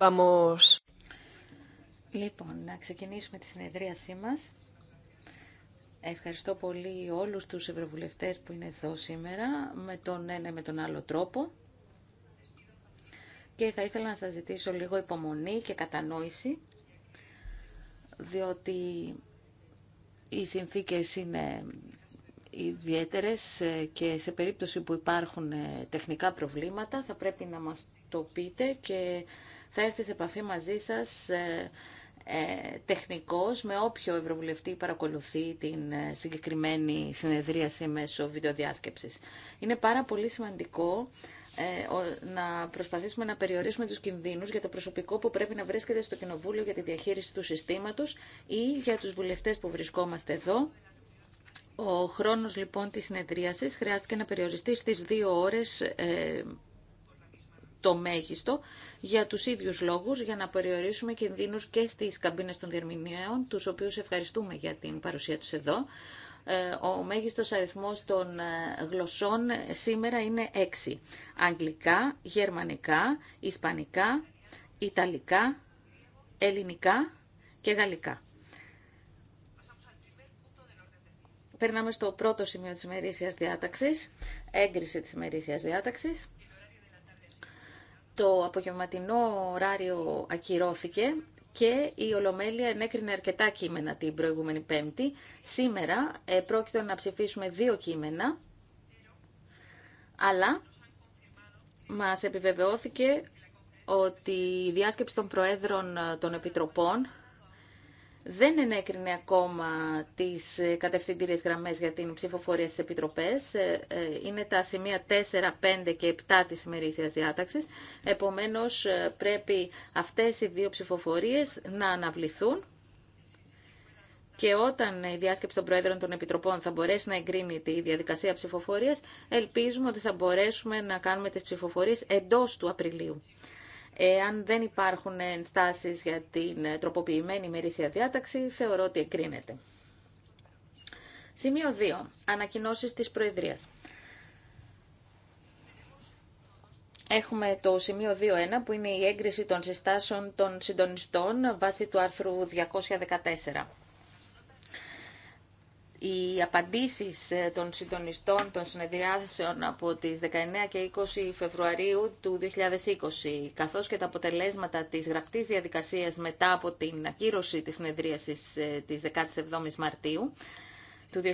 Vamos. Λοιπόν, να ξεκινήσουμε τη συνεδρίασή μας. Ευχαριστώ πολύ όλους τους ευρωβουλευτές που είναι εδώ σήμερα, με τον ένα με τον άλλο τρόπο. Και θα ήθελα να σας ζητήσω λίγο υπομονή και κατανόηση, διότι οι συνθήκες είναι ιδιαίτερες και σε περίπτωση που υπάρχουν τεχνικά προβλήματα θα πρέπει να μας το πείτε και θα έρθει σε επαφή μαζί σας ε, ε, τεχνικός με όποιο ευρωβουλευτή παρακολουθεί την ε, συγκεκριμένη συνεδρίαση μέσω βιντεοδιάσκεψης. Είναι πάρα πολύ σημαντικό να προσπαθήσουμε να περιορίσουμε τους κινδύνους για το προσωπικό που πρέπει να βρίσκεται στο Κοινοβούλιο για τη διαχείριση του συστήματος ή για τους βουλευτές που βρισκόμαστε εδώ. Ο χρόνος λοιπόν της συνεδρίασης χρειάστηκε να περιοριστεί στις δύο ώρες το μέγιστο για τους ίδιους λόγους, για να περιορίσουμε κινδύνους και στις καμπίνες των διερμηνέων, τους οποίους ευχαριστούμε για την παρουσία τους εδώ. Ε, ο μέγιστος αριθμός των ε, γλωσσών σήμερα είναι έξι Αγγλικά, γερμανικά, ισπανικά, ιταλικά, ελληνικά και γαλλικά. Περνάμε στο πρώτο σημείο της ημερήσιας διάταξης, έγκριση της ημερήσιας διάταξης το απογευματινό ωράριο ακυρώθηκε και η Ολομέλεια ενέκρινε αρκετά κείμενα την προηγούμενη Πέμπτη. Σήμερα ε, πρόκειται να ψηφίσουμε δύο κείμενα, αλλά μας επιβεβαιώθηκε ότι η διάσκεψη των Προέδρων ε, των Επιτροπών δεν ενέκρινε ακόμα τις κατευθυντήριες γραμμές για την ψηφοφορία στις επιτροπές. Ε, ε, είναι τα σημεία 4, 5 και 7 της ημερήσιας διάταξης. Επομένως, ε, πρέπει αυτές οι δύο ψηφοφορίες να αναβληθούν και όταν η διάσκεψη των Προέδρων των Επιτροπών θα μπορέσει να εγκρίνει τη διαδικασία ψηφοφορίας, ελπίζουμε ότι θα μπορέσουμε να κάνουμε τις ψηφοφορίες εντός του Απριλίου. Εάν δεν υπάρχουν ενστάσεις για την τροποποιημένη ημερήσια διάταξη, θεωρώ ότι εκρίνεται. Σημείο 2. Ανακοινώσεις της Προεδρίας. Έχουμε το σημείο 2.1 που είναι η έγκριση των συστάσεων των συντονιστών βάσει του άρθρου 214 οι απαντήσεις ε, των συντονιστών των συνεδριάσεων από τις 19 και 20 Φεβρουαρίου του 2020, καθώς και τα αποτελέσματα της γραπτής διαδικασίας μετά από την ακύρωση της συνεδρίασης ε, της 17 η Μαρτίου του 2020.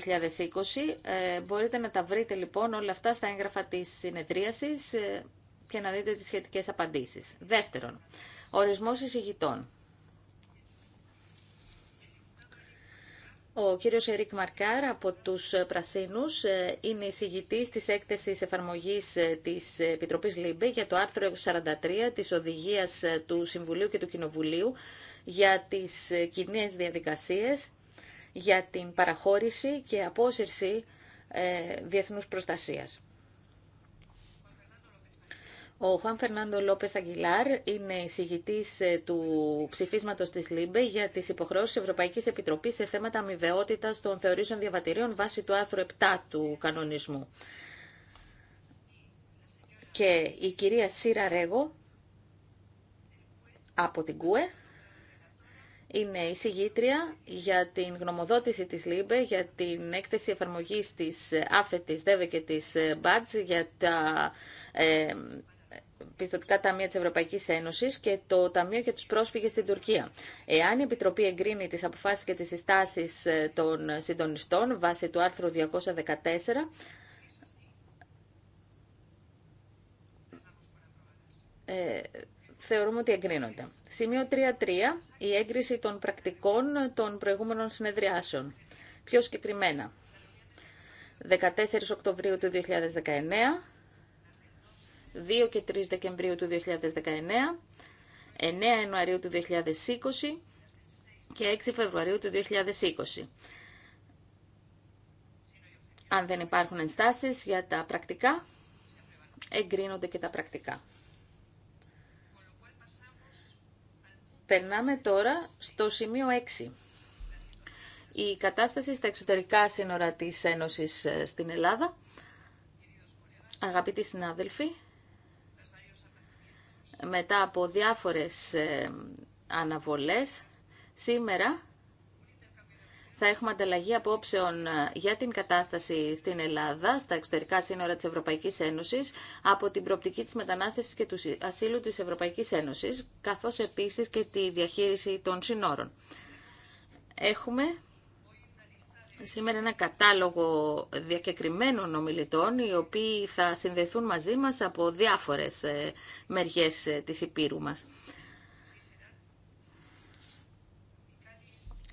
Ε, μπορείτε να τα βρείτε λοιπόν όλα αυτά στα έγγραφα της συνεδρίασης και να δείτε τις σχετικές απαντήσεις. Δεύτερον, ορισμός εισηγητών. Ο κύριος Ερικ Μαρκάρ από τους Πρασίνους ε, είναι εισηγητής της έκθεσης εφαρμογής ε, της Επιτροπής ΛΥΜΠΕ για το άρθρο 43 της Οδηγίας ε, του Συμβουλίου και του Κοινοβουλίου για τις κοινέ διαδικασίες, για την παραχώρηση και απόσυρση διεθνούς προστασίας. Ο Χουάν Φερνάντο Λόπε Αγγιλάρ είναι εισηγητή ε, του ψηφίσματο τη ΛΥΜΠΕ για τι υποχρεώσει Ευρωπαϊκή Επιτροπή σε θέματα αμοιβαιότητα των θεωρήσεων διαβατηρίων βάσει του άρθρου 7 του κανονισμού. Και η κυρία Σύρα Ρέγο από την ΚΟΕ είναι εισηγήτρια για την γνωμοδότηση της ΛΥΜΠΕ, για την έκθεση εφαρμογής της ΑΦΕ, της και της ΜΠΑΤΖ, για τα ε, πιστοτικά ταμεία της Ευρωπαϊκής Ένωσης και το Ταμείο για τους πρόσφυγες στην Τουρκία. Εάν η Επιτροπή εγκρίνει τις αποφάσεις και τις συστάσεις ε, των συντονιστών βάσει του άρθρου 214, ε, θεωρούμε ότι εγκρίνονται. Σημείο 3.3. Η έγκριση των πρακτικών των προηγούμενων συνεδριάσεων. Πιο συγκεκριμένα, 14 Οκτωβρίου του 2019, 2 και 3 Δεκεμβρίου του 2019, 9 Ιανουαρίου του 2020 και 6 Φεβρουαρίου του 2020. Αν δεν υπάρχουν ενστάσεις για τα πρακτικά, εγκρίνονται και τα πρακτικά. Περνάμε τώρα στο σημείο 6. Η κατάσταση στα εξωτερικά σύνορα της Ένωσης ε, στην Ελλάδα. Αγαπητοί συνάδελφοι, μετά από διάφορες ε, αναβολές, σήμερα θα έχουμε ανταλλαγή απόψεων ε, για την κατάσταση στην Ελλάδα, στα εξωτερικά σύνορα της Ευρωπαϊκής Ένωσης, από την προοπτική της μετανάστευσης και του ασύλου της Ευρωπαϊκής Ένωσης, καθώς επίσης και τη διαχείριση των συνόρων. Έχουμε σήμερα ένα κατάλογο διακεκριμένων ομιλητών οι οποίοι θα συνδεθούν μαζί μας από διάφορες ε, μεριές ε, της Υπήρου μας.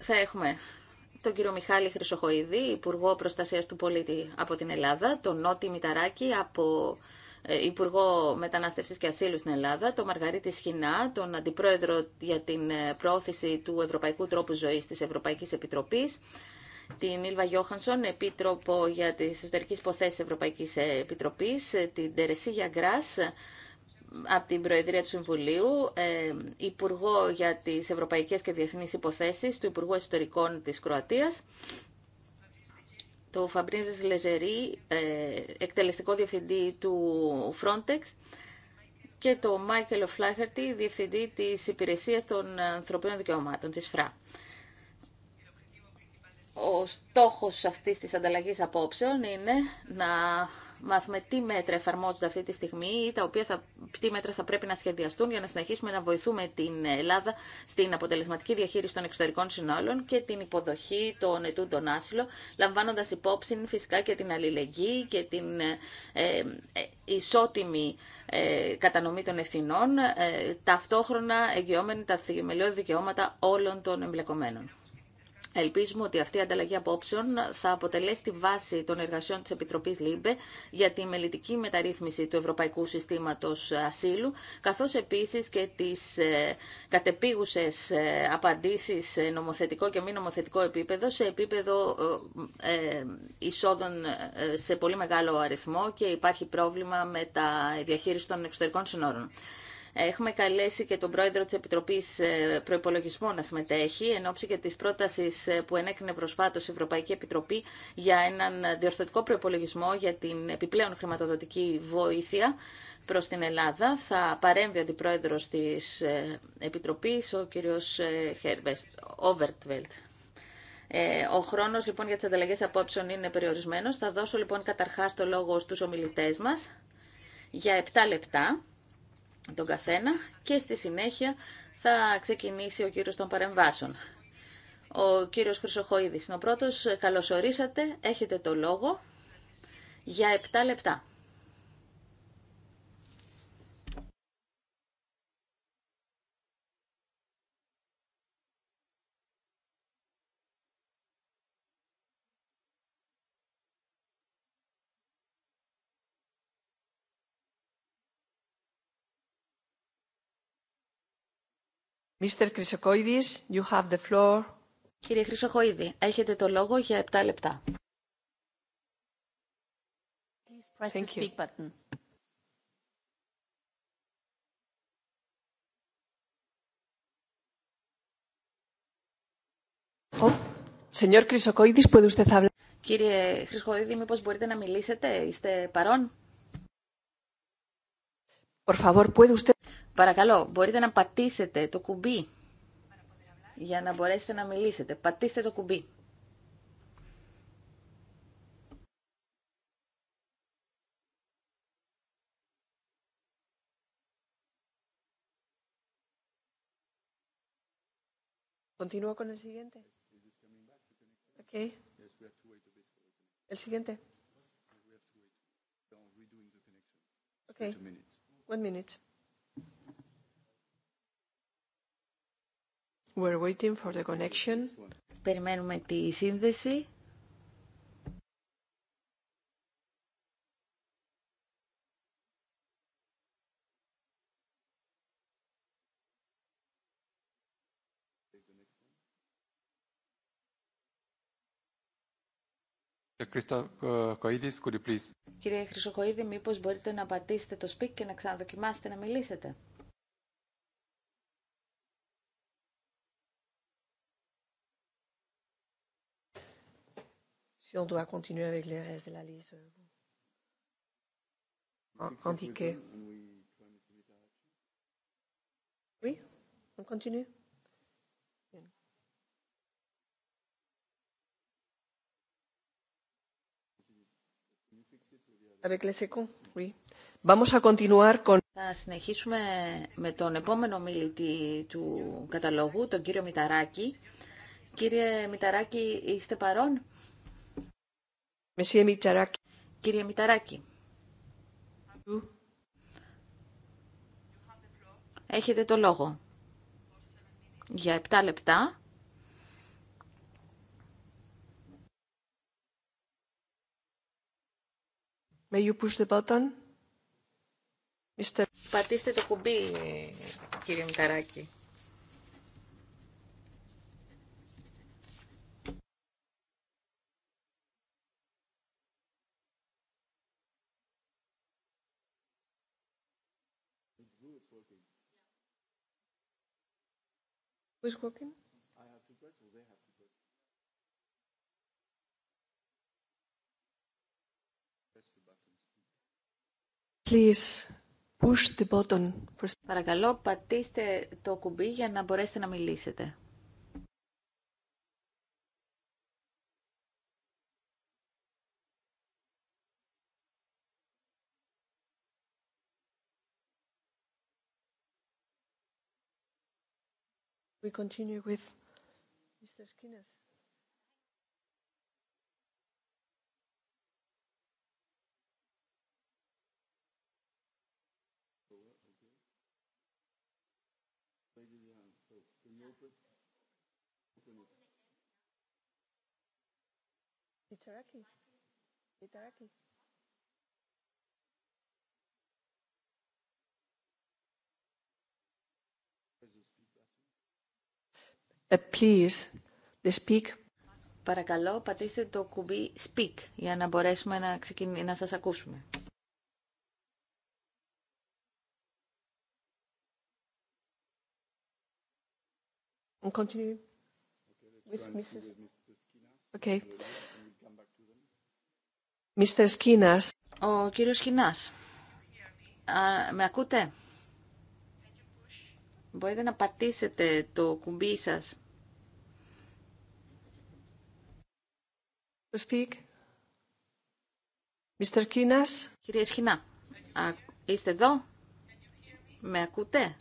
Θα έχουμε τον κύριο Μιχάλη Χρυσοχοίδη, Υπουργό Προστασίας του Πολίτη από την Ελλάδα, τον Νότι Μηταράκη από ε, Υπουργό Μετανάστευσης και Ασύλου στην Ελλάδα, τον Μαργαρίτη Σχοινά, τον Αντιπρόεδρο για την Πρόωθηση του Ευρωπαϊκού Τρόπου Ζωής της Ευρωπαϊκής Επιτροπής, την Ήλβα Γιώχανσον, Επίτροπο για τις εσωτερικέ Υποθέσεις Ευρωπαϊκής Επιτροπής, την Τερεσίγια Γκρά, από την Προεδρία του Συμβουλίου, ε, Υπουργό για τις Ευρωπαϊκές και Διεθνείς Υποθέσεις του Υπουργού Εσωτερικών της Κροατίας, το Φαμπρίζες Λεζερή, ε, εκτελεστικό διευθυντή του Frontex και το Μάικελ Φλάχερτη, διευθυντή της Υπηρεσίας των Ανθρωπίνων Δικαιωμάτων, της ΦΡΑ. Ο στόχος αυτής της ανταλλαγής απόψεων είναι να μάθουμε τι μέτρα εφαρμόζονται αυτή τη στιγμή ή τα οποία θα, τι μέτρα θα πρέπει να σχεδιαστούν για να συνεχίσουμε να βοηθούμε την Ελλάδα στην αποτελεσματική διαχείριση των εξωτερικών συνόλων και την υποδοχή των ετούντων άσυλο, λαμβάνοντας υπόψη φυσικά και την αλληλεγγύη και την ε, ε, ισότιμη ε, κατανομή των ευθυνών, ταυτόχρονα εγγυόμενη τα θεμελιώδη δικαιώματα όλων των εμπλεκομένων. Ελπίζουμε ότι αυτή η ανταλλαγή απόψεων θα αποτελέσει τη βάση των εργασιών της Επιτροπής ΛΥΜΠΕ για τη μελητική μεταρρύθμιση του Ευρωπαϊκού Συστήματος Ασύλου, καθώς επίσης και τις ε, κατεπίγουσες ε, απαντήσεις σε νομοθετικό και μη νομοθετικό επίπεδο, σε επίπεδο ε, εισόδων σε πολύ μεγάλο αριθμό και υπάρχει πρόβλημα με τα διαχείριση των εξωτερικών συνόρων. Έχουμε καλέσει και τον πρόεδρο της Επιτροπής ε, Προϋπολογισμού να συμμετέχει εν ώψη και της πρότασης ε, που ενέκρινε προσφάτως η Ευρωπαϊκή Επιτροπή για έναν διορθωτικό προϋπολογισμό για την επιπλέον χρηματοδοτική βοήθεια προς την Ελλάδα. Θα παρέμβει ο αντιπρόεδρος της ε, Επιτροπής, ο κύριος Χέρβεστ, Όβερτβελτ. Ο χρόνο λοιπόν για τι ανταλλαγέ απόψεων είναι περιορισμένο. Θα δώσω λοιπόν καταρχά το λόγο στου ομιλητέ μα για 7 λεπτά τον καθένα και στη συνέχεια θα ξεκινήσει ο κύριος των παρεμβάσεων. Ο κύριος Χρυσοχοίδης είναι ο πρώτος. καλωσορίσατε Έχετε το λόγο για 7 λεπτά. Mr. Chrysokoidis, you have the floor. Κύριε Χρυσοχοίδη, έχετε το λόγο για 7 λεπτά. Please press Thank the speak you. button. Oh, señor Chrysokoidis, puede usted hablar. Κύριε Χρυσοχοίδη, μήπως μπορείτε να μιλήσετε, είστε παρόν. Por favor, puede usted... Παρακαλώ, μπορείτε να πατήσετε το κουμπί για να μπορέσετε να μιλήσετε. Πατήστε το κουμπί. Continúo con el siguiente. Okay. El siguiente. Okay. One minute. We're waiting for the connection. Περιμένουμε τη σύνδεση. Κύριε Χρυσοκοίδη, μήπως μπορείτε να πατήσετε το speak και να ξαναδοκιμάσετε να μιλήσετε. Si on doit continuer avec le reste de la liste indiqué. Oui, on continue. Avec les oui. Vamos a continuar con... Θα συνεχίσουμε με τον επόμενο μιλητή του καταλόγου, τον κύριο Μηταράκη. Κύριε Μηταράκη, είστε παρόν? Κύριε Μηταράκη. Έχετε το λόγο. Για 7 λεπτά. you push the Πατήστε το κουμπί, κύριε Μηταράκη. Who's working? I have to press, or they have to press. Press the button. Please push the button. Παρακαλώ, πατήστε το κουμπί για να μπορέσετε να μιλήσετε. We continue with Mr. Skinner. Itaraki. Itaraki. Ε, please, the speak. Παρακαλώ, πατήστε το κουμπί speak για να μπορέσουμε να, ξεκιν... να σας ακούσουμε. And continue with Mrs. Okay. Mr. Skinas. Ο κύριος Σκινάς. Α, με ακούτε? Μπορείτε να πατήσετε το κουμπί σας. Speak. Mr. Kinas. Κύριε Σχοινά, είστε εδώ. Με ακούτε.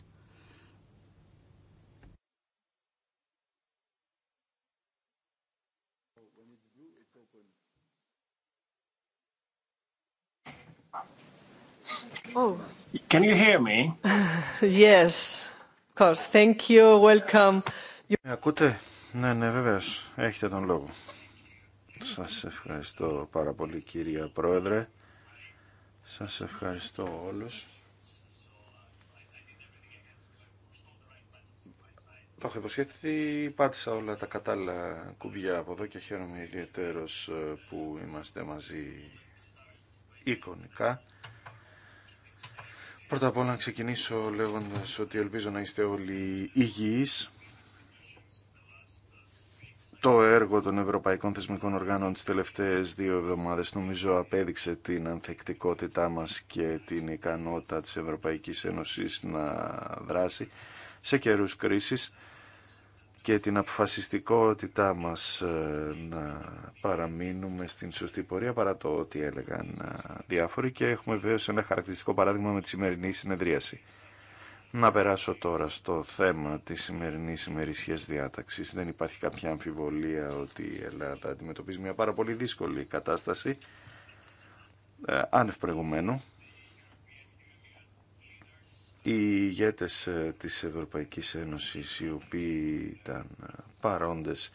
Oh. Can you hear me? yes course. Thank ε, Ακούτε. Ναι, ναι, βεβαίως. Έχετε τον λόγο. Σας ευχαριστώ πάρα πολύ κύριε. Πρόεδρε. Σας ευχαριστώ όλους. Το έχω υποσχεθεί, πάτησα όλα τα κατάλληλα κουμπιά από εδώ και χαίρομαι ιδιαίτερος ε, που είμαστε μαζί εικονικά. Πρώτα απ' όλα να ξεκινήσω λέγοντας ότι ελπίζω να είστε όλοι υγιείς. Το έργο των Ευρωπαϊκών Θεσμικών Οργάνων τις τελευταίες δύο εβδομάδες νομίζω απέδειξε την ανθεκτικότητά μας και την ικανότητα της Ευρωπαϊκής Ένωσης να δράσει σε καιρούς κρίσης και την αποφασιστικότητά μας ε, να παραμείνουμε στην σωστή πορεία παρά το ότι έλεγαν ε, διάφοροι και έχουμε βέβαια ένα χαρακτηριστικό παράδειγμα με τη σημερινή συνεδρίαση. Να περάσω τώρα στο θέμα της σημερινής ημερησίας διάταξης. Δεν υπάρχει κάποια αμφιβολία ότι η Ελλάδα αντιμετωπίζει μια πάρα πολύ δύσκολη κατάσταση ε, άνευ οι ηγέτες ε, της Ευρωπαϊκής Ένωσης οι οποίοι ήταν ε, παρόντες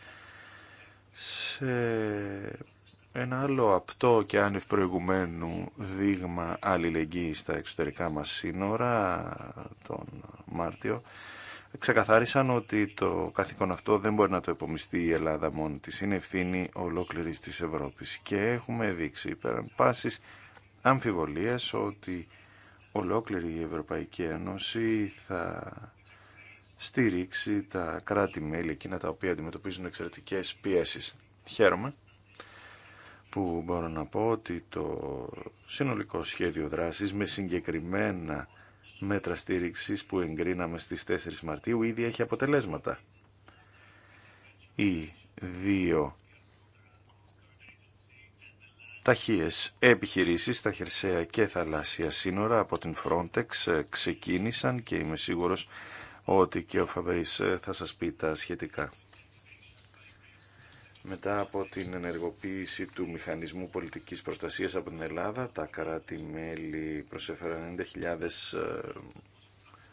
σε ένα άλλο απτό και άνευ προηγουμένου δείγμα αλληλεγγύη στα εξωτερικά μας σύνορα τον Μάρτιο ξεκαθάρισαν ότι το καθήκον αυτό δεν μπορεί να το επομιστεί η Ελλάδα μόνη της. Είναι ευθύνη ολόκληρης της Ευρώπης και έχουμε δείξει πέραν πάσης αμφιβολίες ότι ολόκληρη η Ευρωπαϊκή Ένωση θα στηρίξει τα κράτη-μέλη εκείνα τα οποία αντιμετωπίζουν εξαιρετικές πιέσεις. Χαίρομαι που μπορώ να πω ότι το συνολικό σχέδιο δράσης με συγκεκριμένα μέτρα στήριξης που εγκρίναμε στις 4 Μαρτίου ήδη έχει αποτελέσματα. Οι δύο Ταχείες επιχειρήσεις στα χερσαία και θαλάσσια σύνορα από την Frontex ε, ξεκίνησαν και είμαι σίγουρος ότι και ο Φαβέη ε, θα σας πει τα σχετικά. Μετά από την ενεργοποίηση του Μηχανισμού Πολιτικής Προστασίας από την Ελλάδα, τα κράτη-μέλη προσέφεραν 90.000 ε,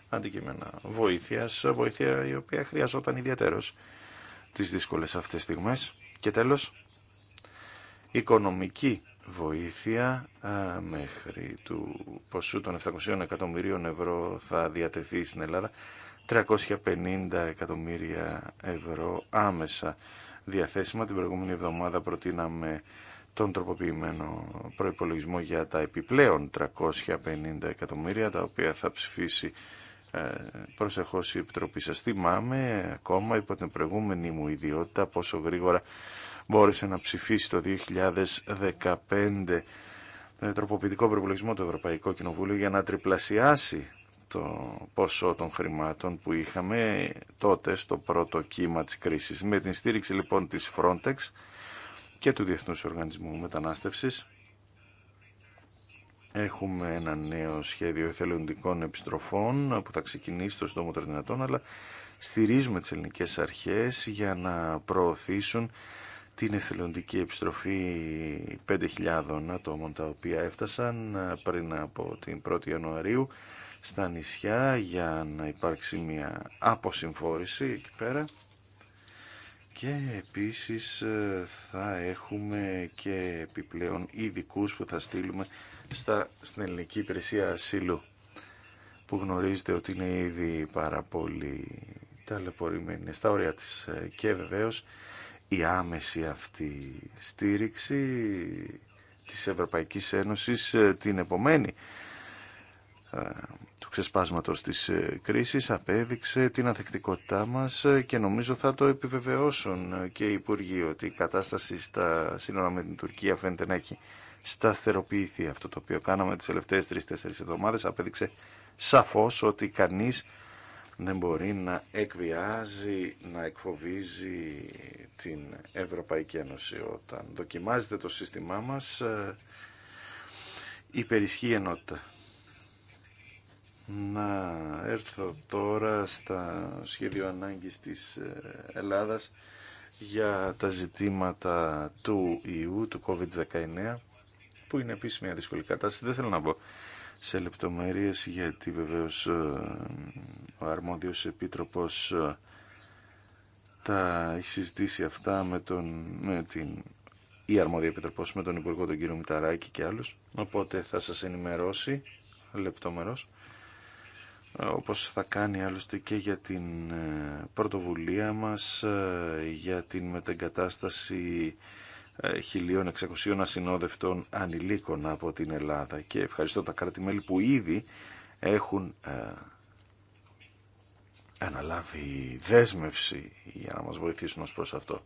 αντικείμενα βοήθειας, βοήθεια η οποία χρειαζόταν ιδιαίτερος τις δύσκολες αυτές στιγμές. Και τέλος, οικονομική βοήθεια μέχρι του ποσού των 700 εκατομμυρίων ευρώ θα διατεθεί στην Ελλάδα 350 εκατομμύρια ευρώ άμεσα διαθέσιμα. Την προηγούμενη εβδομάδα προτείναμε τον τροποποιημένο προϋπολογισμό για τα επιπλέον 350 εκατομμύρια τα οποία θα ψηφίσει ε, προσεχώς η Επιτροπή σας. Θυμάμαι ακόμα υπό την προηγούμενη μου ιδιότητα πόσο γρήγορα μπόρεσε να ψηφίσει το 2015 τον τροποποιητικό προπολογισμό του Ευρωπαϊκού Κοινοβούλου για να τριπλασιάσει το ποσό των χρημάτων που είχαμε τότε στο πρώτο κύμα της κρίσης. Με την στήριξη λοιπόν της Frontex και του Διεθνούς Οργανισμού Μετανάστευσης έχουμε ένα νέο σχέδιο εθελοντικών επιστροφών που θα ξεκινήσει το στόμο των αλλά στηρίζουμε τις ελληνικές αρχές για να προωθήσουν την εθελοντική επιστροφή 5.000 ατόμων τα οποία έφτασαν ε, πριν από την 1η Ιανουαρίου στα νησιά για να υπάρξει μια αποσυμφόρηση εκεί πέρα και επίσης ε, θα έχουμε και επιπλέον ειδικού που θα στείλουμε στα, στην Ελληνική Υπηρεσία Ασύλου που γνωρίζετε ότι είναι ήδη πάρα πολύ ταλαιπωρημένη στα όρια της ε, και βεβαίως η άμεση αυτή στήριξη της Ευρωπαϊκής Ένωσης ε, την επομένη ε, του ξεσπάσματος της ε, κρίσης απέδειξε την ανθεκτικότητά μας και νομίζω θα το επιβεβαιώσουν και οι Υπουργοί ότι η κατάσταση στα σύνορα με την Τουρκία φαίνεται να έχει σταθεροποιηθεί αυτό το οποίο κάναμε τις τελευταίες τρεις-τέσσερις εβδομάδες απέδειξε σαφώς ότι κανείς δεν μπορεί να εκβιάζει, να εκφοβίζει την Ευρωπαϊκή Ένωση. Όταν δοκιμάζεται το σύστημά μας, ε, υπερισχύει ενότητα. Να έρθω τώρα στα σχέδιο ανάγκης της ε, Ελλάδας για τα ζητήματα του ιού, του COVID-19, που είναι επίσης μια δύσκολη κατάσταση. Δεν θέλω να πω σε λεπτομέρειες γιατί βεβαίως ε, ο αρμόδιος επίτροπος ε, τα έχει συζητήσει αυτά με, τον, με την η αρμόδια επιτροπός με τον Υπουργό τον κύριο Μηταράκη και άλλους οπότε θα σας ενημερώσει λεπτόμερος ε, όπως θα κάνει άλλωστε και για την πρωτοβουλία μας για την μετεγκατάσταση 1.600 ασυνόδευτων ανηλίκων από την Ελλάδα και ευχαριστώ τα κράτη-μέλη που ήδη έχουν ε, αναλάβει δέσμευση για να μας βοηθήσουν ως προς αυτό.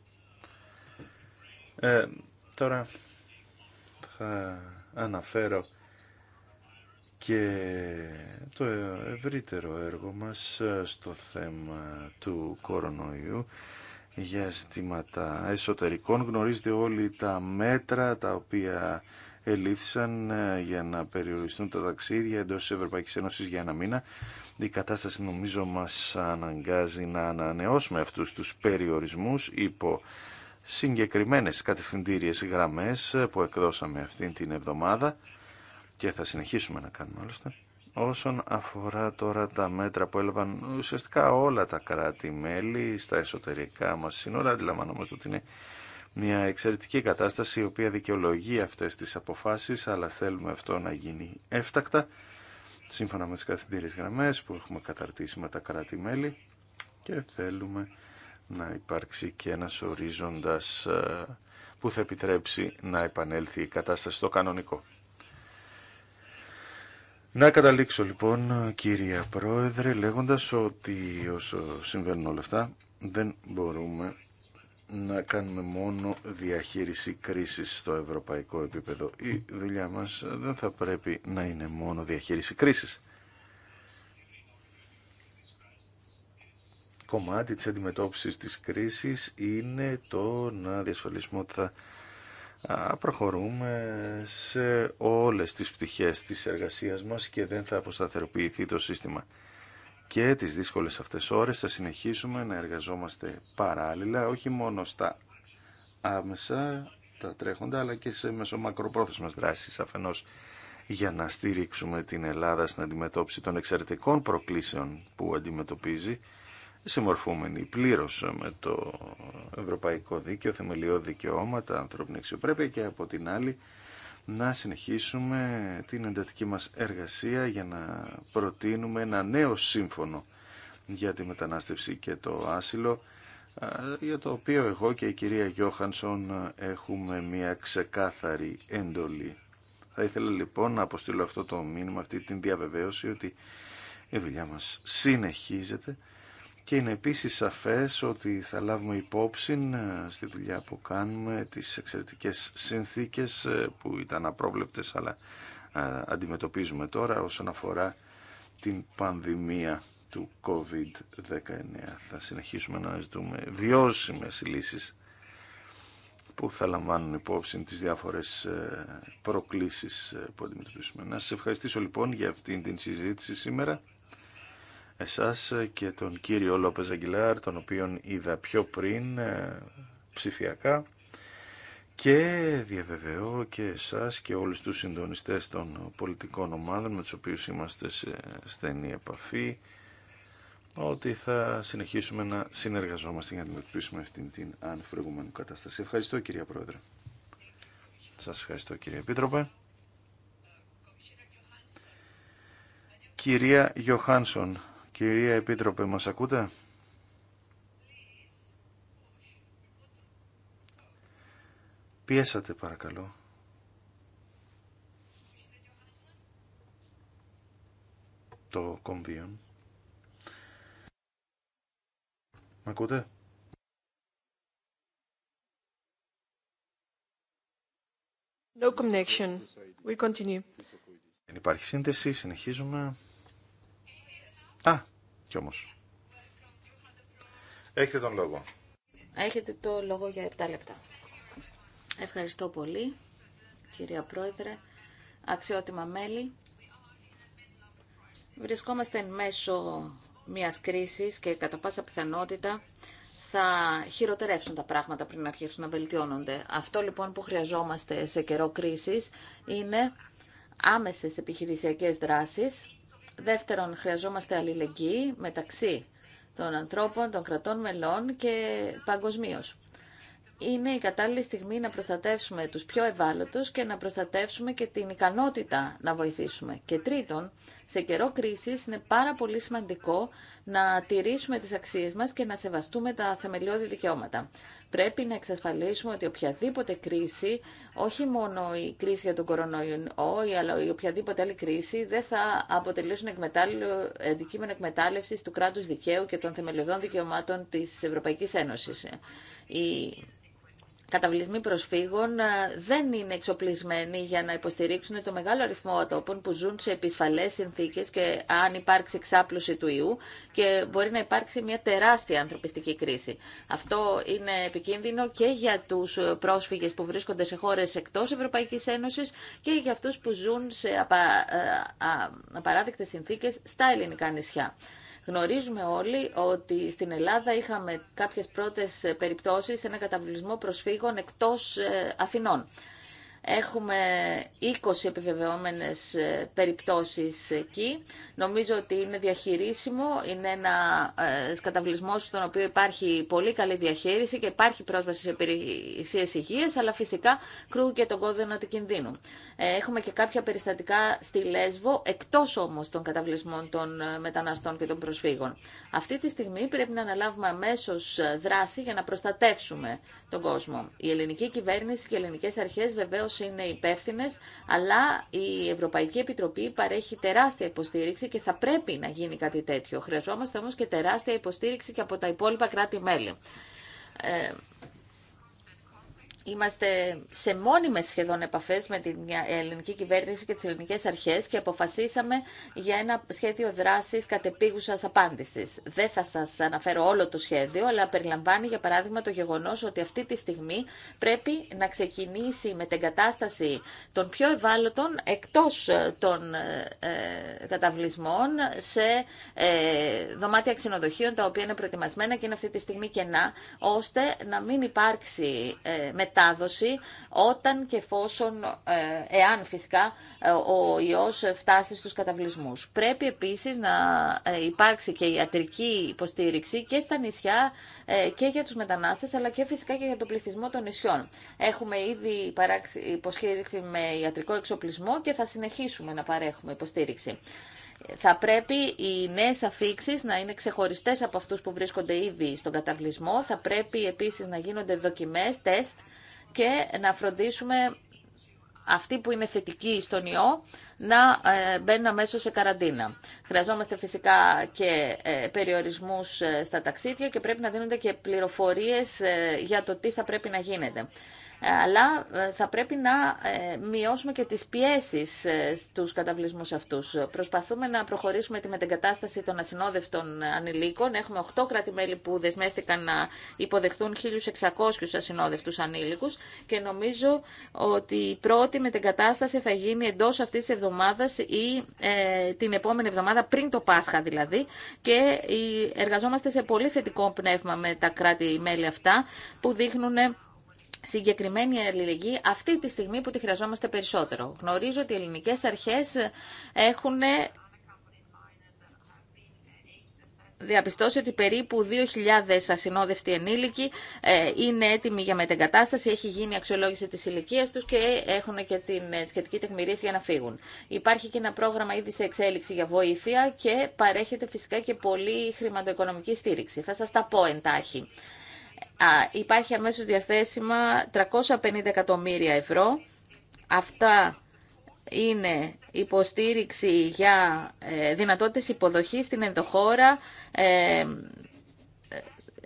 Ε, τώρα θα αναφέρω και το ευρύτερο έργο μας ε, στο θέμα του κορονοϊού για ζητήματα εσωτερικών. Γνωρίζετε όλοι τα μέτρα τα οποία ελήφθησαν ε, για να περιοριστούν τα ταξίδια εντός της Ευρωπαϊκής Ένωσης για ένα μήνα. Η κατάσταση νομίζω μας αναγκάζει να ανανεώσουμε αυτούς τους περιορισμούς υπό συγκεκριμένες κατευθυντήριες γραμμές ε, που εκδώσαμε αυτήν την εβδομάδα και θα συνεχίσουμε να κάνουμε άλλωστε. Όσον αφορά τώρα τα μέτρα που έλαβαν ουσιαστικά όλα τα κράτη-μέλη στα εσωτερικά μας σύνορα, αντιλαμβανόμαστε ότι είναι μια εξαιρετική κατάσταση η οποία δικαιολογεί αυτές τις αποφάσεις, αλλά θέλουμε αυτό να γίνει έφτακτα, σύμφωνα με τις καθημερινές γραμμές που έχουμε καταρτήσει με τα κράτη-μέλη και θέλουμε να υπάρξει και ένας ορίζοντας ε, που θα επιτρέψει να επανέλθει η κατάσταση στο κανονικό. Να καταλήξω λοιπόν κυρία Πρόεδρε λέγοντας ότι όσο συμβαίνουν όλα αυτά δεν μπορούμε να κάνουμε μόνο διαχείριση κρίσης στο ευρωπαϊκό επίπεδο. Η δουλειά μας δεν θα πρέπει να είναι μόνο διαχείριση κρίσης. Κομμάτι της αντιμετώπισης της κρίσης είναι το να διασφαλίσουμε ότι θα προχωρούμε σε όλες τις πτυχές της εργασίας μας και δεν θα αποσταθεροποιηθεί το σύστημα. Και τις δύσκολες αυτές ώρες θα συνεχίσουμε να εργαζόμαστε παράλληλα, όχι μόνο στα άμεσα, τα τρέχοντα, αλλά και σε μεσομακροπρόθεσμες δράσεις αφενός για να στηρίξουμε την Ελλάδα στην αντιμετώπιση των εξαιρετικών προκλήσεων που αντιμετωπίζει συμμορφούμενοι πλήρω με το ευρωπαϊκό δίκαιο, θεμελιώδη δικαιώματα, ανθρώπινη αξιοπρέπεια και από την άλλη να συνεχίσουμε την εντατική μας εργασία για να προτείνουμε ένα νέο σύμφωνο για τη μετανάστευση και το άσυλο για το οποίο εγώ και η κυρία Γιώχανσον έχουμε μια ξεκάθαρη εντολή. Θα ήθελα λοιπόν να αποστείλω αυτό το μήνυμα, αυτή την διαβεβαίωση ότι η δουλειά μας συνεχίζεται και είναι επίσης σαφές ότι θα λάβουμε υπόψη ε, στη δουλειά που κάνουμε τις εξαιρετικές συνθήκες ε, που ήταν απρόβλεπτες αλλά ε, αντιμετωπίζουμε τώρα όσον αφορά την πανδημία του COVID-19. Θα συνεχίσουμε να ζητούμε βιώσιμες λύσεις που θα λαμβάνουν υπόψη τις διάφορες προκλήσεις που αντιμετωπίζουμε. Να σας ευχαριστήσω λοιπόν για αυτήν την συζήτηση σήμερα εσάς και τον κύριο Λόπεζ Αγγιλάρ, τον οποίον είδα πιο πριν ε, ψηφιακά και διαβεβαιώ και εσάς και όλους τους συντονιστές των πολιτικών ομάδων με τους οποίους είμαστε σε στενή επαφή ότι θα συνεχίσουμε να συνεργαζόμαστε για να αντιμετωπίσουμε αυτήν την ανεφροηγούμενη κατάσταση. Ευχαριστώ κυρία Πρόεδρε. Σας ευχαριστώ κύριε Επίτροπε. Κυρία Γιωχάνσον, Κυρία Επίτροπε, μας ακούτε? Πιέσατε παρακαλώ. Το κομβίον. Μ' ακούτε? No connection. We continue. Δεν υπάρχει σύνδεση, συνεχίζουμε. Α, κι όμως. Έχετε τον λόγο. Έχετε το λόγο για 7 λεπτά. Ευχαριστώ πολύ, κυρία Πρόεδρε, αξιότιμα μέλη. Βρισκόμαστε εν μέσω μιας κρίσης και κατά πάσα πιθανότητα θα χειροτερεύσουν τα πράγματα πριν να αρχίσουν να βελτιώνονται. Αυτό λοιπόν που χρειαζόμαστε σε καιρό κρίσης είναι άμεσες επιχειρησιακές δράσεις Δεύτερον, χρειαζόμαστε αλληλεγγύη μεταξύ των ανθρώπων, των κρατών μελών και παγκοσμίω είναι η κατάλληλη στιγμή να προστατεύσουμε τους πιο ευάλωτους και να προστατεύσουμε και την ικανότητα να βοηθήσουμε. Και τρίτον, σε καιρό κρίσης είναι πάρα πολύ σημαντικό να τηρήσουμε τις αξίες μας και να σεβαστούμε τα θεμελιώδη δικαιώματα. Πρέπει να εξασφαλίσουμε ότι οποιαδήποτε κρίση, όχι μόνο η κρίση για τον κορονοϊό, αλλά η οποιαδήποτε άλλη κρίση, δεν θα αποτελέσουν αντικείμενο εκμετάλλευση του κράτου δικαίου και των θεμελιωδών δικαιωμάτων τη Ευρωπαϊκή Ένωση. Η καταβληθμοί προσφύγων ε, δεν είναι εξοπλισμένοι για να υποστηρίξουν το μεγάλο αριθμό ατόπων που ζουν σε επισφαλές συνθήκες και αν υπάρξει εξάπλωση του ιού και μπορεί να υπάρξει μια τεράστια ανθρωπιστική κρίση. Αυτό είναι επικίνδυνο και για τους πρόσφυγες που βρίσκονται σε χώρες εκτός Ευρωπαϊκής Ένωσης και για αυτούς που ζουν σε απα... Ε, απαράδεκτες συνθήκες στα ελληνικά νησιά. Γνωρίζουμε όλοι ότι στην Ελλάδα είχαμε κάποιες πρώτες ε, περιπτώσεις, ένα καταβλισμό προσφύγων εκτός ε, Αθηνών. Έχουμε 20 επιβεβαιόμενες ε, περιπτώσεις εκεί. Νομίζω ότι είναι διαχειρίσιμο, είναι ένα ε, καταβλισμός στον οποίο υπάρχει πολύ καλή διαχείριση και υπάρχει πρόσβαση σε υπηρεσίες υγείας, αλλά φυσικά κρούει και τον κόδωνα του κινδύνου. Ε, έχουμε και κάποια περιστατικά στη Λέσβο, εκτός όμως των καταβλισμών των μεταναστών και των προσφύγων. Αυτή τη στιγμή πρέπει να αναλάβουμε αμέσω δράση για να προστατεύσουμε τον κόσμο. Η ελληνική κυβέρνηση και οι ελληνικές αρχές βεβαίως είναι υπεύθυνε, αλλά η Ευρωπαϊκή Επιτροπή παρέχει τεράστια υποστήριξη και θα πρέπει να γίνει κάτι τέτοιο. Χρειαζόμαστε όμως και τεράστια υποστήριξη και από τα υπόλοιπα κράτη-μέλη. Ε, Είμαστε σε μόνιμες σχεδόν επαφές με την ελληνική κυβέρνηση και τις ελληνικές αρχές και αποφασίσαμε για ένα σχέδιο δράσης κατεπίγουσας απάντησης. Δεν θα σας αναφέρω όλο το σχέδιο, αλλά περιλαμβάνει για παράδειγμα το γεγονός ότι αυτή τη στιγμή πρέπει να ξεκινήσει με την κατάσταση των πιο ευάλωτων εκτός ε, των ε, ε, καταβλισμών σε ε, δωμάτια ξενοδοχείων τα οποία είναι προετοιμασμένα και είναι αυτή τη στιγμή κενά, ώστε να μην υπάρξει ε, μετάδοση όταν και εφόσον, ε, εάν φυσικά, ε, ο ιός φτάσει στους καταβλισμούς. Πρέπει επίσης να ε, υπάρξει και ιατρική υποστήριξη και στα νησιά και για τους μετανάστες, αλλά και φυσικά και για τον πληθυσμό των νησιών. Έχουμε ήδη υποστήριξη με ιατρικό εξοπλισμό και θα συνεχίσουμε να παρέχουμε υποστήριξη. Θα πρέπει οι νέε αφήξει να είναι ξεχωριστέ από αυτού που βρίσκονται ήδη στον καταβλισμό. Θα πρέπει επίση να γίνονται δοκιμέ, τεστ και να φροντίσουμε αυτοί που είναι θετικοί στον ιό να ε, μπαίνουν αμέσως σε καραντίνα. Χρειαζόμαστε φυσικά και ε, περιορισμούς ε, στα ταξίδια και πρέπει να δίνονται και πληροφορίες για το τι θα πρέπει να γίνεται. Ε, αλλά ε, θα πρέπει να ε, μειώσουμε και τις πιέσεις στους καταβλισμούς αυτούς. Προσπαθούμε να προχωρήσουμε τη μετεγκατάσταση των ασυνόδευτων ανηλίκων. Έχουμε 8 κράτη-μέλη που δεσμεύτηκαν να υποδεχθούν 1.600 ασυνόδευτους ανήλικους και νομίζω ότι η πρώτη μετεγκατάσταση θα γίνει εντός αυτής της εβδομάδας ή την επόμενη εβδομάδα πριν το Πάσχα δηλαδή και εργαζόμαστε σε πολύ θετικό πνεύμα με τα κράτη-μέλη αυτά που δείχνουν συγκεκριμένη αλληλεγγύη αυτή τη στιγμή που τη χρειαζόμαστε περισσότερο. Γνωρίζω ότι οι ελληνικές αρχές έχουν διαπιστώσει ότι περίπου 2.000 ασυνόδευτοι ενήλικοι ε, είναι έτοιμοι για μετεγκατάσταση, έχει γίνει αξιολόγηση της ηλικία τους και έχουν και την σχετική τεκμηρίαση για να φύγουν. Υπάρχει και ένα πρόγραμμα ήδη σε εξέλιξη για βοήθεια και παρέχεται φυσικά και πολύ χρηματοοικονομική στήριξη. Θα σας τα πω εντάχει υπάρχει αμέσως διαθέσιμα 350 εκατομμύρια ευρώ. Αυτά είναι υποστήριξη για ε, δυνατότητες υποδοχής στην ενδοχώρα, ε,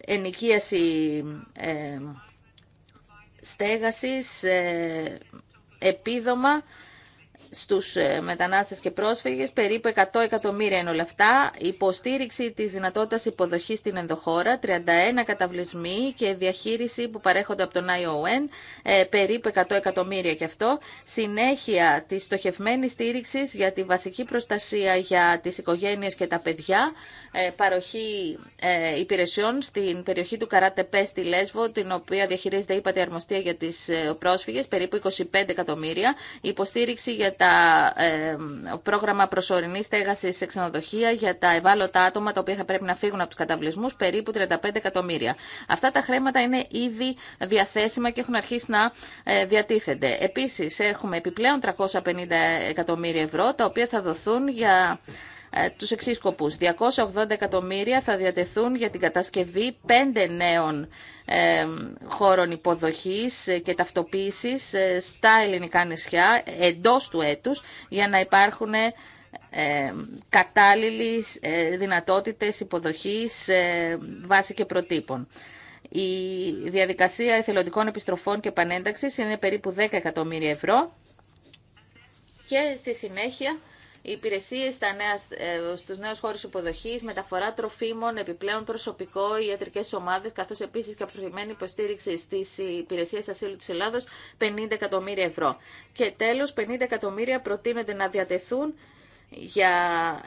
ενοικίαση ε, στέγασης, επίδομα στους ε, μετανάστες και πρόσφυγες, περίπου 100 εκατομμύρια είναι όλα αυτά, υποστήριξη της δυνατότητας υποδοχής στην ενδοχώρα, 31 καταβλισμοί και διαχείριση που παρέχονται από τον ION, ε, περίπου 100 εκατομμύρια και αυτό, συνέχεια της στοχευμένης στήριξης για τη βασική προστασία για τις οικογένειες και τα παιδιά, ε, παροχή υπηρεσιών στην περιοχή του Καράτεπέ στη Λέσβο, την οποία διαχειρίζεται, η Πατιαρμοστία για τις πρόσφυγες, περίπου 25 εκατομμύρια, για τα, ε, πρόγραμμα προσωρινή στέγαση σε ξενοδοχεία για τα ευάλωτα άτομα τα οποία θα πρέπει να φύγουν από του καταβλισμού, περίπου 35 εκατομμύρια. Αυτά τα χρήματα είναι ήδη διαθέσιμα και έχουν αρχίσει να ε, διατίθενται. Επίσης, έχουμε επιπλέον 350 εκατομμύρια ευρώ, τα οποία θα δοθούν για ε, του εξής σκοπούς. 280 εκατομμύρια θα διατεθούν για την κατασκευή πέντε νέων ε, χώρων υποδοχής και ταυτοποίησης ε, στα ελληνικά νησιά εντός του έτους για να υπάρχουν κατάλληλες δυνατότητες υποδοχής βάση και προτύπων. Η διαδικασία εθελοντικών επιστροφών και επανένταξης είναι περίπου 10 εκατομμύρια ευρώ και στη συνέχεια οι υπηρεσίε στα νέου ε, στους νέους χώρους υποδοχής, μεταφορά τροφίμων, επιπλέον προσωπικό, οι ιατρικές ομάδες, καθώς επίσης και προηγμένη υποστήριξη στι υπηρεσίε ασύλου της Ελλάδος, 50 εκατομμύρια ευρώ. Και τέλος, 50 εκατομμύρια προτείνονται να διατεθούν για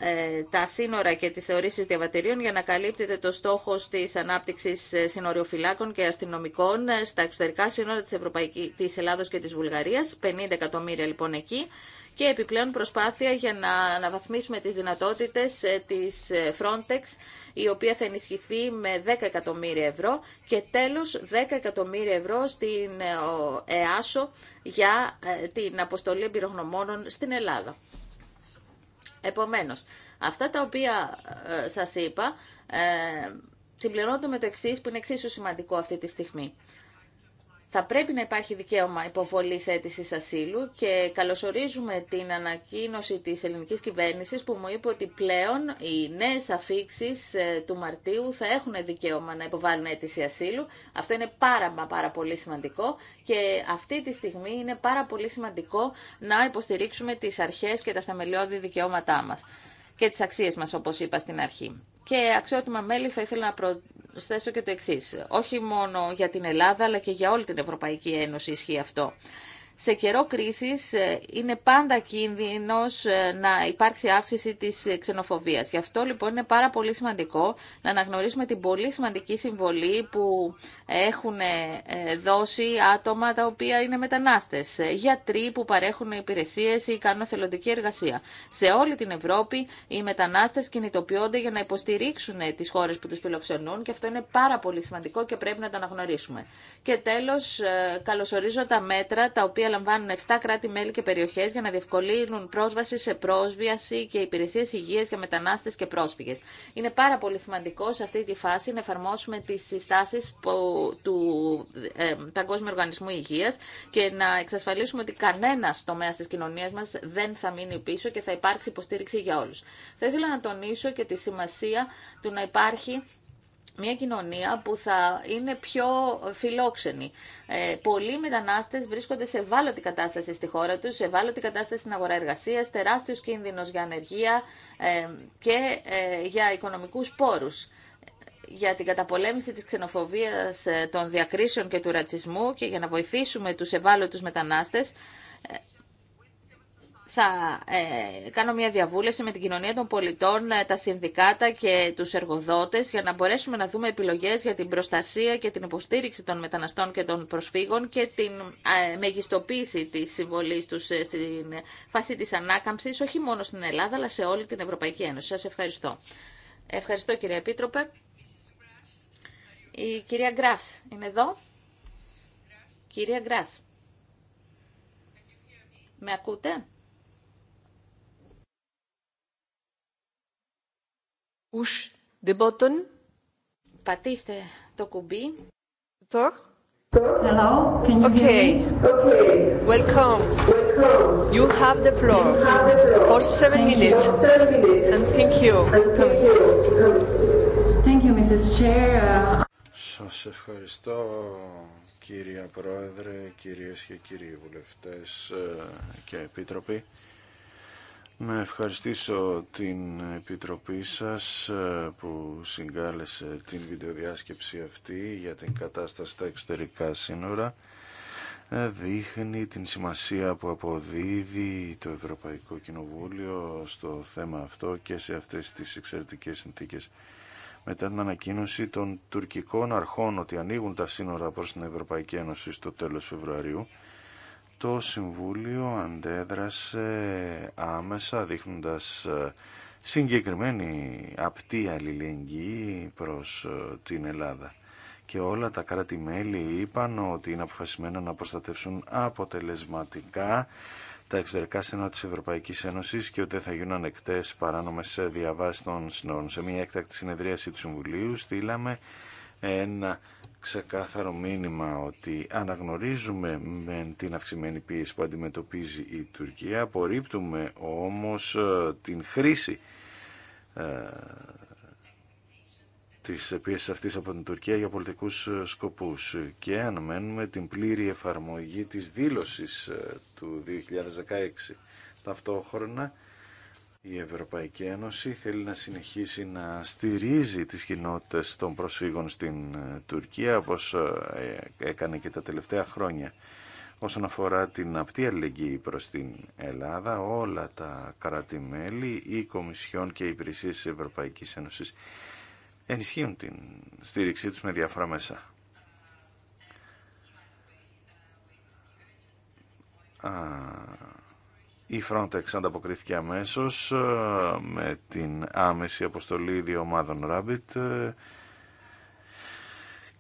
ε, τα σύνορα και τις θεωρήσεις διαβατηρίων για να καλύπτεται το στόχο της ανάπτυξης ε, συνοριοφυλάκων και αστυνομικών ε, στα εξωτερικά σύνορα της, Ευρωπαϊκής, της Ελλάδος και της Βουλγαρίας, 50 εκατομμύρια λοιπόν εκεί και επιπλέον προσπάθεια για να αναβαθμίσουμε τις δυνατότητες της Frontex η οποία θα ενισχυθεί με 10 εκατομμύρια ευρώ και τέλος 10 εκατομμύρια ευρώ στην ΕΑΣΟ για την αποστολή εμπειρογνωμόνων στην Ελλάδα. Επομένως, αυτά τα οποία ε, σας είπα ε, συμπληρώνονται με το εξή που είναι εξίσου σημαντικό αυτή τη στιγμή θα πρέπει να υπάρχει δικαίωμα υποβολής αίτησης ασύλου και καλωσορίζουμε την ανακοίνωση της ελληνικής κυβέρνησης που μου είπε ότι πλέον οι νέε αφήξει ε, του Μαρτίου θα έχουν δικαίωμα να υποβάλουν αίτηση ασύλου. Αυτό είναι πάρα, πάρα πολύ σημαντικό και αυτή τη στιγμή είναι πάρα πολύ σημαντικό να υποστηρίξουμε τι αρχέ και τα θεμελιώδη δικαιώματά μα και τι αξίε μα, όπω είπα στην αρχή. Και αξιότιμα μέλη θα ήθελα να προσθέσω και το εξή. Όχι μόνο για την Ελλάδα, αλλά και για όλη την Ευρωπαϊκή Ένωση ισχύει αυτό σε καιρό κρίσης ε, είναι πάντα κίνδυνος ε, να υπάρξει αύξηση της ε, ξενοφοβίας. Γι' αυτό λοιπόν είναι πάρα πολύ σημαντικό να αναγνωρίσουμε την πολύ σημαντική συμβολή που έχουν δώσει άτομα τα οποία είναι μετανάστες, γιατροί που παρέχουν υπηρεσίες ή κάνουν θελοντική εργασία. Σε όλη την Ευρώπη οι μετανάστες κινητοποιούνται για να υποστηρίξουν τις χώρες που τους φιλοξενούν και αυτό είναι πάρα πολύ σημαντικό και πρέπει να το αναγνωρίσουμε. Και τέλος, καλωσορίζω τα μέτρα τα οποία οποία λαμβάνουν 7 κράτη-μέλη και περιοχέ για να διευκολύνουν πρόσβαση σε πρόσβιαση και υπηρεσίε υγεία, για μετανάστες και πρόσφυγε. Είναι πάρα πολύ σημαντικό σε αυτή τη φάση να εφαρμόσουμε τι συστάσεις του ε, Παγκόσμιου Οργανισμού Υγεία και να εξασφαλίσουμε ότι κανένα τομέα τη κοινωνία μα δεν θα μείνει πίσω και θα υπάρξει υποστήριξη για όλου. Θα ήθελα να τονίσω και τη σημασία του να υπάρχει μια κοινωνία που θα είναι πιο φιλόξενη. Ε, πολλοί μετανάστε βρίσκονται σε ευάλωτη κατάσταση στη χώρα του, σε ευάλωτη κατάσταση στην αγορά εργασία, τεράστιο κίνδυνο για ανεργία ε, και ε, για οικονομικού πόρου. Για την καταπολέμηση της ξενοφοβίας, των διακρίσεων και του ρατσισμού και για να βοηθήσουμε τους ευάλωτους μετανάστες, θα ε, κάνω μια διαβούλευση με την κοινωνία των πολιτών, ε, τα συνδικάτα και τους εργοδότες για να μπορέσουμε να δούμε επιλογές για την προστασία και την υποστήριξη των μεταναστών και των προσφύγων και την ε, μεγιστοποίηση της συμβολής τους ε, στην φάση της ανάκαμψης, όχι μόνο στην Ελλάδα αλλά σε όλη την Ευρωπαϊκή Ένωση. Σας ευχαριστώ. Ευχαριστώ κύριε Επίτροπε. Η κυρία Γκράς είναι εδώ. Κυρία Γκράς. Με ακούτε? Push the button. Πατήστε το κουμπί. Talk. Hello, can you okay. hear me? Okay. Welcome. Welcome. You have the floor, have the floor. for seven thank minutes. You. Seven minutes. And thank you. And thank you. Thank you, Mrs. Chair. Σας ευχαριστώ κύρια Πρόεδρε, κυρίες και κύριοι βουλευτές και επίτροποι. Να ευχαριστήσω την Επιτροπή σας ε, που συγκάλεσε την βιντεοδιάσκεψη αυτή για την κατάσταση στα εξωτερικά σύνορα. Ε, δείχνει την σημασία που αποδίδει το Ευρωπαϊκό Κοινοβούλιο στο θέμα αυτό και σε αυτές τις εξαιρετικές συνθήκες. Μετά την ανακοίνωση των τουρκικών αρχών ότι ανοίγουν τα σύνορα προς την Ευρωπαϊκή Ένωση στο τέλος Φεβρουαρίου, το Συμβούλιο αντέδρασε άμεσα δείχνοντας ε, συγκεκριμένη απτή αλληλεγγύη προς ε, την Ελλάδα. Και όλα τα κράτη-μέλη είπαν ότι είναι αποφασισμένα να προστατεύσουν αποτελεσματικά τα εξωτερικά στενά της Ευρωπαϊκής Ένωσης και ότι θα γίνουν ανεκτές παράνομες διαβάσεις των συνόρων. Σε μια έκτακτη συνεδρίαση του Συμβουλίου στείλαμε ένα ξεκάθαρο μήνυμα ότι αναγνωρίζουμε με την αυξημένη πίεση που αντιμετωπίζει η Τουρκία, απορρίπτουμε όμως ε, την χρήση ε, της πίεσης αυτής από την Τουρκία για πολιτικούς ε, σκοπούς και αναμένουμε την πλήρη εφαρμογή της δήλωσης του 2016. Ταυτόχρονα η Ευρωπαϊκή Ένωση θέλει να συνεχίσει να στηρίζει τις κοινότητες των προσφύγων στην ε, Τουρκία, όπως ε, ε, έκανε και τα τελευταία χρόνια. Όσον αφορά την απτή αλληλεγγύη προς την Ελλάδα, όλα τα κράτη-μέλη, η Κομισιόν και οι υπηρεσίες της Ευρωπαϊκής Ένωσης ενισχύουν την στήριξή τους με διάφορα μέσα. Η Frontex ανταποκρίθηκε αμέσως ε, με την άμεση αποστολή δύο ομάδων Rabbit ε,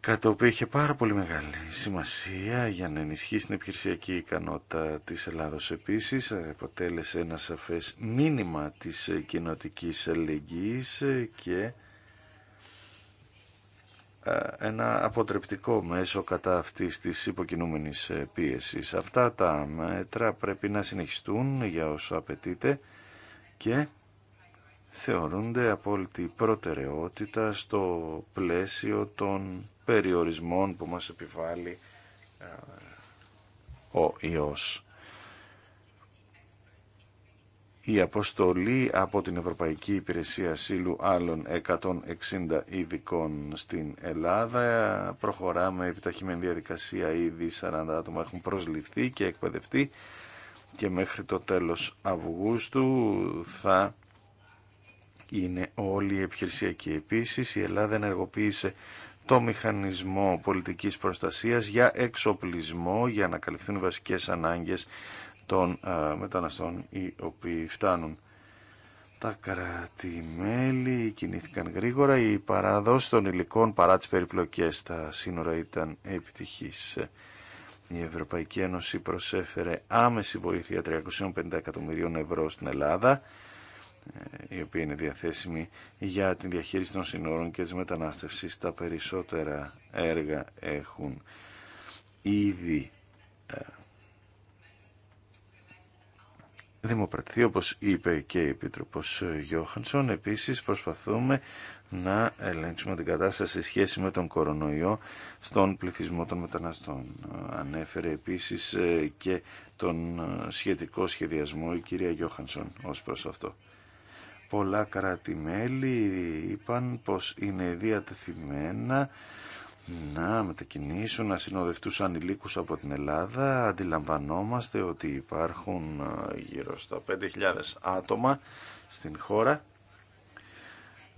κάτι το οποίο είχε πάρα πολύ μεγάλη σημασία για να ενισχύσει την επιχειρησιακή ικανότητα της Ελλάδος επίσης. Αποτέλεσε ένα σαφές μήνυμα της κοινοτικής αλληλεγγύης ε, και ένα αποτρεπτικό μέσο κατά αυτής της υποκινούμενης ε, πίεσης. Αυτά τα μέτρα πρέπει να συνεχιστούν για όσο απαιτείται και θεωρούνται απόλυτη προτεραιότητα στο πλαίσιο των περιορισμών που μας επιβάλλει ε, ο ιός η αποστολή από την Ευρωπαϊκή Υπηρεσία Σύλλου άλλων 160 ειδικών στην Ελλάδα. Προχωράμε επιταχυμένη διαδικασία. Ήδη 40 άτομα έχουν προσληφθεί και εκπαιδευτεί και μέχρι το τέλος Αυγούστου θα είναι όλοι οι επιχειρησιακοί. Επίσης η Ελλάδα ενεργοποίησε το μηχανισμό πολιτικής προστασίας για εξοπλισμό για να καλυφθούν βασικές ανάγκες των ε, μεταναστών οι οποίοι φτάνουν. Τα κράτη-μέλη κινήθηκαν γρήγορα, η παράδοση των υλικών παρά τις περιπλοκές στα σύνορα ήταν επιτυχής. Η Ευρωπαϊκή Ένωση προσέφερε άμεση βοήθεια 350 εκατομμυρίων ευρώ στην Ελλάδα, ε, η οποία είναι διαθέσιμη για την διαχείριση των σύνορων και της μετανάστευσης. Τα περισσότερα έργα έχουν ήδη ε, δημοπρατηθεί όπως είπε και η Επίτροπος Γιώχανσον. Επίσης προσπαθούμε να ελέγξουμε την κατάσταση σε σχέση με τον κορονοϊό στον πληθυσμό των μεταναστών. Ανέφερε επίσης ε, και τον ε, σχετικό σχεδιασμό η κυρία Γιώχανσον ως προς αυτό. Πολλά κράτη-μέλη είπαν πως είναι διατεθειμένα να μετακινήσουν, να συνοδευτούν ανηλίκους από την Ελλάδα. Αντιλαμβανόμαστε ότι υπάρχουν γύρω στα 5.000 άτομα στην χώρα,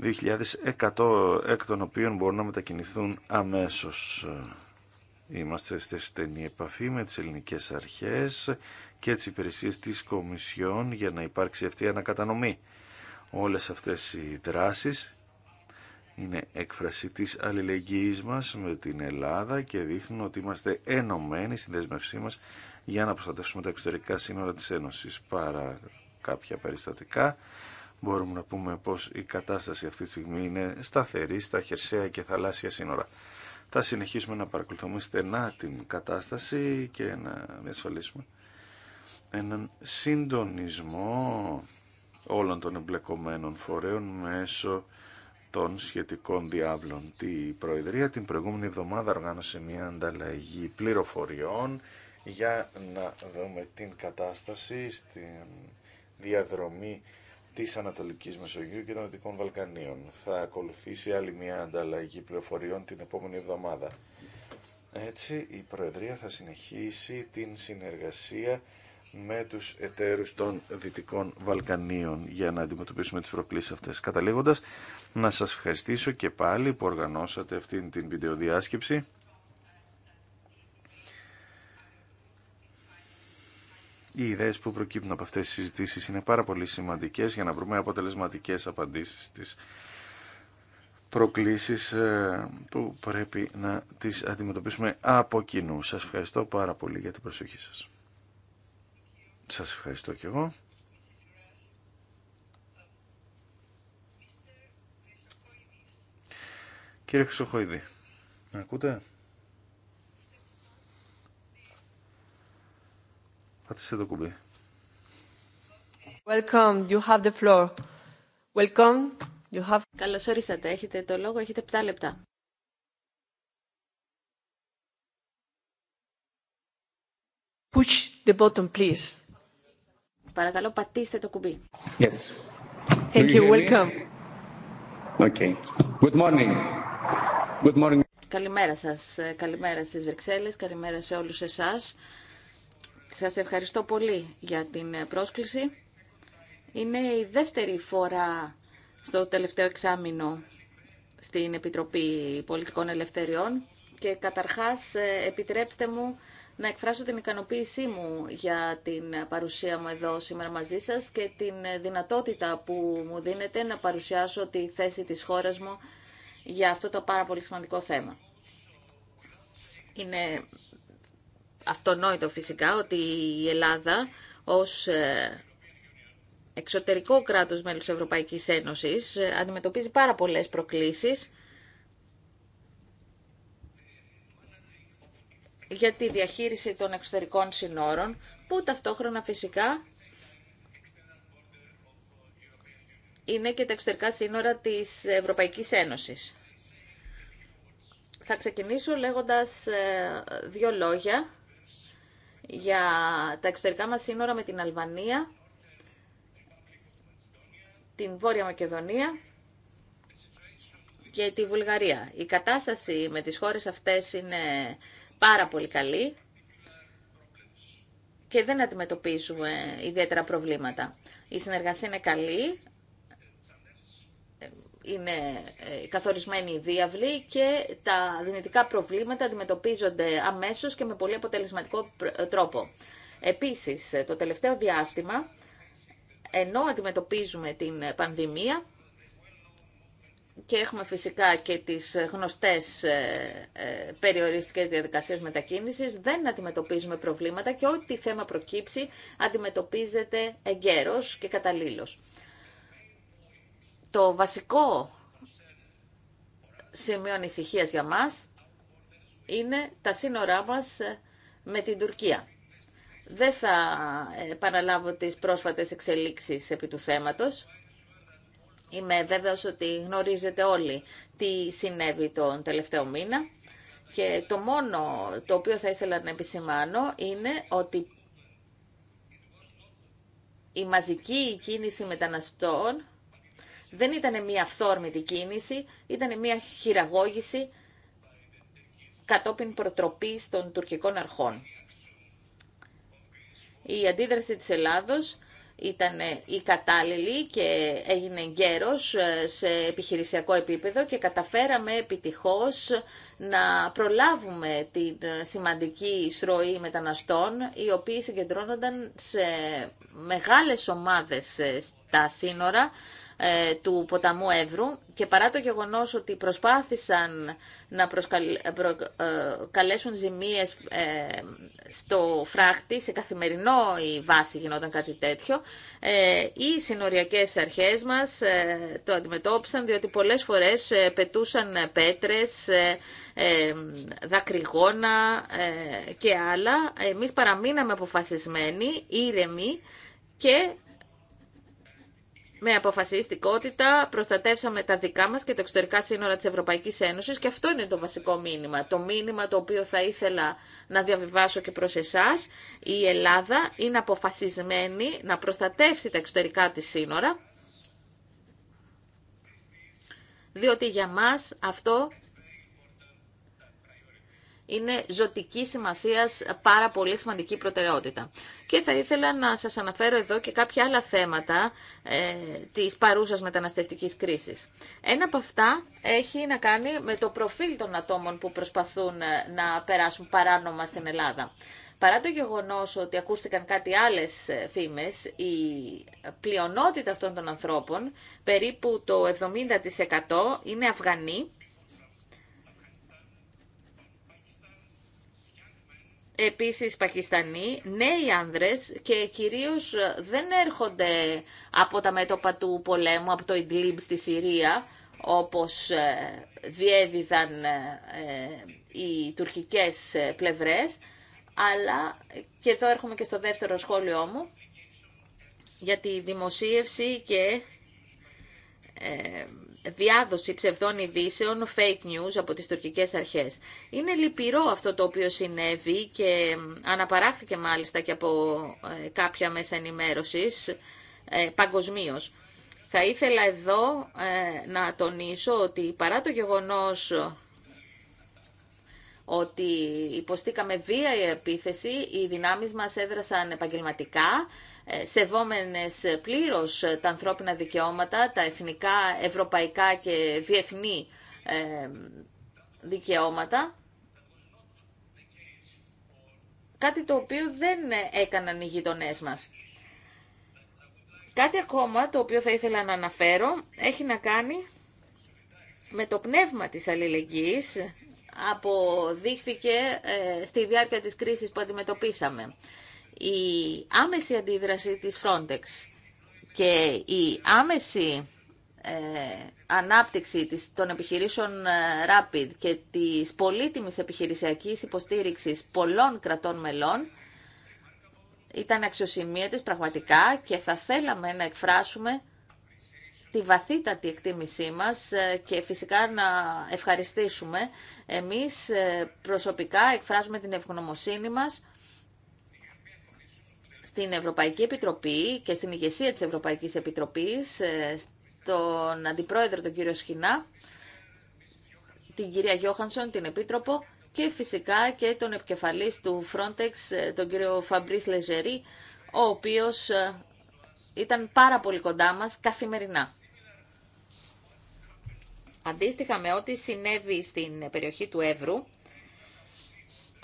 2.100 εκ των οποίων μπορούν να μετακινηθούν αμέσως. Είμαστε σε στενή επαφή με τις ελληνικές αρχές και τις υπηρεσίες της Κομισιόν για να υπάρξει αυτή η ανακατανομή. Όλες αυτές οι δράσεις είναι έκφραση της αλληλεγγύης μας με την Ελλάδα και δείχνουν ότι είμαστε ενωμένοι στην δέσμευσή μας για να προστατεύσουμε τα εξωτερικά σύνορα της Ένωσης. Παρά κάποια περιστατικά μπορούμε να πούμε πως η κατάσταση αυτή τη στιγμή είναι σταθερή στα χερσαία και θαλάσσια σύνορα. Θα συνεχίσουμε να παρακολουθούμε στενά την κατάσταση και να διασφαλίσουμε έναν συντονισμό όλων των εμπλεκομένων φορέων μέσω των σχετικών διάβλων. Τη Προεδρία την προηγούμενη εβδομάδα οργάνωσε μια ανταλλαγή πληροφοριών για να δούμε την κατάσταση στην διαδρομή της Ανατολικής Μεσογείου και των Δυτικών Βαλκανίων. Θα ακολουθήσει άλλη μια ανταλλαγή πληροφοριών την επόμενη εβδομάδα. Έτσι, η Προεδρία θα συνεχίσει την συνεργασία με τους εταίρους των Δυτικών Βαλκανίων για να αντιμετωπίσουμε τις προκλήσεις αυτές. Καταλήγοντας, να σας ευχαριστήσω και πάλι που οργανώσατε αυτήν την βιντεοδιάσκεψη. Οι ιδέες που προκύπτουν από αυτές τις συζητήσεις είναι πάρα πολύ σημαντικές για να βρούμε αποτελεσματικές απαντήσεις στις προκλήσεις ε, που πρέπει να τις αντιμετωπίσουμε από κοινού. Σας ευχαριστώ πάρα πολύ για την προσοχή σας. Σας ευχαριστώ και εγώ. Κύριε Χρυσοχοίδη, με ακούτε? Πάτησε το κουμπί. Welcome, you have the floor. Welcome, you have... Καλώς όρισατε, έχετε το λόγο, έχετε 7 λεπτά. Push the button, please. Παρακαλώ πατήστε το κουμπί. Yes. Thank you. Welcome. Okay. Good morning. Good morning. Καλημέρα σας. Καλημέρα στις Βρυξέλλες. Καλημέρα σε όλους εσάς. Σας ευχαριστώ πολύ για την πρόσκληση. Είναι η δεύτερη φορά στο τελευταίο εξάμεινο στην Επιτροπή Πολιτικών Ελευθεριών και καταρχάς ε, επιτρέψτε μου να εκφράσω την ικανοποίησή μου για την παρουσία μου εδώ σήμερα μαζί σας και την δυνατότητα που μου δίνεται να παρουσιάσω τη θέση της χώρας μου για αυτό το πάρα πολύ σημαντικό θέμα. Είναι αυτονόητο φυσικά ότι η Ελλάδα ως ε, εξωτερικό κράτος μέλος Ευρωπαϊκής Ένωσης ε, αντιμετωπίζει πάρα πολλές προκλήσεις για τη διαχείριση των εξωτερικών συνόρων, που ταυτόχρονα φυσικά είναι και τα εξωτερικά σύνορα της Ευρωπαϊκής Ένωσης. Θα ξεκινήσω λέγοντας ε, δύο λόγια για τα εξωτερικά μας σύνορα με την Αλβανία, την Βόρεια Μακεδονία και τη Βουλγαρία. Η κατάσταση με τις χώρες αυτές είναι πάρα πολύ καλή και δεν αντιμετωπίζουμε ιδιαίτερα προβλήματα. Η συνεργασία είναι καλή, είναι ε, καθορισμένη η διάβλη και τα δυνητικά προβλήματα αντιμετωπίζονται αμέσως και με πολύ αποτελεσματικό τρόπο. Επίσης, ε, το τελευταίο διάστημα, ενώ αντιμετωπίζουμε την πανδημία, και έχουμε φυσικά και τις γνωστές ε, ε, περιοριστικές διαδικασίες μετακίνησης. Δεν αντιμετωπίζουμε προβλήματα και ό,τι θέμα προκύψει αντιμετωπίζεται εγκαίρος και καταλήλως. Το βασικό σημείο ανησυχία για μας είναι τα σύνορά μας με την Τουρκία. Δεν θα ε, επαναλάβω τις πρόσφατες εξελίξεις επί του θέματος. Είμαι βέβαιος ότι γνωρίζετε όλοι τι συνέβη τον τελευταίο μήνα και το μόνο το οποίο θα ήθελα να επισημάνω είναι ότι η μαζική κίνηση μεταναστών δεν ήταν μια αυθόρμητη κίνηση, ήταν μια χειραγώγηση κατόπιν προτροπής των τουρκικών αρχών. Η αντίδραση της Ελλάδος ήταν ε, η κατάλληλη και έγινε γέρος ε, σε επιχειρησιακό επίπεδο και καταφέραμε επιτυχώς να προλάβουμε την ε, σημαντική σρωή μεταναστών οι οποίοι συγκεντρώνονταν σε μεγάλες ομάδες στα σύνορα ε, του ποταμού Εύρου και παρά το γεγονός ότι προσπάθησαν να προκαλέσουν ε, ζημίες ε, στο φράχτη, σε καθημερινό η βάση γινόταν κάτι τέτοιο, οι συνοριακές αρχές μας το αντιμετώπισαν διότι πολλές φορές πετούσαν πέτρες, δακρυγόνα και άλλα. Εμείς παραμείναμε αποφασισμένοι, ήρεμοι και με αποφασιστικότητα προστατεύσαμε τα δικά μας και τα εξωτερικά σύνορα της Ευρωπαϊκής Ένωσης και αυτό είναι το βασικό μήνυμα. Το μήνυμα το οποίο θα ήθελα να διαβιβάσω και προς εσάς. Η Ελλάδα είναι αποφασισμένη να προστατεύσει τα εξωτερικά της σύνορα, διότι για μας αυτό είναι ζωτική σημασία πάρα πολύ σημαντική προτεραιότητα. Και θα ήθελα να σας αναφέρω εδώ και κάποια άλλα θέματα ε, της παρούσας μεταναστευτικής κρίσης. Ένα από αυτά έχει να κάνει με το προφίλ των ατόμων που προσπαθούν ε, να περάσουν παράνομα στην Ελλάδα. Παρά το γεγονός ότι ακούστηκαν κάτι άλλε ε, φήμες, η πλειονότητα αυτών των ανθρώπων, περίπου το 70% είναι Αφγανοί, επίσης Πακιστανοί, νέοι άνδρες και κυρίως δεν έρχονται από τα μέτωπα του πολέμου, από το Ιντλίμπ στη Συρία, όπως ε, διέδιδαν ε, ε, οι τουρκικές πλευρές, αλλά, και εδώ έρχομαι και στο δεύτερο σχόλιο μου, για τη δημοσίευση και διάδοση ψευδών ειδήσεων, fake news από τις τουρκικές αρχές. Είναι λυπηρό αυτό το οποίο συνέβη και αναπαράχθηκε μάλιστα και από ε, κάποια μέσα ενημέρωσης ε, παγκοσμίως. Θα ήθελα εδώ ε, να τονίσω ότι παρά το γεγονός ότι υποστήκαμε βία η επίθεση, οι δυνάμεις μας έδρασαν επαγγελματικά, σεβόμενες πλήρως τα ανθρώπινα δικαιώματα, τα εθνικά, ευρωπαϊκά και διεθνή ε, δικαιώματα. Κάτι το οποίο δεν έκαναν οι γειτονέ μας. Κάτι ακόμα το οποίο θα ήθελα να αναφέρω έχει να κάνει με το πνεύμα της αλληλεγγύης αποδείχθηκε ε, στη διάρκεια της κρίσης που αντιμετωπίσαμε η άμεση αντίδραση της Frontex και η άμεση ε, ανάπτυξη των επιχειρήσεων ε, Rapid και της πολύτιμης επιχειρησιακής υποστήριξης πολλών κρατών μελών ήταν αξιοσημείωτες πραγματικά και θα θέλαμε να εκφράσουμε τη βαθύτατη εκτίμησή μας ε, και φυσικά να ευχαριστήσουμε. Εμείς ε, προσωπικά εκφράζουμε την ευγνωμοσύνη μας στην Ευρωπαϊκή Επιτροπή και στην ηγεσία της Ευρωπαϊκής Επιτροπής, ε, τον Αντιπρόεδρο τον κύριο Σχοινά, την κυρία Γιώχανσον, την Επίτροπο και φυσικά και τον επικεφαλής του Frontex, ε, τον κύριο Φαμπρίς Λεζερή, ο οποίος ε, ήταν πάρα πολύ κοντά μας καθημερινά. Αντίστοιχα με ό,τι συνέβη στην περιοχή του Εύρου,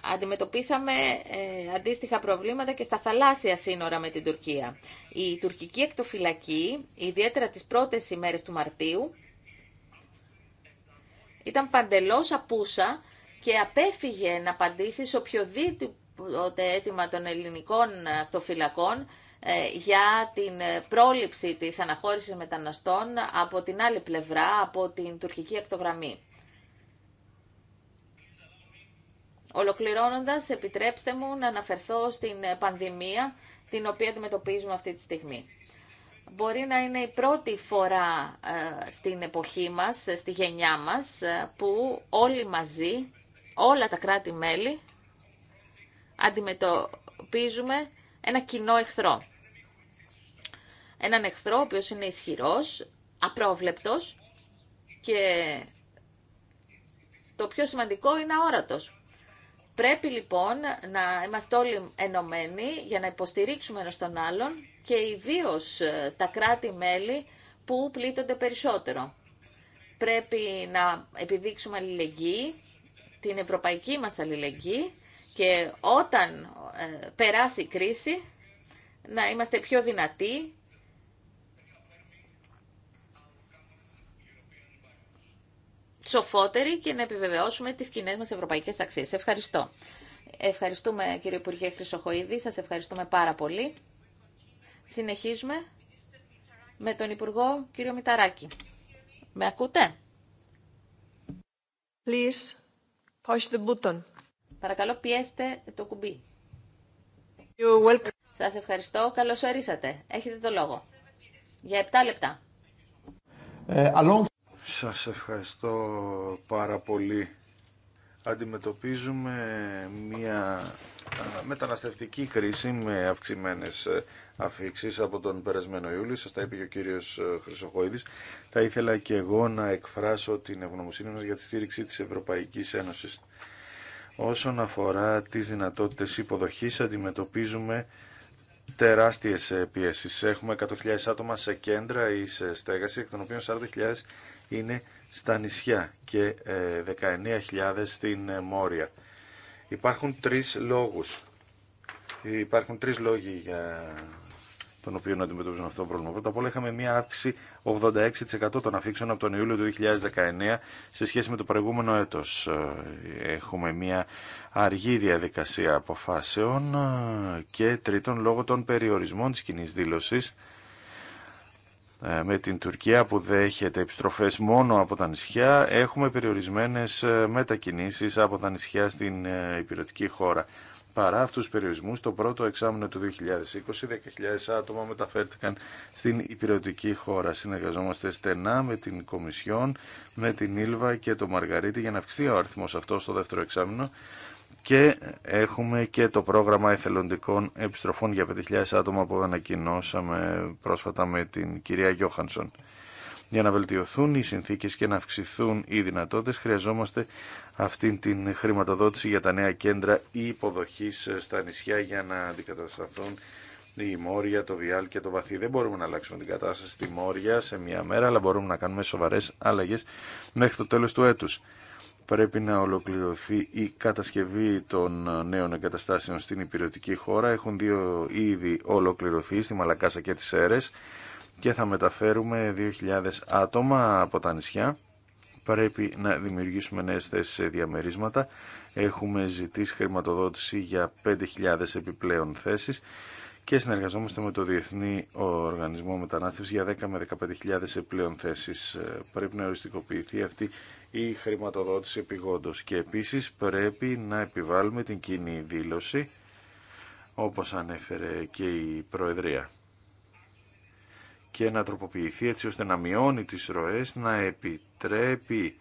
αντιμετωπίσαμε ε, αντίστοιχα προβλήματα και στα θαλάσσια σύνορα με την Τουρκία. Η τουρκική εκτοφυλακή, ιδιαίτερα τις πρώτες ημέρες του Μαρτίου, ήταν παντελώς απούσα και απέφυγε να απαντήσει σε οποιοδήποτε αίτημα των ελληνικών εκτοφυλακών ε, για την πρόληψη της αναχώρησης μεταναστών από την άλλη πλευρά, από την τουρκική εκτογραμμή. Ολοκληρώνοντας, επιτρέψτε μου να αναφερθώ στην πανδημία την οποία αντιμετωπίζουμε αυτή τη στιγμή. Μπορεί να είναι η πρώτη φορά ε, στην εποχή μας, ε, στη γενιά μας, ε, που όλοι μαζί, όλα τα κράτη-μέλη, αντιμετωπίζουμε ένα κοινό εχθρό. Έναν εχθρό ο οποίος είναι ισχυρός, απρόβλεπτος και το πιο σημαντικό είναι αόρατος. Πρέπει λοιπόν να είμαστε όλοι ενωμένοι για να υποστηρίξουμε ένα τον άλλον και ιδίω ε, τα κράτη-μέλη που πλήττονται περισσότερο. Πρέπει να επιδείξουμε αλληλεγγύη, την ευρωπαϊκή μας αλληλεγγύη και όταν ε, περάσει η κρίση να είμαστε πιο δυνατοί σοφότεροι και να επιβεβαιώσουμε τις κοινέ μας ευρωπαϊκές αξίες. Ευχαριστώ. Ευχαριστούμε κύριε Υπουργέ Χρυσοχοίδη, σας ευχαριστούμε πάρα πολύ. Συνεχίζουμε με τον Υπουργό κύριο Μηταράκη. Με ακούτε? Please, push the button. Παρακαλώ πιέστε το κουμπί. Σας ευχαριστώ. Καλώς ορίσατε. Έχετε το λόγο. Για 7 λεπτά. Ε, σας ευχαριστώ πάρα πολύ. Αντιμετωπίζουμε μια μεταναστευτική κρίση με αυξημένες ε, αφήξεις από τον περασμένο Ιούλιο. Σας τα είπε και ο κύριος ε, Χρυσοχοίδης. Θα ήθελα και εγώ να εκφράσω την ευγνωμοσύνη μας για τη στήριξη της Ευρωπαϊκής Ένωσης. Όσον αφορά τις δυνατότητες υποδοχής, αντιμετωπίζουμε τεράστιες ε, πιέσεις. Έχουμε 100.000 άτομα σε κέντρα ή σε στέγαση, εκ των οποίων 40.000 είναι στα νησιά και 19.000 ε, στην ε, Μόρια. Υπάρχουν τρεις λόγους. Υπάρχουν τρεις λόγοι για τον οποίο να αντιμετωπίζουν αυτό το πρόβλημα. Πρώτα απ' όλα είχαμε μία αύξηση 86% των αφήξεων από τον Ιούλιο του 2019 σε σχέση με το προηγούμενο έτος. Ε, έχουμε μία αργή διαδικασία αποφάσεων και τρίτον λόγω των περιορισμών της κοινή δήλωσης ε, με την Τουρκία που δέχεται επιστροφές μόνο από τα νησιά, έχουμε περιορισμένες ε, μετακινήσεις από τα νησιά στην ε, υπηρετική χώρα. Παρά αυτούς τους περιορισμούς, το πρώτο εξάμεινο του 2020, 10.000 άτομα μεταφέρθηκαν στην υπηρετική χώρα. Συνεργαζόμαστε στενά με την Κομισιόν, με την Ήλβα και το Μαργαρίτη για να αυξηθεί ο αριθμός αυτό στο δεύτερο εξάμεινο και έχουμε και το πρόγραμμα εθελοντικών επιστροφών για 5.000 άτομα που ανακοινώσαμε πρόσφατα με την κυρία Γιώχανσον. Για να βελτιωθούν οι συνθήκες και να αυξηθούν οι δυνατότητες χρειαζόμαστε αυτή την χρηματοδότηση για τα νέα κέντρα υποδοχής στα νησιά για να αντικατασταθούν η Μόρια, το Βιάλ και το Βαθύ. Δεν μπορούμε να αλλάξουμε την κατάσταση στη Μόρια σε μια μέρα, αλλά μπορούμε να κάνουμε σοβαρές αλλαγές μέχρι το τέλος του έτους πρέπει να ολοκληρωθεί η κατασκευή των νέων εγκαταστάσεων στην υπηρετική χώρα. Έχουν δύο ήδη ολοκληρωθεί, στη Μαλακάσα και τις Σέρες και θα μεταφέρουμε 2.000 άτομα από τα νησιά. Πρέπει να δημιουργήσουμε νέες θέσεις σε διαμερίσματα. Έχουμε ζητήσει χρηματοδότηση για 5.000 επιπλέον θέσεις και συνεργαζόμαστε με το Διεθνή Οργανισμό Μετανάστευσης για 10 με 15.000 επιπλέον θέσει. Ε, πρέπει να οριστικοποιηθεί αυτή η χρηματοδότηση επιγόντω. και επίσης πρέπει να επιβάλλουμε την κοινή δήλωση όπως ανέφερε και η Προεδρία και να τροποποιηθεί έτσι ώστε να μειώνει τις ροές, να επιτρέπει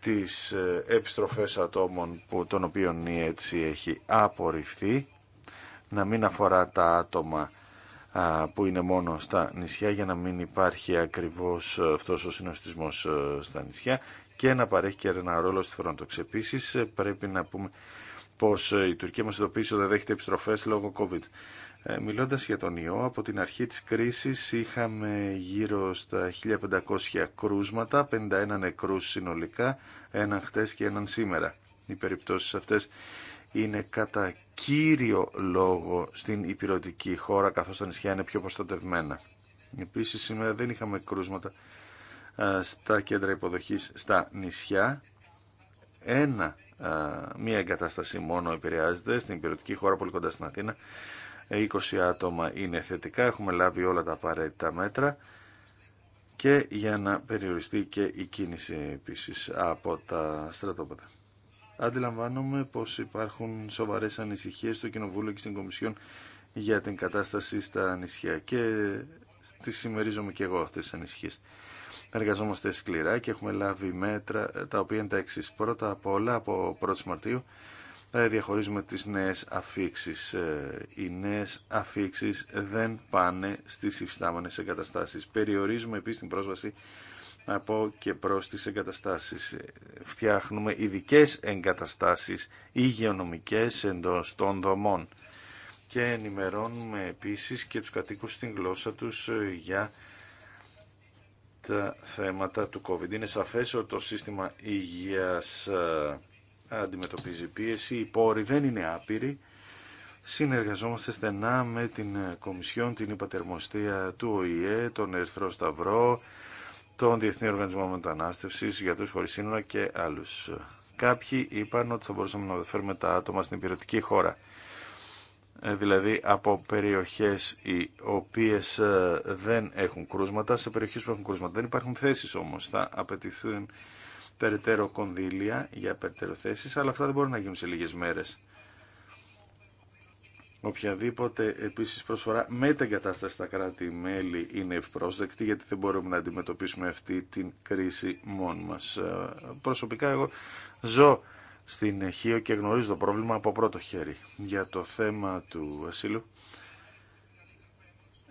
τις ε, επιστροφές ατόμων που, των οποίων η έτσι έχει απορριφθεί να μην αφορά τα άτομα που είναι μόνο στα νησιά για να μην υπάρχει ακριβώς αυτός ο συνοστισμός ε, στα νησιά και να παρέχει και ένα ρόλο στη Frontex. Επίση ε, πρέπει να πούμε πως ε, η Τουρκία μας ειδοποίησε ότι δεν δέχεται επιστροφές λόγω COVID. Μιλώντας για τον ιό, από την αρχή της κρίσης είχαμε γύρω στα 1500 κρούσματα, 51 νεκρούς συνολικά, έναν χτες και έναν σήμερα. Οι περιπτώσεις αυτές είναι κατά κύριο λόγο στην υπηρετική χώρα, καθώς τα νησιά είναι πιο προστατευμένα. Επίσης, σήμερα δεν είχαμε κρούσματα στα κέντρα υποδοχής στα νησιά. Ένα, μία εγκατάσταση μόνο επηρεάζεται στην υπηρετική χώρα, πολύ κοντά στην Αθήνα. 20 άτομα είναι θετικά, έχουμε λάβει όλα τα απαραίτητα μέτρα και για να περιοριστεί και η κίνηση επίσης από τα στρατόπεδα αντιλαμβάνομαι πως υπάρχουν σοβαρές ανησυχίες στο Κοινοβούλιο και στην Κομισιόν για την κατάσταση στα νησιά και τις συμμερίζομαι και εγώ αυτές τις ανησυχίες. Εργαζόμαστε σκληρά και έχουμε λάβει μέτρα τα οποία είναι τα εξή. Πρώτα απ' όλα από 1η Μαρτίου ε, διαχωρίζουμε τις νέες αφήξεις. Ε, οι νέες αφήξεις δεν πάνε στις υφιστάμενες εγκαταστάσεις. Περιορίζουμε επίσης την πρόσβαση από και προς τις εγκαταστάσεις. Φτιάχνουμε ειδικέ εγκαταστάσεις υγειονομικές εντός των δομών και ενημερώνουμε επίσης και τους κατοίκους στην γλώσσα τους ε, για τα θέματα του COVID. Είναι σαφές ότι το σύστημα υγείας ε, αντιμετωπίζει πίεση, οι πόροι δεν είναι άπειροι. Συνεργαζόμαστε στενά με την ε, Κομισιόν, την Υπατερμοστία του ΟΗΕ, τον Ερθρό Σταυρό, τον Διεθνή Οργανισμό μετανάστευση για τους χωρί σύνορα και άλλους. Κάποιοι είπαν ότι θα μπορούσαμε να φέρουμε τα άτομα στην υπηρετική χώρα ε, δηλαδή από περιοχές οι οποίες ε, δεν έχουν κρούσματα σε περιοχές που έχουν κρούσματα. Δεν υπάρχουν θέσεις όμως, θα απαιτηθούν περαιτέρω κονδύλια για περαιτέρω θέσεις, αλλά αυτά δεν μπορούν να γίνουν σε λίγες μέρες. Οποιαδήποτε επίση προσφορά με την κατάσταση στα κράτη-μέλη είναι ευπρόσδεκτη γιατί δεν μπορούμε να αντιμετωπίσουμε αυτή την κρίση μόνοι μα. Ε, προσωπικά εγώ ζω στην Χίο και γνωρίζω το πρόβλημα από πρώτο χέρι. Για το θέμα του ασύλου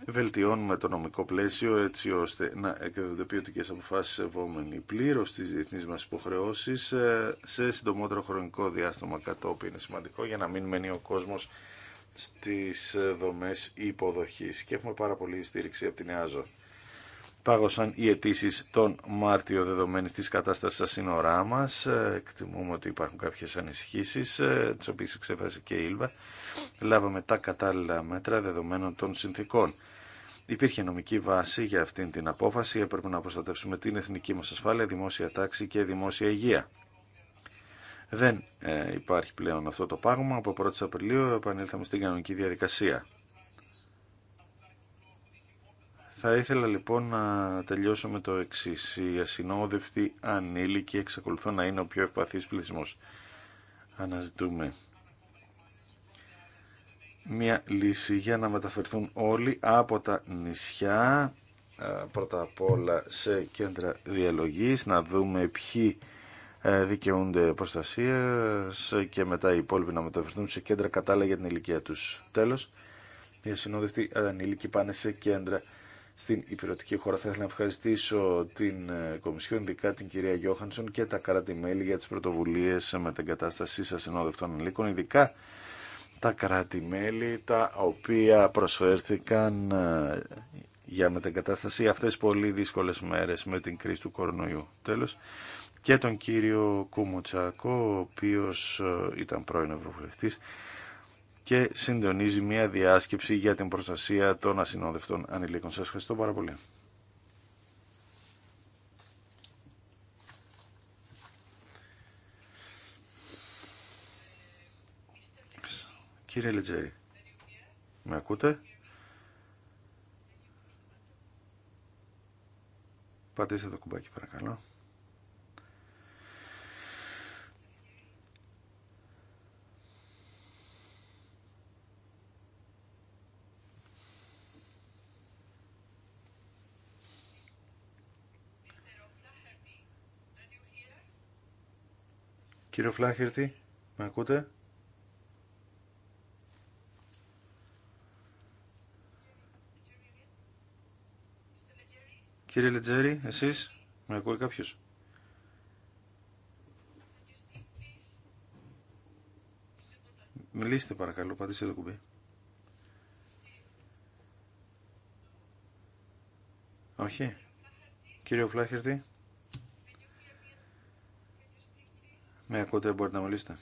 βελτιώνουμε το νομικό πλαίσιο έτσι ώστε να και ποιοτικέ αποφάσει σεβόμενοι πλήρω τι διεθνεί μα υποχρεώσεις ε, σε συντομότερο χρονικό διάστημα κατόπιν είναι σημαντικό για να μην μένει ο κόσμο στις δομές υποδοχής και έχουμε πάρα πολύ στήριξη από την ΕΑΖΟ. Πάγωσαν οι αιτήσει τον Μάρτιο δεδομένη της κατάσταση στα σύνορά μα. Ε, εκτιμούμε ότι υπάρχουν κάποιες ανησυχήσεις, ε, τι οποίες εξέφρασε και η Ήλβα. Λάβαμε τα κατάλληλα μέτρα δεδομένων των συνθήκων. Υπήρχε νομική βάση για αυτήν την απόφαση. Έπρεπε να προστατεύσουμε την εθνική μα ασφάλεια, δημόσια τάξη και δημόσια υγεία. Δεν ε, υπάρχει πλέον αυτό το πάγωμα. Από 1η Απριλίου επανήλθαμε στην κανονική διαδικασία. Θα ήθελα λοιπόν να τελειώσω με το εξή. Οι ασυνόδευτοι ανήλικοι εξακολουθούν να είναι ο πιο ευπαθής πληθυσμό. Αναζητούμε μια λύση για να μεταφερθούν όλοι από τα νησιά ε, πρώτα απ' όλα σε κέντρα διαλογής, να δούμε ποιοι ε, δικαιούνται προστασία, και μετά οι υπόλοιποι να μεταφερθούν σε κέντρα κατάλληλα για την ηλικία του τέλο. οι ασυνόδευτοι ανήλικοι πάνε σε κέντρα στην υπηρετική χώρα. Θα ήθελα να ευχαριστήσω την ε, Κομισιόν, ειδικά την κυρία Γιώχανσον και τα κράτη-μέλη για τι πρωτοβουλίε με την κατάστασή ανηλίκων, ειδικά τα κράτη-μέλη τα οποία προσφέρθηκαν ε, για μετεγκατάσταση αυτές πολύ δύσκολες μέρες με την κρίση του κορονοϊού. Τέλος, και τον κύριο Κουμουτσάκο, ο οποίος ε, ήταν πρώην Ευρωβουλευτής και συντονίζει μια διάσκεψη για την προστασία των ασυνόδευτων ανηλίκων. Σας ευχαριστώ πάρα πολύ. Κύριε Λετζέρη, με ακούτε? Πατήστε το κουμπάκι παρακαλώ. Κύριο Φλάχερτη, με ακούτε. Κύριε Λετζέρη, εσείς, με ακούει κάποιος. Μιλήστε παρακαλώ, πατήστε το κουμπί. Όχι. Κύριο Φλάχερτη. Με ναι, ακούτε, μπορείτε να μιλήσετε.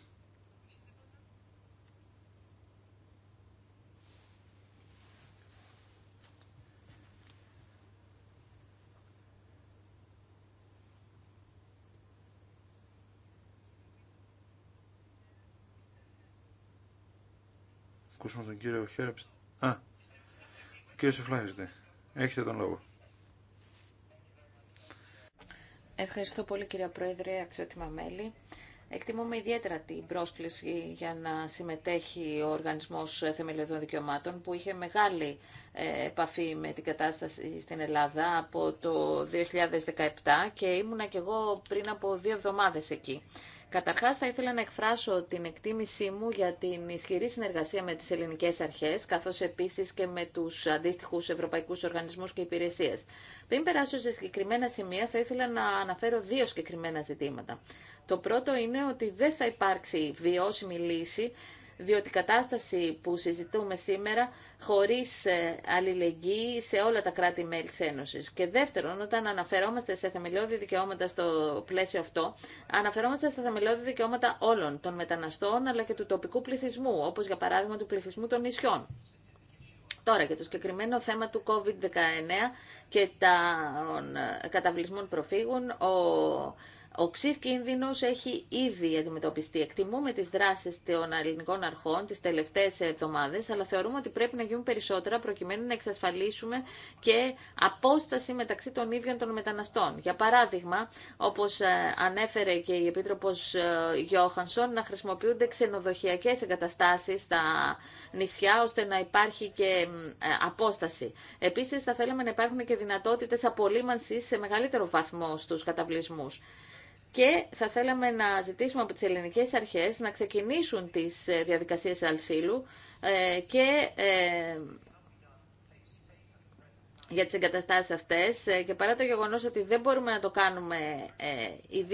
Ακούσουμε τον κύριο Χέραπς. Α, ο κύριος Έχετε τον λόγο. Ευχαριστώ πολύ κυρία Πρόεδρε, αξιότιμα μέλη. Εκτιμούμε ιδιαίτερα την πρόσκληση για να συμμετέχει ο Οργανισμός Θεμελιωδών Δικαιωμάτων που είχε μεγάλη ε, επαφή με την κατάσταση στην Ελλάδα από το 2017 και ήμουνα κι εγώ πριν από δύο εβδομάδες εκεί. Καταρχάς θα ήθελα να εκφράσω την εκτίμησή μου για την ισχυρή συνεργασία με τις ελληνικές αρχές, καθώς επίσης και με τους αντίστοιχους ευρωπαϊκούς οργανισμούς και υπηρεσίες. Πριν περάσω σε συγκεκριμένα σημεία, θα ήθελα να αναφέρω δύο συγκεκριμένα ζητήματα. Το πρώτο είναι ότι δεν θα υπάρξει βιώσιμη λύση διότι η κατάσταση που συζητούμε σήμερα χωρίς ε, αλληλεγγύη σε όλα τα κράτη-μέλη της Ένωσης. Και δεύτερον, όταν αναφερόμαστε σε θεμελιώδη δικαιώματα στο πλαίσιο αυτό, αναφερόμαστε στα θεμελιώδη δικαιώματα όλων των μεταναστών αλλά και του τοπικού πληθυσμού, όπως για παράδειγμα του πληθυσμού των νησιών. Τώρα για το συγκεκριμένο θέμα του COVID-19 και των ε, καταβλισμών προφύγων, ο ο οξύς κίνδυνος έχει ήδη αντιμετωπιστεί. Εκτιμούμε τις δράσεις των ελληνικών αρχών τις τελευταίες εβδομάδες, αλλά θεωρούμε ότι πρέπει να γίνουν περισσότερα προκειμένου να εξασφαλίσουμε και απόσταση μεταξύ των ίδιων των μεταναστών. Για παράδειγμα, όπως ε, ανέφερε και η Επίτροπος ε, Γιώχανσον, να χρησιμοποιούνται ξενοδοχειακές εγκαταστάσεις στα νησιά, ώστε να υπάρχει και ε, απόσταση. Επίσης, θα θέλαμε να υπάρχουν και δυνατότητες απολύμανσης σε μεγαλύτερο βαθμό στους καταβλισμούς και θα θέλαμε να ζητήσουμε από τις ελληνικές αρχές να ξεκινήσουν τις ε, διαδικασίες αλσίλου ε, και ε, για τις εγκαταστάσεις αυτές και παρά το γεγονός ότι δεν μπορούμε να το κάνουμε η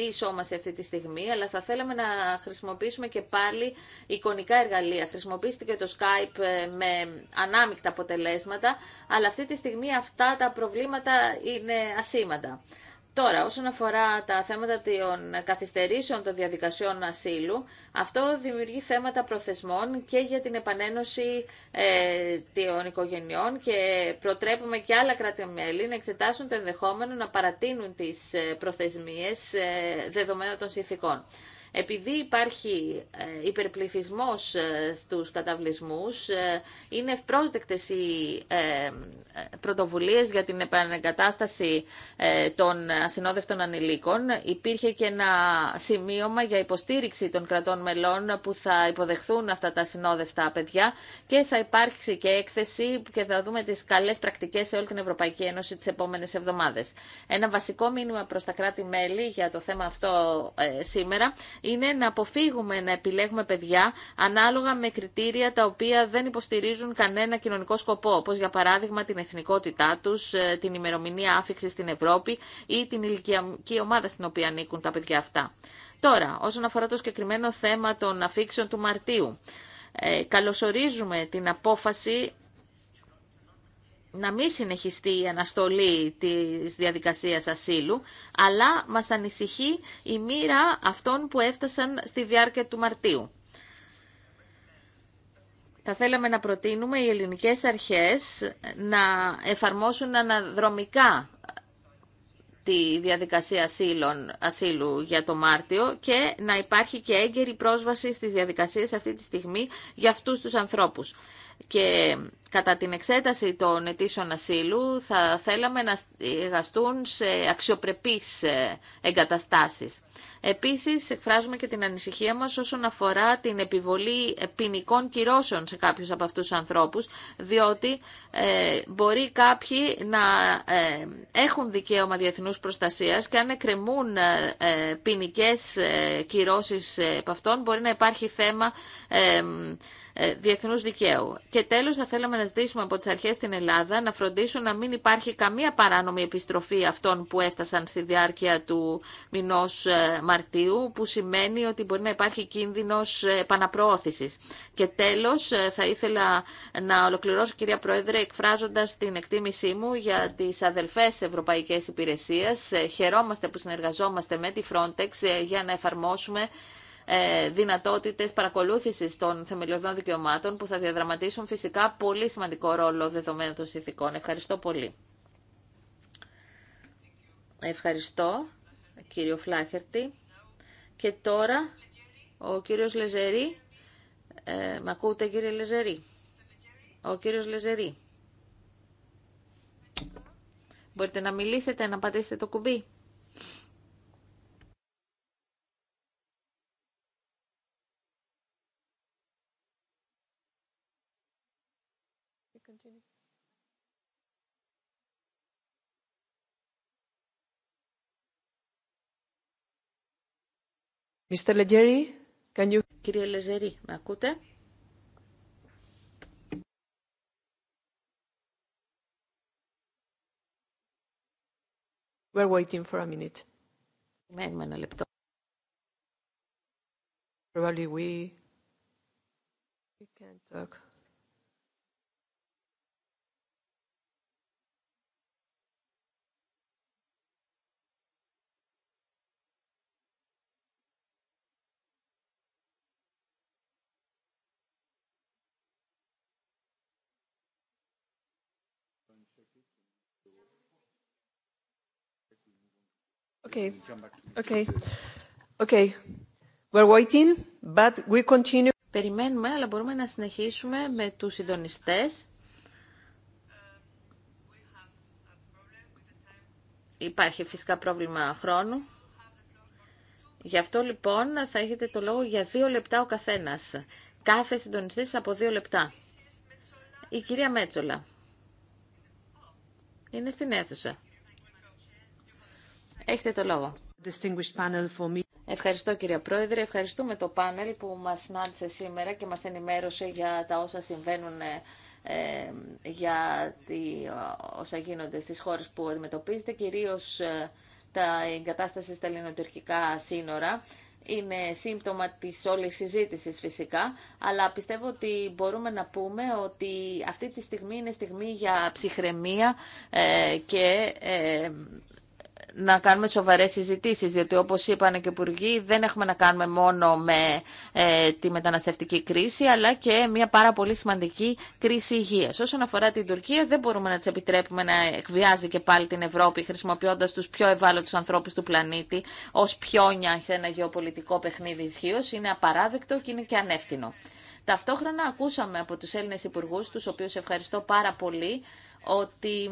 σε αυτή τη στιγμή αλλά θα θέλαμε να χρησιμοποιήσουμε και πάλι εικονικά εργαλεία. Χρησιμοποιήθηκε το Skype με ανάμεικτα αποτελέσματα αλλά αυτή τη στιγμή αυτά τα προβλήματα είναι ασήμαντα. Τώρα, όσον αφορά τα θέματα των καθυστερήσεων των διαδικασιών ασύλου, αυτό δημιουργεί θέματα προθεσμών και για την επανένωση ε, των οικογενειών και προτρέπουμε και άλλα κράτη-μέλη να εξετάσουν το ενδεχόμενο να παρατείνουν τις ε, προθεσμίες ε, δεδομένων των συνθήκων. Επειδή υπάρχει ε, υπερπληθυσμός ε, στους καταβλισμούς, ε, είναι ευπρόσδεκτες οι πρωτοβουλίες για την επανεγκατάσταση των ασυνόδευτων ανηλίκων. Υπήρχε και ένα σημείωμα για υποστήριξη των κρατών μελών που θα υποδεχθούν αυτά τα ασυνόδευτα παιδιά και θα υπάρξει και έκθεση και θα δούμε τις καλές πρακτικές σε όλη την Ευρωπαϊκή Ένωση τις επόμενες εβδομάδες. Ένα βασικό μήνυμα προς τα κράτη-μέλη για το θέμα αυτό σήμερα είναι να αποφύγουμε να επιλέγουμε παιδιά ανάλογα με κριτήρια τα οποία δεν υποστηρίζουν κανένα κοινωνικό σκοπό, όπω για παράδειγμα την εθνικότητά του, ε, την ημερομηνία άφηξη στην Ευρώπη ή την ηλικιακή ομάδα στην οποία ανήκουν τα παιδιά αυτά. Τώρα, όσον αφορά το συγκεκριμένο θέμα των αφήξεων του Μαρτίου, ε, καλωσορίζουμε την απόφαση να μην συνεχιστεί η αναστολή της διαδικασίας ασύλου, αλλά μας ανησυχεί η μοίρα αυτών που έφτασαν στη διάρκεια του Μαρτίου. Θα θέλαμε να προτείνουμε οι ελληνικές αρχές να εφαρμόσουν αναδρομικά τη διαδικασία ασύλου για το Μάρτιο και να υπάρχει και έγκαιρη πρόσβαση στις διαδικασίες αυτή τη στιγμή για αυτούς τους ανθρώπους. Και Κατά την εξέταση των αιτήσεων ασύλου θα θέλαμε να εργαστούν σε αξιοπρεπείς ε, εγκαταστάσεις. Επίσης, εκφράζουμε και την ανησυχία μας όσον αφορά την επιβολή ποινικών κυρώσεων σε κάποιους από αυτούς τους ανθρώπους, διότι ε, μπορεί κάποιοι να ε, έχουν δικαίωμα διεθνούς προστασίας και αν εκκρεμούν ε, ε κυρώσεις από αυτών, μπορεί να υπάρχει θέμα ε, διεθνούς δικαίου. Και τέλος θα θέλαμε να ζητήσουμε από τις αρχές στην Ελλάδα να φροντίσουν να μην υπάρχει καμία παράνομη επιστροφή αυτών που έφτασαν στη διάρκεια του μηνό ε, Μαρτίου που σημαίνει ότι μπορεί να υπάρχει κίνδυνος ε, επαναπροώθησης. Και τέλος θα ήθελα να ολοκληρώσω κυρία Πρόεδρε εκφράζοντας την εκτίμησή μου για τις αδελφές Ευρωπαϊκές Υπηρεσίες. Χαιρόμαστε που συνεργαζόμαστε με τη Frontex για να εφαρμόσουμε ε, δυνατότητες παρακολούθησης των θεμελιωδών δικαιωμάτων που θα διαδραματίσουν φυσικά πολύ σημαντικό ρόλο δεδομένων των συνθηκών. Ευχαριστώ πολύ. Ευχαριστώ, κύριο Φλάχερτη. Και τώρα ο κύριος Λεζερή. Ε, μ' ακούτε κύριε Λεζερή. Ο κύριος Λεζερή. Μπορείτε να μιλήσετε, να πατήσετε το κουμπί. Mr. Legeri, can you... Κύριε Λεζερή, με ακούτε? We're waiting for a minute. Μένουμε ένα λεπτό. Probably we... we can talk. Okay. Okay. Okay. We're waiting, but we continue. Περιμένουμε, αλλά μπορούμε να συνεχίσουμε με τους συντονιστές. Υπάρχει φυσικά πρόβλημα χρόνου. Γι' αυτό λοιπόν θα έχετε το λόγο για δύο λεπτά ο καθένας. Κάθε συντονιστής από δύο λεπτά. Η κυρία Μέτσολα. Είναι στην αίθουσα. Έχετε το λόγο. Ευχαριστώ κύριε Πρόεδρε, ευχαριστούμε το πάνελ που μας συνάντησε σήμερα και μας ενημέρωσε για τα όσα συμβαίνουν ε, ε, για τη, όσα γίνονται στις χώρες που αντιμετωπίζετε, κυρίως ε, τα εγκατάσταση στα ελληνοτουρκικά σύνορα. Είναι σύμπτωμα της όλης συζήτησης φυσικά, αλλά πιστεύω ότι μπορούμε να πούμε ότι αυτή τη στιγμή είναι στιγμή για ψυχραιμία ε, και να κάνουμε σοβαρές συζητήσεις, διότι όπως είπαν και οι υπουργοί δεν έχουμε να κάνουμε μόνο με ε, τη μεταναστευτική κρίση, αλλά και μια πάρα πολύ σημαντική κρίση υγείας. Όσον αφορά την Τουρκία, δεν μπορούμε να της επιτρέπουμε να εκβιάζει και πάλι την Ευρώπη, χρησιμοποιώντας τους πιο ευάλωτους ανθρώπους του πλανήτη ως πιόνια σε ένα γεωπολιτικό παιχνίδι ισχύω. Είναι απαράδεκτο και είναι και ανεύθυνο. Ταυτόχρονα ακούσαμε από τους Έλληνες υπουργού, τους οποίους ευχαριστώ πάρα πολύ, ότι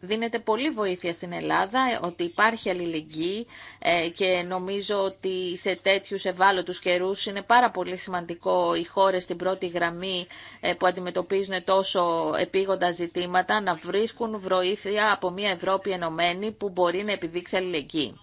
δίνεται πολύ βοήθεια στην Ελλάδα, ε, ότι υπάρχει αλληλεγγύη ε, και νομίζω ότι σε τέτοιους ευάλωτους καιρούς είναι πάρα πολύ σημαντικό οι χώρες στην πρώτη γραμμή ε, που αντιμετωπίζουν τόσο επίγοντα ζητήματα να βρίσκουν βοήθεια από μια Ευρώπη ενωμένη που μπορεί να επιδείξει αλληλεγγύη.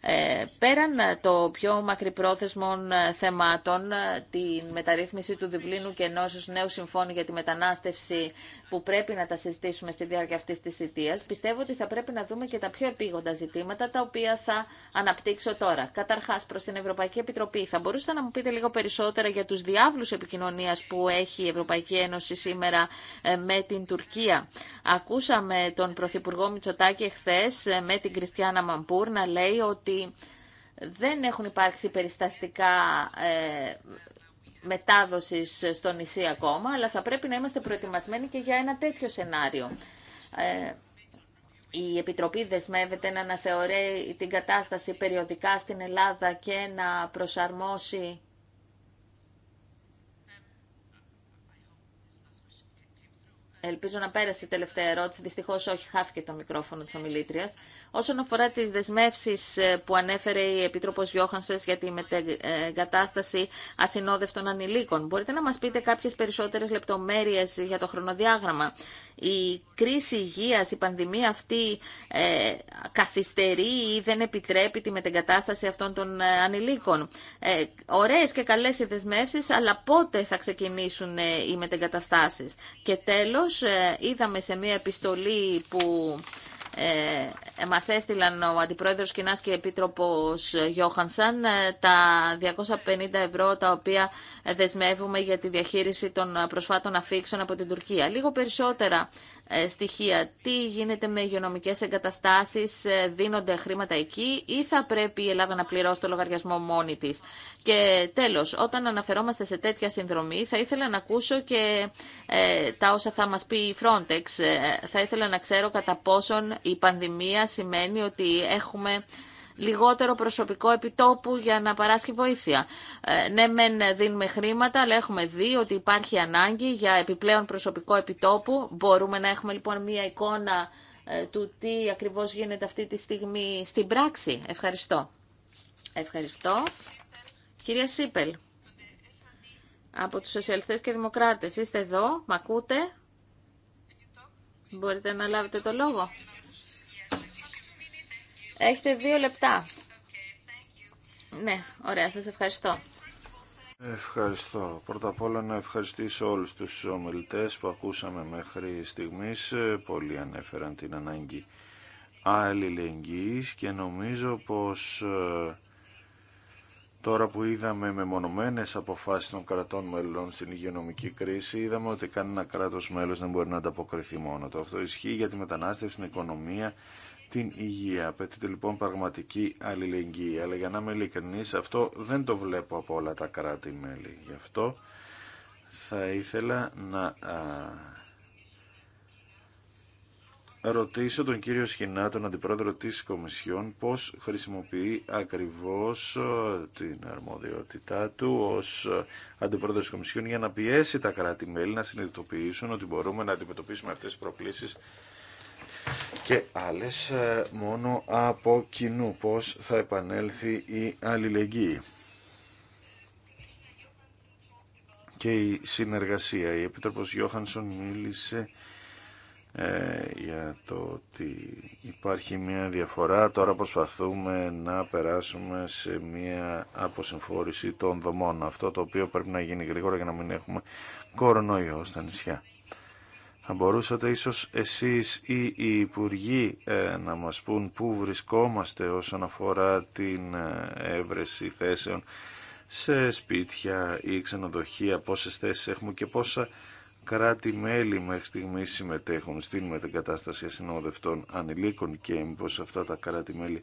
Ε, πέραν ε, το πιο μακρυπρόθεσμων ε, θεμάτων, την μεταρρύθμιση του Διβλίνου και ενό νέου συμφώνου για τη μετανάστευση που πρέπει να τα συζητήσουμε στη διάρκεια αυτή τη θητεία, πιστεύω ότι θα πρέπει να δούμε και τα πιο επίγοντα ζητήματα τα οποία θα αναπτύξω τώρα. Καταρχά, προ την Ευρωπαϊκή Επιτροπή, θα μπορούσατε να μου πείτε λίγο περισσότερα για του διάβλου επικοινωνία που έχει η Ευρωπαϊκή Ένωση σήμερα με την Τουρκία. Ακούσαμε τον Πρωθυπουργό Μητσοτάκη εχθέ με την Κριστιάνα Μαμπούρ να λέει ότι ότι δεν έχουν υπάρξει περισταστικά ε, μετάδοσης στο νησί ακόμα, αλλά θα πρέπει να είμαστε προετοιμασμένοι και για ένα τέτοιο σενάριο. Ε, η Επιτροπή δεσμεύεται να αναθεωρεί την κατάσταση περιοδικά στην Ελλάδα και να προσαρμόσει Ελπίζω να πέρασε η τελευταία ερώτηση. Δυστυχώ όχι, χάθηκε το μικρόφωνο τη ομιλήτρια. Όσον αφορά τι δεσμεύσει ε, που ανέφερε η Επίτροπο Γιώχανσε για τη μετεγκατάσταση ασυνόδευτων ανηλίκων, μπορείτε να μα πείτε κάποιε περισσότερε λεπτομέρειε για το χρονοδιάγραμμα η κρίση υγείας, η πανδημία αυτή ε, καθυστερεί ή δεν επιτρέπει τη μετεγκατάσταση αυτών των ε, ανηλίκων. Ε, ωραίες και καλές οι δεσμεύσεις, αλλά πότε θα ξεκινήσουν ε, οι μετεγκαταστάσεις. Και τέλος, είδαμε σε μία επιστολή που ε, μας έστειλαν ο Αντιπρόεδρος Κοινάς και Επίτροπος Γιώχανσαν ε, τα 250 ευρώ τα οποία δεσμεύουμε για τη διαχείριση των προσφάτων αφήξεων από την Τουρκία. Λίγο περισσότερα ε, στοιχεία. Τι γίνεται με υγειονομικέ εγκαταστάσεις, ε, δίνονται χρήματα εκεί ή θα πρέπει η Ελλάδα να πληρώσει το λογαριασμό μόνη τη. Και τέλος, όταν αναφερόμαστε σε τέτοια συνδρομή, θα ήθελα να ακούσω και ε, τα όσα θα μας πει η Frontex. Ε, θα ήθελα να ξέρω κατά πόσον η πανδημία σημαίνει ότι έχουμε λιγότερο προσωπικό επιτόπου για να παράσχει βοήθεια. Ε, ναι, μεν δίνουμε χρήματα, αλλά έχουμε δει ότι υπάρχει ανάγκη για επιπλέον προσωπικό επιτόπου. Μπορούμε να έχουμε λοιπόν μία εικόνα ε, του τι ακριβώς γίνεται αυτή τη στιγμή στην πράξη. Ευχαριστώ. Ευχαριστώ. Κυρία Σίπελ, από τους Σοσιαλιστές και Δημοκράτες, είστε εδώ, μ' ακούτε. Μπορείτε να λάβετε το λόγο. Έχετε δύο λεπτά. Ναι, ωραία, σας ευχαριστώ. Ευχαριστώ. Πρώτα απ' όλα να ευχαριστήσω όλους τους ομιλητές που ακούσαμε μέχρι στιγμής. Πολλοί ανέφεραν την ανάγκη αλληλεγγύης και νομίζω πως ε, τώρα που είδαμε μονομενες αποφάσεις των κρατών μελών στην υγειονομική κρίση είδαμε ότι κανένα κράτος μέλος δεν μπορεί να ανταποκριθεί μόνο του. Αυτό ισχύει για τη μετανάστευση, την οικονομία, την υγεία. Απαιτείται λοιπόν πραγματική αλληλεγγύη. Αλλά για να είμαι ειλικρινή, αυτό δεν το βλέπω από όλα τα κράτη-μέλη. Γι' αυτό θα ήθελα να ρωτήσω τον κύριο Σχοινά, τον αντιπρόεδρο τη Κομισιόν, πώ χρησιμοποιεί ακριβώ την αρμοδιότητά του ω Αντιπρόεδρο τη Κομισιόν για να πιέσει τα κράτη-μέλη να συνειδητοποιήσουν ότι μπορούμε να αντιμετωπίσουμε αυτέ τι προκλήσει και άλλες ε, μόνο από κοινού πώς θα επανέλθει η αλληλεγγύη και η συνεργασία. Η Επίτροπος Γιώχανσον μίλησε ε, για το ότι υπάρχει μια διαφορά. Τώρα προσπαθούμε να περάσουμε σε μια αποσυμφόρηση των δομών. Αυτό το οποίο πρέπει να γίνει γρήγορα για να μην έχουμε κορονοϊό στα νησιά. Θα μπορούσατε ίσως εσείς ή οι Υπουργοί ε, να μας πούν πού βρισκόμαστε όσον αφορά την ε, έβρεση θέσεων σε σπίτια ή ξενοδοχεία, πόσες θέσεις έχουμε και πόσα κράτη-μέλη μέχρι στιγμή συμμετέχουν στην μετεγκατάσταση ασυνόδευτών ανηλίκων και μήπως αυτά τα κράτη-μέλη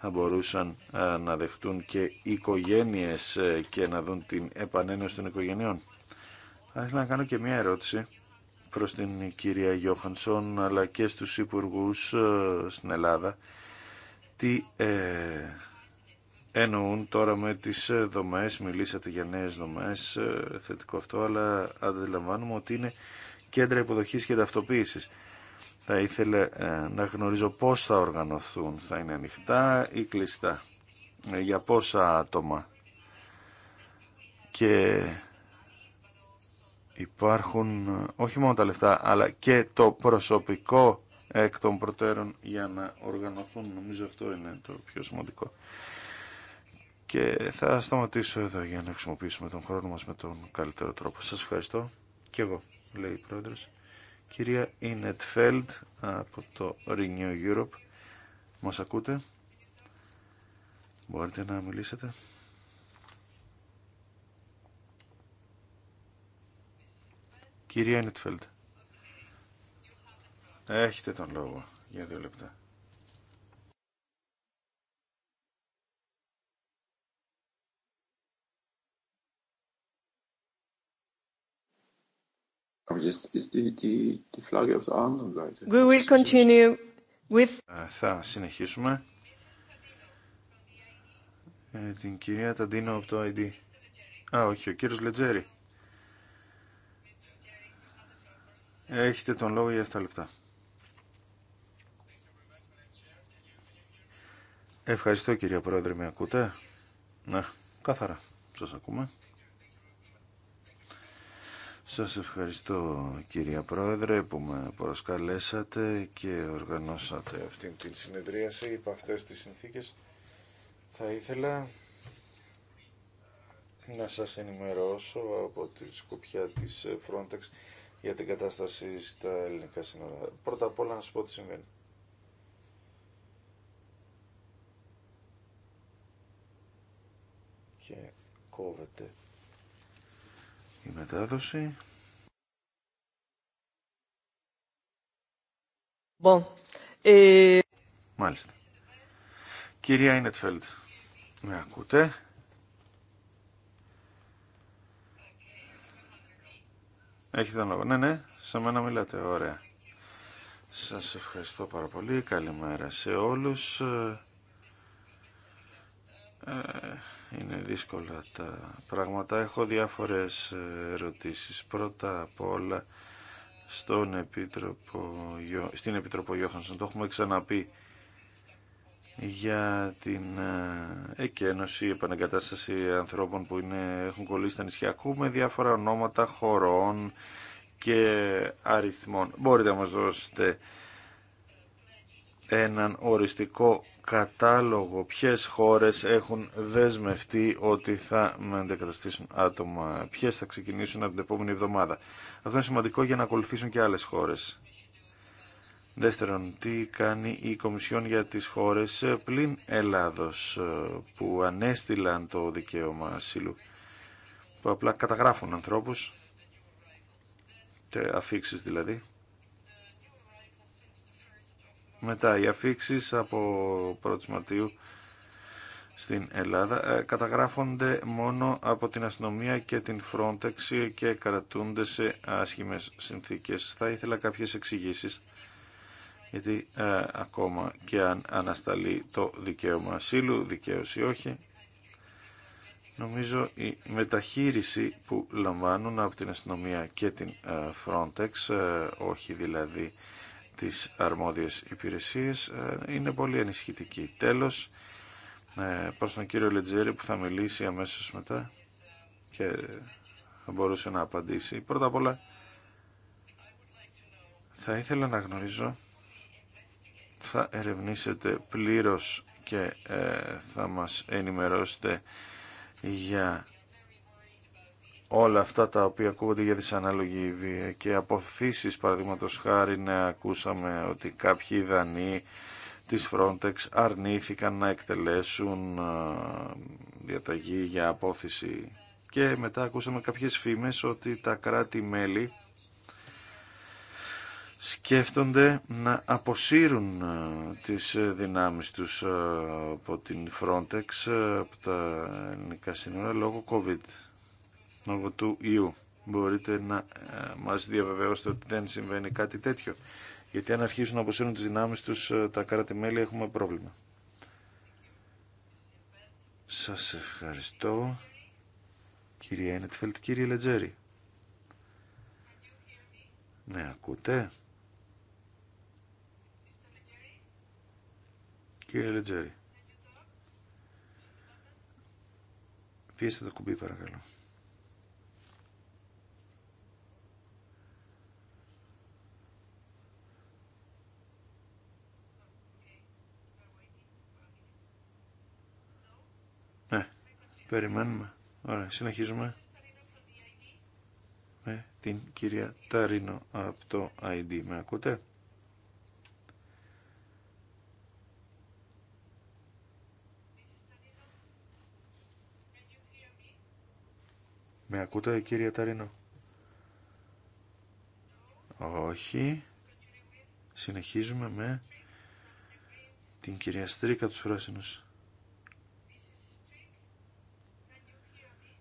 θα μπορούσαν ε, να δεχτούν και οικογένειες και να δουν την επανένωση των οικογενειών. Θα ήθελα να κάνω και μια ερώτηση προς την κυρία Γιώχανσον αλλά και στους υπουργούς ε, στην Ελλάδα τι ε, εννοούν τώρα με τις ε, δομές, μιλήσατε για νέες δομές, ε, θετικό αυτό, αλλά αντιλαμβάνουμε ότι είναι κέντρα υποδοχής και ταυτοποίησης. Θα ήθελε να γνωρίζω πώς θα οργανωθούν, θα είναι ανοιχτά ή κλειστά, για πόσα άτομα και υπάρχουν ε, όχι μόνο τα λεφτά αλλά και το προσωπικό εκ των προτέρων για να οργανωθούν. Νομίζω αυτό είναι το πιο σημαντικό. Και θα σταματήσω εδώ για να χρησιμοποιήσουμε τον χρόνο μας με τον καλύτερο τρόπο. Σας ευχαριστώ και εγώ, λέει η Πρόεδρος. Κυρία Ινετφέλντ από το Renew Europe. Μας ακούτε. Μπορείτε να μιλήσετε. Κυρία Νιτφέλντ, έχετε τον λόγο για δύο λεπτά. We will continue with... Θα συνεχίσουμε ε, την κυρία Ταντίνο από το ID. Α, όχι, ο κύριος Λετζέρη. Έχετε τον λόγο για 7 λεπτά. Ευχαριστώ κύριε Πρόεδρε, με ακούτε. Ναι, κάθαρα. Σας ακούμε. Σας ευχαριστώ κυρία Πρόεδρε που με προσκαλέσατε και οργανώσατε αυτήν την συνεδρίαση υπό αυτές τις συνθήκες. Θα ήθελα να σας ενημερώσω από τη σκοπιά της Frontex για την κατάσταση στα ελληνικά σύνορα. Πρώτα απ' όλα να σου πω τι συμβαίνει. Και κόβεται η μετάδοση. Bon. Ε, Μάλιστα. Κυρία Ινετφέλντ, με ακούτε. Έχει τον λόγο. Ναι, ναι, σε μένα μιλάτε. Ωραία. Σας ευχαριστώ πάρα πολύ. Καλημέρα σε όλους. Ε, ε, είναι δύσκολα τα πράγματα. Έχω διάφορες ερωτήσεις. Πρώτα απ' όλα στον Επίτροπο, στην Επίτροπο Γιώχανσον. Το έχουμε ξαναπεί για την ε, εκένωση, επαναγκατάσταση ανθρώπων που είναι, έχουν κολλήσει στα νησιά. με διάφορα ονόματα χωρών και αριθμών. Μπορείτε να μας δώσετε έναν οριστικό κατάλογο ποιες χώρες έχουν δεσμευτεί ότι θα με αντικαταστήσουν άτομα, ποιες θα ξεκινήσουν από την επόμενη εβδομάδα. Αυτό είναι σημαντικό για να ακολουθήσουν και άλλες χώρες. Δεύτερον, τι κάνει η Κομισιόν για τις χώρες πλην Ελλάδος ε, που ανέστηλαν το δικαίωμα ασύλου, που απλά καταγράφουν ανθρώπους, αφήξει αφήξεις δηλαδή. Μετά οι αφήξεις από 1η Μαρτίου στην Ελλάδα ε, καταγράφονται μόνο από την αστυνομία και την Frontex και κρατούνται σε άσχημες συνθήκες. Θα ήθελα κάποιες εξηγήσεις γιατί ε, ακόμα και αν ανασταλεί το δικαίωμα ασύλου, δικαίως ή όχι, νομίζω η μεταχείριση που λαμβάνουν από την αστυνομία και την ε, Frontex, ε, όχι δηλαδή τις αρμόδιες υπηρεσίες, είναι πολύ ενισχυτική. Τέλος, προς τον κύριο Λετζέρη που θα μιλήσει αμέσως μετά και θα μπορούσε να απαντήσει. Πρώτα απ' όλα, θα ήθελα να γνωρίζω θα ερευνήσετε πλήρως και ε, θα μας ενημερώσετε για όλα αυτά τα οποία ακούγονται για δυσανάλογη βία και αποθήσεις παραδείγματος χάρη να ακούσαμε ότι κάποιοι δανείοι της Frontex αρνήθηκαν να εκτελέσουν ε, διαταγή για απόθεση και μετά ακούσαμε κάποιες φήμες ότι τα κράτη-μέλη σκέφτονται να αποσύρουν ε, τις ε, δυνάμεις τους ε, από την Frontex, από τα ελληνικά σύνορα, λόγω COVID, λόγω του ιού. Μπορείτε να μας διαβεβαιώσετε ότι δεν συμβαίνει κάτι τέτοιο. Γιατί αν αρχίσουν να αποσύρουν τις δυνάμεις τους τα κράτη-μέλη έχουμε πρόβλημα. Σας ευχαριστώ. Κυρία Ένετφελτ, κύριε Λετζέρη. Ναι, ακούτε. Κύριε Λετζέρη. Πιέστε το κουμπί παρακαλώ. Ναι, περιμένουμε. Ωραία, συνεχίζουμε με την κυρία Ταρίνο από το ID. Με ακούτε? Με ακούτε κύριε Ταρίνο. Όχι. Συνεχίζουμε με την κυρία Στρίκα τους πράσινους.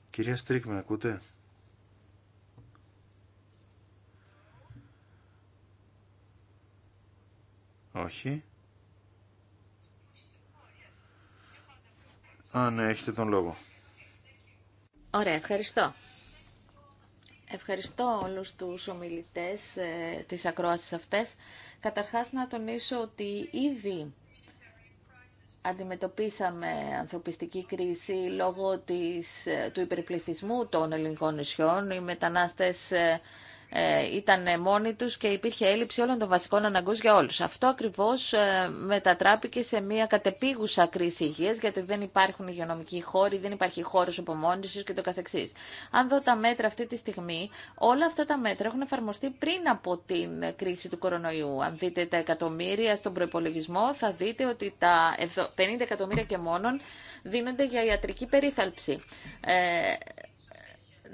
Κυρία Στρίκ, με ακούτε. Όχι. Α, ναι, έχετε τον λόγο. Ωραία, ευχαριστώ. Ευχαριστώ όλους τους ομιλητές ε, της ακρόασης αυτές. Καταρχάς να τονίσω ότι ήδη αντιμετωπίσαμε ανθρωπιστική κρίση λόγω της, ε, του υπερπληθισμού των ελληνικών νησιών. Οι μετανάστες ε, ε, ήταν μόνοι τους και υπήρχε έλλειψη όλων των βασικών αναγκών για όλους. Αυτό ακριβώς ε, μετατράπηκε σε μια κατεπίγουσα κρίση υγείας γιατί δεν υπάρχουν υγειονομικοί χώροι, δεν υπάρχει χώρος απομόνησης και το καθεξής. Αν δω τα μέτρα αυτή τη στιγμή, όλα αυτά τα μέτρα έχουν εφαρμοστεί πριν από την κρίση του κορονοϊού. Αν δείτε τα εκατομμύρια στον προπολογισμό θα δείτε ότι τα 50 εκατομμύρια και μόνον δίνονται για ιατρική περίθαλψη. Ε,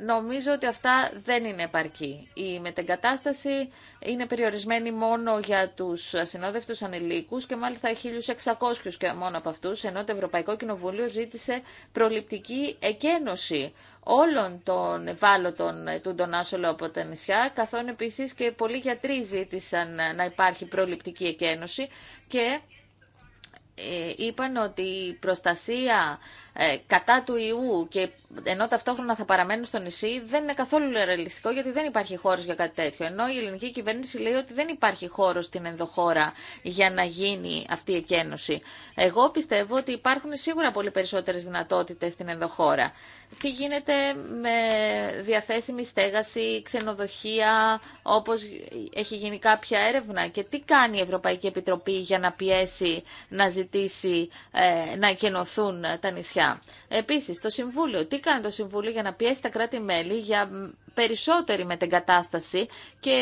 νομίζω ότι αυτά δεν είναι επαρκή. Η μετεγκατάσταση είναι περιορισμένη μόνο για τους ασυνόδευτους ανηλίκους και μάλιστα 1.600 και μόνο από αυτούς, ενώ το Ευρωπαϊκό Κοινοβούλιο ζήτησε προληπτική εκένωση όλων των ευάλωτων του Ντονάσολο από τα νησιά, καθόν επίσης και πολλοί γιατροί ζήτησαν να υπάρχει προληπτική εκένωση και ε, είπαν ότι η προστασία ε, κατά του ιού και ενώ ταυτόχρονα θα παραμένουν στο νησί δεν είναι καθόλου ρεαλιστικό γιατί δεν υπάρχει χώρο για κάτι τέτοιο. Ενώ η ελληνική κυβέρνηση λέει ότι δεν υπάρχει χώρο στην ενδοχώρα για να γίνει αυτή η εκένωση. Εγώ πιστεύω ότι υπάρχουν σίγουρα πολύ περισσότερε δυνατότητε στην ενδοχώρα. Τι γίνεται με διαθέσιμη στέγαση, ξενοδοχεία, όπω έχει γίνει κάποια έρευνα και τι κάνει η Ευρωπαϊκή Επιτροπή για να πιέσει, να ζητήσει, ε, να εκενωθούν τα νησιά. Επίση, επίσης, το Συμβούλιο. Τι κάνει το Συμβούλιο για να πιέσει τα κράτη-μέλη για περισσότερη μετεγκατάσταση και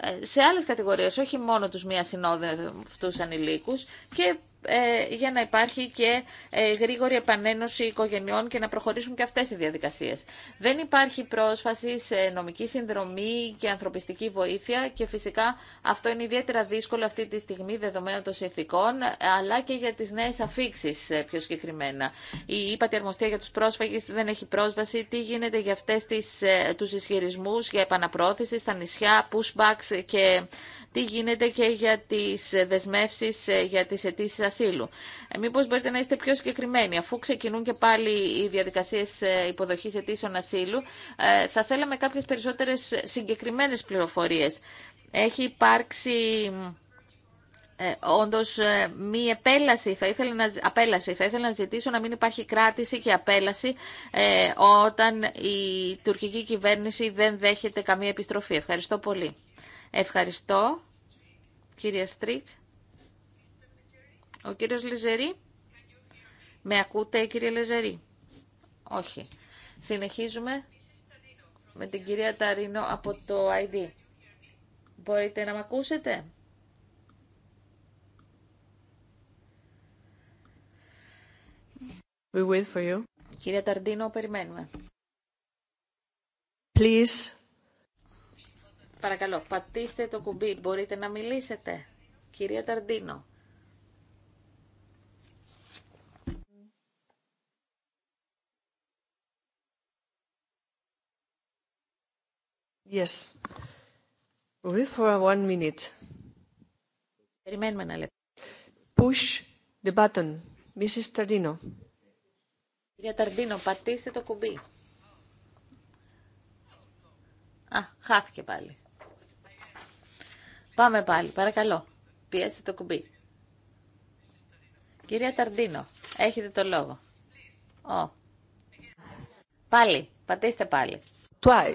ε, σε άλλες κατηγορίες, όχι μόνο τους μία συνόδευτούς ανηλίκους και ε, για να υπάρχει και ε, γρήγορη επανένωση οικογενειών και να προχωρήσουν και αυτές οι διαδικασίες. Δεν υπάρχει πρόσφαση σε νομική συνδρομή και ανθρωπιστική βοήθεια και φυσικά αυτό είναι ιδιαίτερα δύσκολο αυτή τη στιγμή δεδομένων των συνθηκών αλλά και για τις νέες αφήξεις ε, πιο συγκεκριμένα. Η ΥΠΑΤΗ Αρμοστία για τους πρόσφαγες δεν έχει πρόσβαση. Τι γίνεται για αυτές τις, τους ισχυρισμούς για επαναπρόθεση στα νησιά, pushbacks και τι γίνεται και για τι δεσμεύσει ε, για τι αιτήσει ασύλου. Ε, Μήπω μπορείτε να είστε πιο συγκεκριμένοι, αφού ξεκινούν και πάλι οι διαδικασίε ε, υποδοχής αιτήσεων ασύλου, θα θέλαμε κάποιε περισσότερες συγκεκριμένες πληροφορίες. Έχει υπάρξει ε, Όντω, μη επέλαση θα, ήθελα να, απέλαση, θα ήθελα να ζητήσω να μην υπάρχει κράτηση και απέλαση όταν η τουρκική κυβέρνηση δεν δέχεται καμία επιστροφή. Ευχαριστώ πολύ. Ευχαριστώ, κύριε Στρίκ. Ο κύριος Λεζερή. Με ακούτε, κύριε Λεζερή. Όχι. Συνεχίζουμε με την κυρία Ταρίνο από το ID. Μπορείτε να με ακούσετε. We wait for you. Κυρία Ταρντίνο, περιμένουμε. Please Παρακαλώ, πατήστε το κουμπί. Μπορείτε να μιλήσετε. Κυρία Ταρντίνο. Yes. for one minute. Περιμένουμε ένα λεπτό. Push the button, Mrs. Tardino. Κυρία Ταρντίνο, πατήστε το κουμπί. Α, χάθηκε πάλι. Πάμε πάλι, παρακαλώ. Πιέστε το κουμπί. Κυρία Ταρντίνο, έχετε το λόγο. Πάλι, πατήστε πάλι. Twice.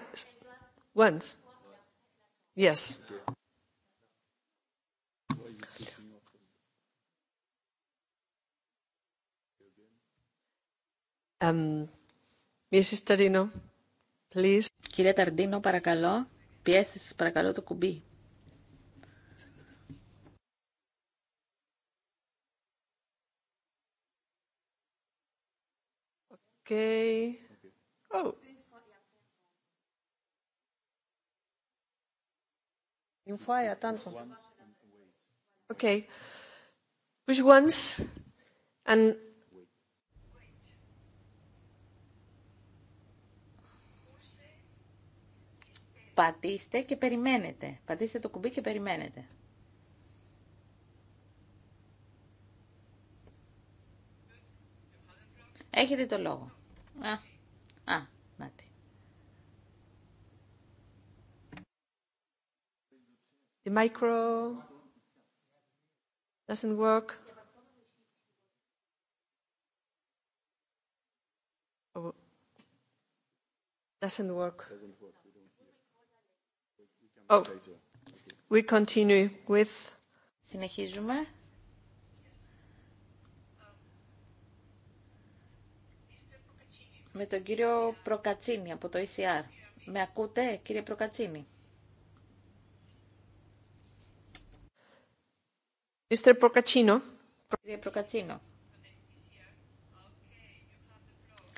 Once. Yes. Um, Mrs. please. Κυρία Ταρντίνο, παρακαλώ. Πιέστε σας παρακαλώ το κουμπί. Okay. Oh. Une fois et attendre. Okay. Which ones? And Πατήστε και περιμένετε. Πατήστε το κουμπί και περιμένετε. Έχετε το λόγο. Α, α, να τη. The micro doesn't work. Doesn't work. Oh, we continue with. Συνεχίζουμε με τον κύριο Προκατσίνη από το ECR. Με ακούτε, κύριε Προκατσίνη. Mr. Procaccino. Κύριε Προκατσίνο.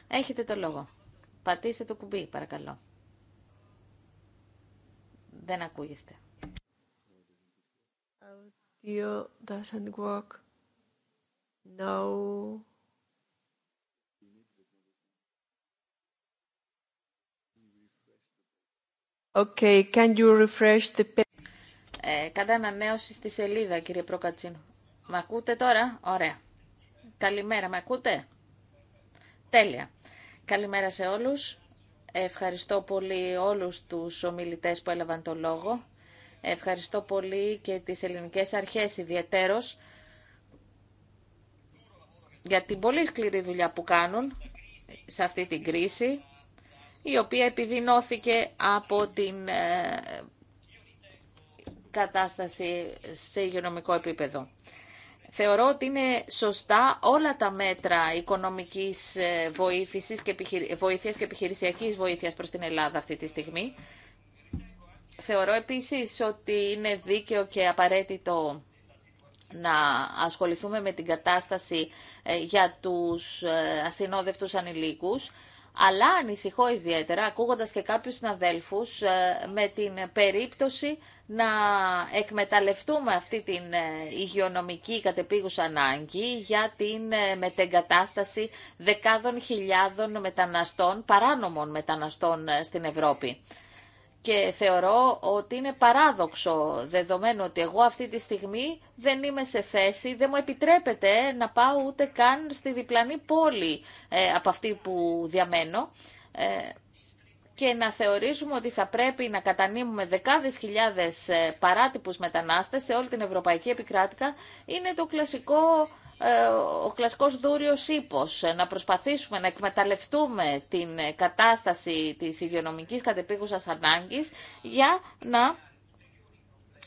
Έχετε το λόγο. Πατήστε το κουμπί, παρακαλώ. Δεν ακούγεστε. doesn't work. Okay, can you refresh the page? Ε, ανανέωση στη σελίδα, κύριε Προκατσίνου. Μ' ακούτε τώρα? Ωραία. Καλημέρα, με ακούτε? Τέλεια. Καλημέρα σε όλους. Ευχαριστώ πολύ όλους τους ομιλητές που έλαβαν το λόγο. Ευχαριστώ πολύ και τις ελληνικές αρχές ιδιαιτέρως για την πολύ σκληρή δουλειά που κάνουν σε αυτή την κρίση η οποία επιδεινώθηκε από την ε, κατάσταση σε υγειονομικό επίπεδο. Θεωρώ ότι είναι σωστά όλα τα μέτρα οικονομικής ε, βοήθησης και βοήθειας και επιχειρησιακής βοήθειας προς την Ελλάδα αυτή τη στιγμή. Θεωρώ επίσης ότι είναι δίκαιο και απαραίτητο να ασχοληθούμε με την κατάσταση ε, για τους ασυνόδευτους ανηλίκους. Αλλά ανησυχώ ιδιαίτερα, ακούγοντας και κάποιους συναδέλφους, ε, με την περίπτωση να εκμεταλλευτούμε αυτή την ε, υγειονομική κατεπίγουσα ανάγκη για την ε, μετεγκατάσταση δεκάδων χιλιάδων μεταναστών, παράνομων μεταναστών στην Ευρώπη. Και θεωρώ ότι είναι παράδοξο δεδομένου ότι εγώ αυτή τη στιγμή δεν είμαι σε θέση, δεν μου επιτρέπεται να πάω ούτε καν στη διπλανή πόλη ε, από αυτή που διαμένω. Ε, και να θεωρήσουμε ότι θα πρέπει να κατανείμουμε δεκάδες χιλιάδες ε, παράτυπους μετανάστες σε όλη την Ευρωπαϊκή Επικράτηκα είναι το κλασικό ε, ο κλασικός δούριος ύπος, ε, να προσπαθήσουμε να εκμεταλλευτούμε την ε, κατάσταση της υγειονομικής κατεπίγουσας ανάγκης για να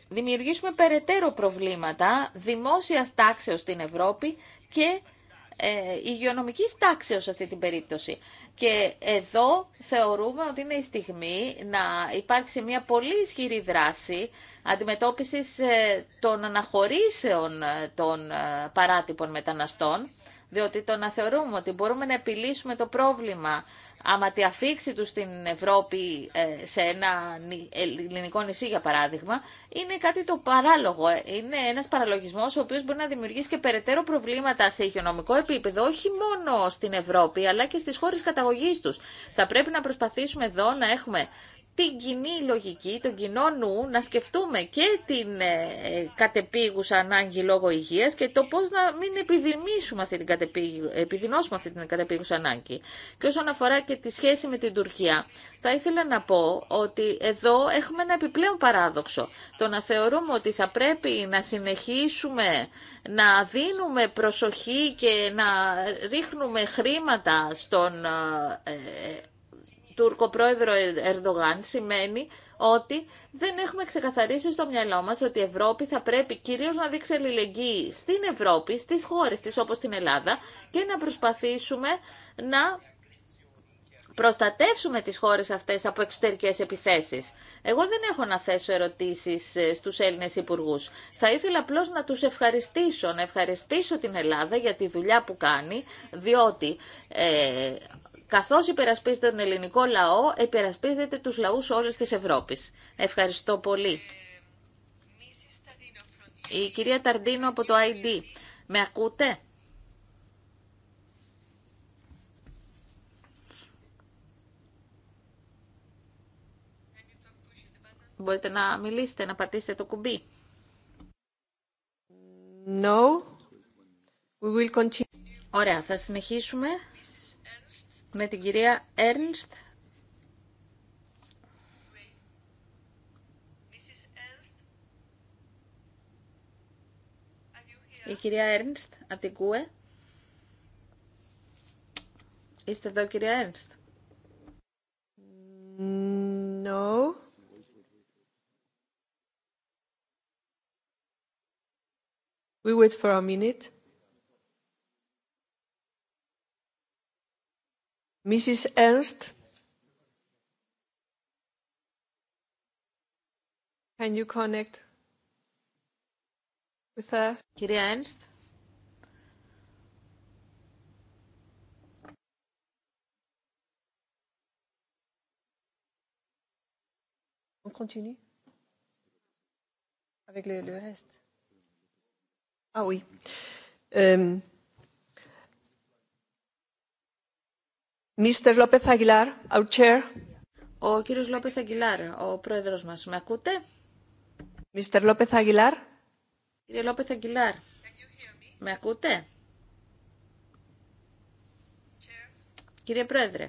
δημιουργήσουμε περαιτέρω προβλήματα δημόσιας τάξεως στην Ευρώπη και ε, υγειονομικής τάξεως σε αυτή την περίπτωση. Και εδώ θεωρούμε ότι είναι η στιγμή να υπάρξει μια πολύ ισχυρή δράση αντιμετώπισης ε, των αναχωρήσεων ε, των ε, παράτυπων μεταναστών, διότι το να θεωρούμε ότι μπορούμε να επιλύσουμε το πρόβλημα Άμα τη αφήξη του στην Ευρώπη ε, σε ένα ε, ελληνικό νησί, για παράδειγμα, είναι κάτι το παράλογο. Ε. Είναι ένας παραλογισμός ο οποίος μπορεί να δημιουργήσει και περαιτέρω προβλήματα σε οικονομικό επίπεδο, όχι μόνο στην Ευρώπη, αλλά και στις χώρες καταγωγής τους. Θα πρέπει να προσπαθήσουμε εδώ να έχουμε την κοινή λογική, τον κοινό νου, να σκεφτούμε και την ε, κατεπίγουσα ανάγκη λόγω υγείας και το πώς να μην επιδεινώσουμε αυτή την, αυτή την κατεπίγουσα ανάγκη. Και όσον αφορά και τη σχέση με την Τουρκία, θα ήθελα να πω ότι εδώ έχουμε ένα επιπλέον παράδοξο. Το να θεωρούμε ότι θα πρέπει να συνεχίσουμε να δίνουμε προσοχή και να ρίχνουμε χρήματα στον ε, Τούρκο πρόεδρο ε- Ερντογάν σημαίνει ότι δεν έχουμε ξεκαθαρίσει στο μυαλό μας ότι η Ευρώπη θα πρέπει κυρίως να δείξει αλληλεγγύη στην Ευρώπη, στις χώρες της όπως την Ελλάδα και να προσπαθήσουμε να προστατεύσουμε τις χώρες αυτές από εξωτερικές επιθέσεις. Εγώ δεν έχω να θέσω ερωτήσεις ε, στους Έλληνες υπουργούς. Θα ήθελα απλώ να τους ευχαριστήσω, να ευχαριστήσω την Ελλάδα για τη δουλειά που κάνει, διότι ε, Καθώς υπερασπίζεται τον ελληνικό λαό, υπερασπίζεται τους λαούς όλης της Ευρώπης. Ευχαριστώ πολύ. Η κυρία Ταρντίνο από το ID. Με ακούτε? Μπορείτε να μιλήσετε, να πατήσετε το κουμπί. No. We will continue. Ωραία, θα συνεχίσουμε με την κυρία Έρνστ. Η κυρία Έρνστ από την ΚΟΕ. Είστε εδώ κυρία Έρνστ. No. We wait for a minute. Mrs. Ernst, can you connect with her? Κυρία Ernst. On continue avec le, le reste. Ah oui. Euh, Mr. López Aguilar, our Ο κύριος Λόπεθ Αγγιλάρ, ο πρόεδρος μας. Με ακούτε? Mr. López Aguilar. Κύριε Λόπεθ Αγγιλάρ, με ακούτε? Κύριε Πρόεδρε.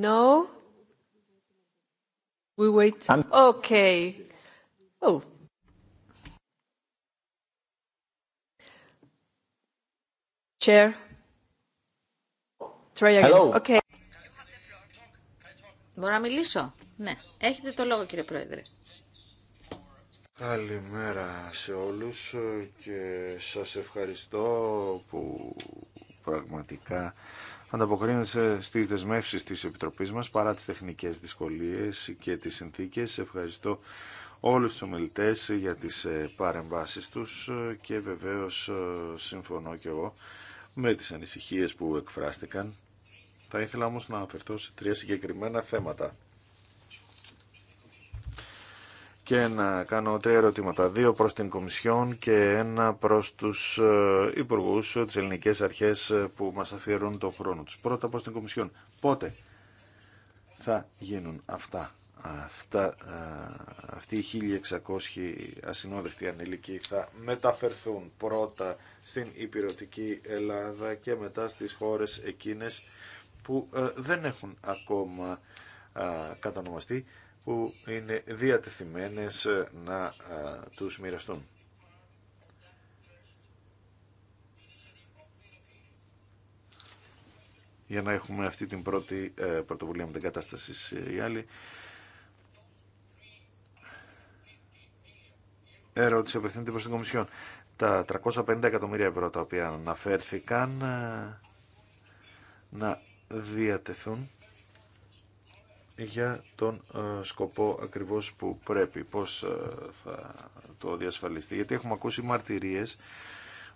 No. We wait. Okay. Oh. Chair. Hello. Okay. Μπορώ να μιλήσω. Ναι. Έχετε το λόγο κύριε Πρόεδρε. Καλημέρα σε όλους και σας ευχαριστώ που πραγματικά ανταποκρίνεσαι στις δεσμεύσεις της Επιτροπής μας παρά τις τεχνικές δυσκολίες και τις συνθήκες. Ευχαριστώ όλους τους ομιλητές για τις παρεμβάσεις τους και βεβαίως συμφωνώ και εγώ με τις ανησυχίες που εκφράστηκαν. Θα ήθελα όμως να αναφερθώ σε τρία συγκεκριμένα θέματα και να κάνω τρία ερωτήματα, δύο προς την Κομισιόν και ένα προς τους ε, υπουργούς, ε, τις ελληνικές αρχές ε, που μας αφιερώνουν το χρόνο τους. Πρώτα προς την Κομισιόν. Πότε θα γίνουν αυτά αυτά, αυτοί οι 1600 ασυνόδευτοι ανηλικοί θα μεταφερθούν πρώτα στην υπηρετική Ελλάδα και μετά στις χώρες εκείνες που δεν έχουν ακόμα κατανομαστεί, που είναι διατεθειμένες να τους μοιραστούν. για να έχουμε αυτή την πρώτη ε, πρωτοβουλία με ε, Η άλλη ερώτηση απευθύνεται προ την Κομισιόν. Τα 350 εκατομμύρια ευρώ τα οποία αναφέρθηκαν ε, να διατεθούν για τον ε, σκοπό ακριβώς που πρέπει, πώς ε, θα το διασφαλιστεί. Γιατί έχουμε ακούσει μαρτυρίες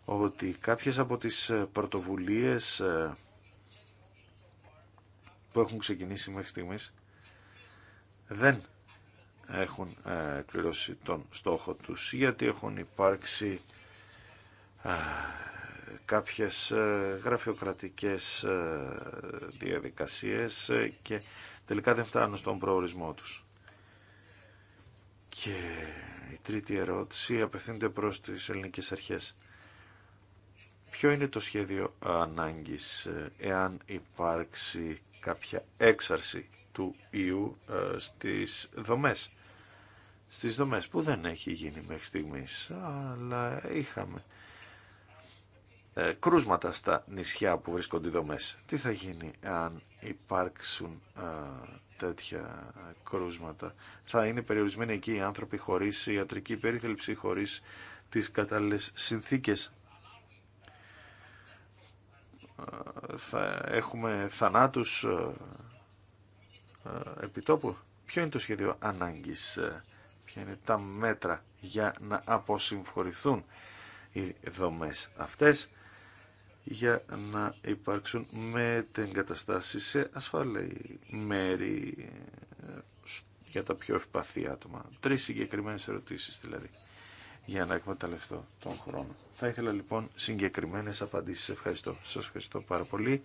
ότι κάποιες από τις πρωτοβουλίες που έχουν ξεκινήσει μέχρι στιγμής δεν έχουν ε, κληρώσει τον στόχο τους γιατί έχουν υπάρξει ε, κάποιες ε, γραφειοκρατικές διαδικασίες και τελικά δεν φτάνουν στον προορισμό τους. Και η τρίτη ερώτηση απευθύνεται προς τις ελληνικές αρχές. Ποιο είναι το σχέδιο ανάγκης εάν υπάρξει κάποια έξαρση του ιού στις δομές στις δομές που δεν έχει γίνει μέχρι στιγμής αλλά είχαμε ε, κρούσματα στα νησιά που βρίσκονται οι δομές. Τι θα γίνει αν υπάρξουν ε, τέτοια κρούσματα. Θα είναι περιορισμένοι εκεί οι άνθρωποι χωρίς ιατρική περίθαλψη, χωρίς τις κατάλληλες συνθήκες. Ε, θα έχουμε θανάτους επιτόπου. Ποιο είναι το σχέδιο ανάγκης ποια είναι τα μέτρα για να αποσυμφορηθούν οι δομές αυτές για να υπάρξουν μετεγκαταστάσεις σε ασφαλή μέρη ε, για τα πιο ευπαθή άτομα. Τρεις συγκεκριμένες ερωτήσεις δηλαδή για να εκμεταλλευτώ τον χρόνο. Θα ήθελα λοιπόν συγκεκριμένες απαντήσεις. Ευχαριστώ. Σας ευχαριστώ πάρα πολύ.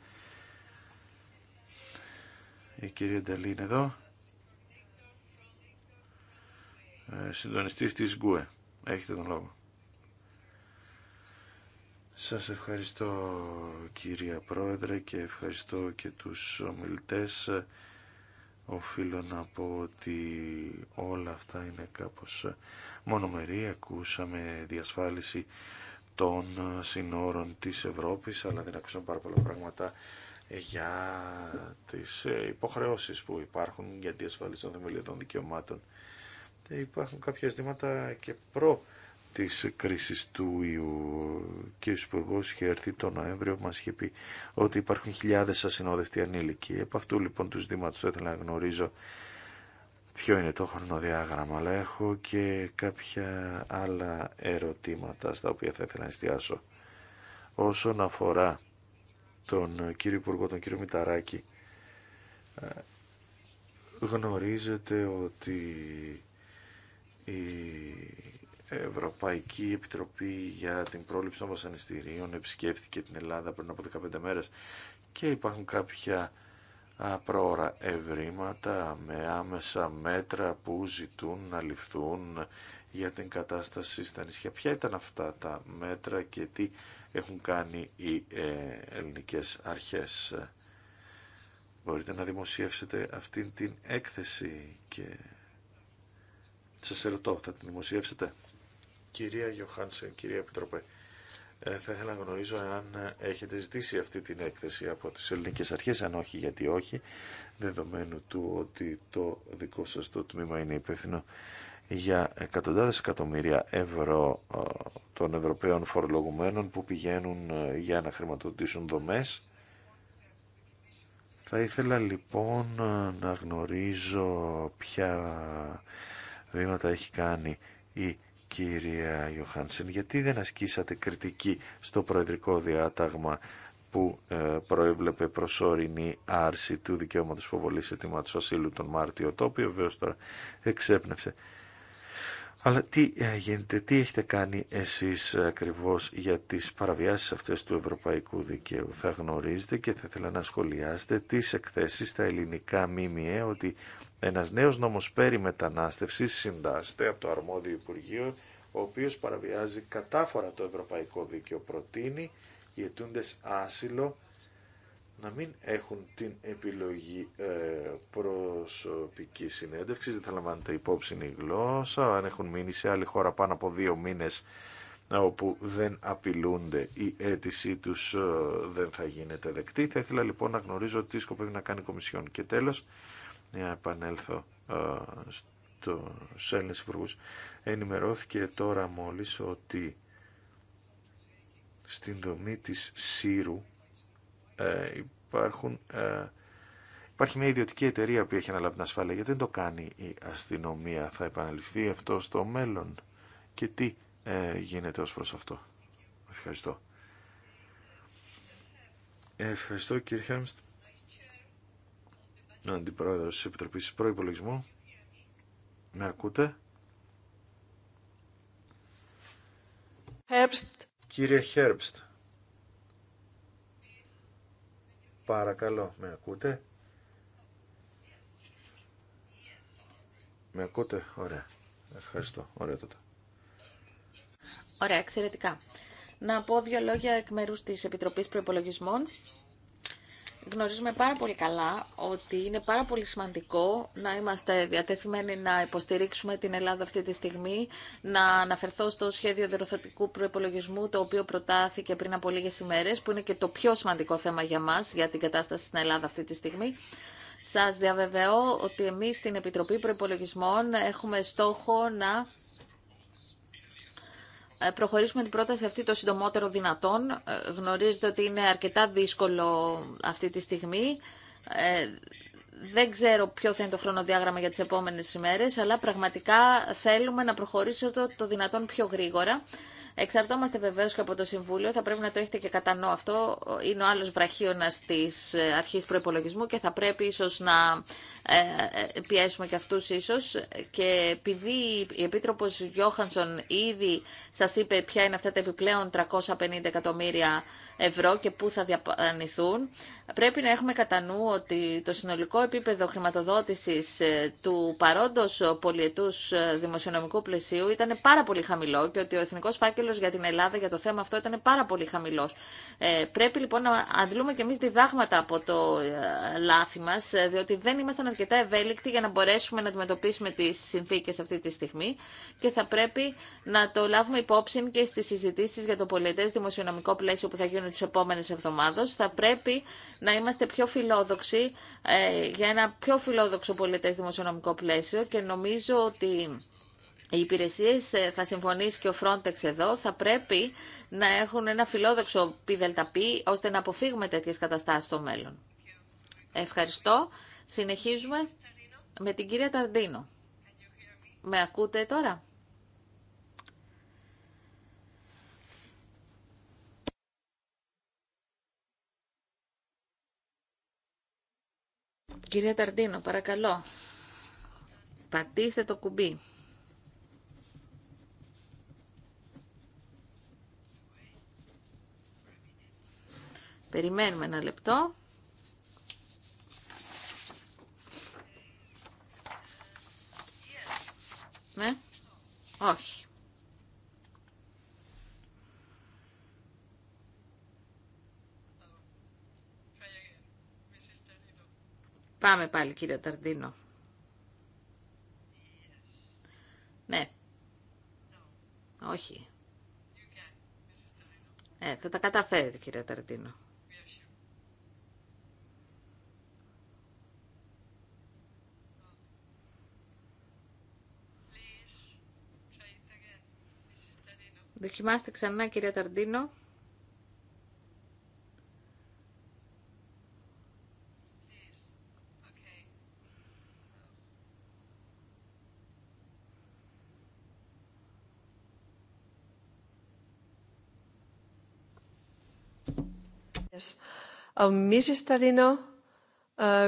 Η κυρία Νταλή είναι εδώ. Ε, συντονιστής της ΓΚΟΕ. Έχετε τον λόγο. Σας ευχαριστώ κυρία Πρόεδρε και ευχαριστώ και τους ομιλητές. Οφείλω να πω ότι όλα αυτά είναι κάπως μονομερή. Ακούσαμε διασφάλιση των συνόρων της Ευρώπης, αλλά δεν ακούσαμε πάρα πολλά πράγματα για τις υποχρεώσεις που υπάρχουν για διασφάλιση των θεμελιωτών δικαιωμάτων και υπάρχουν κάποια ζητήματα και προ της κρίσης του ιού. Και ο Υπουργό είχε έρθει τον Νοέμβριο, μας είχε πει ότι υπάρχουν χιλιάδες ασυνόδευτοι ανήλικοι. Επ' αυτού λοιπόν του ζητήματος θα ήθελα να γνωρίζω ποιο είναι το χρονοδιάγραμμα, αλλά έχω και κάποια άλλα ερωτήματα στα οποία θα ήθελα να εστιάσω. Όσον αφορά τον κύριο Υπουργό, τον κύριο Μηταράκη, ε, γνωρίζετε ότι η Ευρωπαϊκή Επιτροπή για την πρόληψη των βασανιστήριων επισκέφθηκε την Ελλάδα πριν από 15 μέρες και υπάρχουν κάποια πρόωρα ευρήματα με άμεσα μέτρα που ζητούν να ληφθούν για την κατάσταση στα νησιά. Ποια ήταν αυτά τα μέτρα και τι έχουν κάνει οι ε, ελληνικές αρχές. Μπορείτε να δημοσιεύσετε αυτήν την έκθεση και Σα ερωτώ, θα την δημοσιεύσετε. Κυρία Γιωχάνσεν, κυρία Επιτροπέ, ε, θα ήθελα να γνωρίζω αν ε, έχετε ζητήσει αυτή την έκθεση από τις ελληνικές αρχές, αν όχι γιατί όχι, δεδομένου του ότι το δικό σας το τμήμα είναι υπεύθυνο για εκατοντάδε εκατομμύρια ευρώ ε, των Ευρωπαίων φορολογουμένων που πηγαίνουν για να χρηματοδοτήσουν δομέ. Θα ήθελα λοιπόν να γνωρίζω ποια βήματα έχει κάνει η κυρία Ιωχάνσεν. Γιατί δεν ασκήσατε κριτική στο προεδρικό διάταγμα που ε, προέβλεπε προσωρινή άρση του δικαιώματος υποβολής αιτήματο ασύλου τον Μάρτιο, το οποίο βεβαίω τώρα εξέπνευσε. Αλλά τι ε, γίνεται, τι έχετε κάνει εσείς ακριβώς για τις παραβιάσεις αυτές του ευρωπαϊκού δικαίου. Θα γνωρίζετε και θα ήθελα να σχολιάσετε τις εκθέσεις στα ελληνικά ΜΜΕ ότι ένα νέο νόμο περί μετανάστευση συντάσσεται από το αρμόδιο Υπουργείο, ο οποίο παραβιάζει κατάφορα το ευρωπαϊκό δίκαιο, προτείνει οι αιτούντε άσυλο να μην έχουν την επιλογή ε, προσωπικής συνέντευξης, δεν θα λαμβάνεται υπόψη η γλώσσα, αν έχουν μείνει σε άλλη χώρα πάνω από δύο μήνε ε, όπου δεν απειλούνται η αίτησή τους ε, δεν θα γίνεται δεκτή. Θα ήθελα λοιπόν να γνωρίζω τι σκοπεύει να κάνει η Κομισιόν. Και τέλο για ε, να επανέλθω ε, στους Έλληνες υπουργούς. Ενημερώθηκε τώρα μόλις ότι στην δομή της Σύρου ε, υπάρχουν, υπάρχει μια ιδιωτική εταιρεία που έχει αναλάβει την ασφάλεια. Γιατί δεν το κάνει η αστυνομία. Θα επαναληφθεί αυτό στο μέλλον. Και τι γίνεται ως προς αυτό. Ευχαριστώ. Ευχαριστώ κύριε Χέρμστ αντιπρόεδρος τη Επιτροπής Προϋπολογισμού. Με ακούτε. Herbst. Κύριε Χέρμπστ, παρακαλώ, με ακούτε. Με ακούτε, ωραία. Ευχαριστώ, ωραία τότε. Ωραία, εξαιρετικά. Να πω δύο λόγια εκ μέρους της Επιτροπής Προϋπολογισμών γνωρίζουμε πάρα πολύ καλά ότι είναι πάρα πολύ σημαντικό να είμαστε διατεθειμένοι να υποστηρίξουμε την Ελλάδα αυτή τη στιγμή, να αναφερθώ στο σχέδιο διορθωτικού προπολογισμού, το οποίο προτάθηκε πριν από λίγες ημέρες, που είναι και το πιο σημαντικό θέμα για μας, για την κατάσταση στην Ελλάδα αυτή τη στιγμή. Σα διαβεβαιώ ότι εμεί στην Επιτροπή Προπολογισμών έχουμε στόχο να ε, προχωρήσουμε την πρόταση αυτή το συντομότερο δυνατόν. Ε, γνωρίζετε ότι είναι αρκετά δύσκολο αυτή τη στιγμή. Ε, δεν ξέρω ποιο θα είναι το χρονοδιάγραμμα για τις επόμενες ημέρες, αλλά πραγματικά θέλουμε να προχωρήσουμε το, το δυνατόν πιο γρήγορα. Εξαρτώμαστε βεβαίω και από το Συμβούλιο, θα πρέπει να το έχετε και κατανό αυτό. Είναι ο άλλο βραχίωνα τη ε, αρχή προπολογισμού και θα πρέπει ίσω να ε, ε, πιέσουμε και αυτού ίσω. Και επειδή η Επίτροπο Γιώχανσον ήδη σα είπε ποια είναι αυτά τα επιπλέον 350 εκατομμύρια ευρώ και πού θα διαπανηθούν, πρέπει να έχουμε κατά νου ότι το συνολικό επίπεδο χρηματοδότηση του παρόντο πολιετού δημοσιονομικού πλαισίου ήταν πάρα πολύ χαμηλό και ότι ο Εθνικό Φάκελο για την Ελλάδα για το θέμα αυτό ήταν πάρα πολύ χαμηλό. Ε, πρέπει λοιπόν να αντλούμε και εμεί διδάγματα από το ε, λάθη μας, ε, διότι δεν ήμασταν αρκετά ευέλικτοι για να μπορέσουμε να αντιμετωπίσουμε τι συνθήκε αυτή τη στιγμή και θα πρέπει να το λάβουμε υπόψη και στι συζητήσει για το πολιτέ δημοσιονομικό πλαίσιο που θα γίνουν τις επόμενε εβδομάδες. Θα πρέπει να είμαστε πιο φιλόδοξοι ε, για ένα πιο φιλόδοξο πολιτέ δημοσιονομικό πλαίσιο και νομίζω ότι οι υπηρεσίες, ε, θα συμφωνήσει και ο Frontex εδώ, θα πρέπει να έχουν ένα φιλόδοξο πι ώστε να αποφύγουμε τέτοιες καταστάσεις στο μέλλον. Ευχαριστώ. Συνεχίζουμε με την κυρία Ταρντίνο. Με ακούτε τώρα? Κυρία Ταρντίνο, παρακαλώ. Πατήστε το κουμπί. Περιμένουμε ένα λεπτό. Ναι. Όχι. Πάμε πάλι κύριε Ταρντίνο. Ναι. Όχι. Ε, θα τα καταφέρετε κύριε Ταρντίνο. Δοκιμάστε ξανά κυρία Ταρντίνο. Um, uh,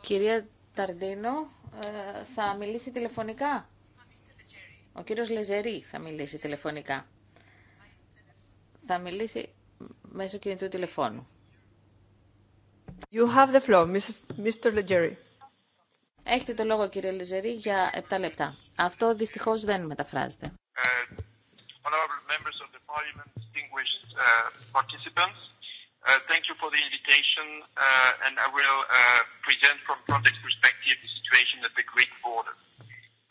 κυρία Ταρντίνο, ε, θα μιλήσει τηλεφωνικά. Ο κύριος Λεζερή θα μιλήσει τηλεφωνικά θα μιλήσει μέσω κινητού τηλεφώνου. You have the floor, Mr. Legeri. Έχετε το λόγο, κύριε Λεζερή, για 7 λεπτά. Αυτό δυστυχώς δεν μεταφράζεται. Uh, honorable members of the parliament, distinguished participants, thank you for the invitation uh, and I will uh, present from project perspective the situation at the Greek border.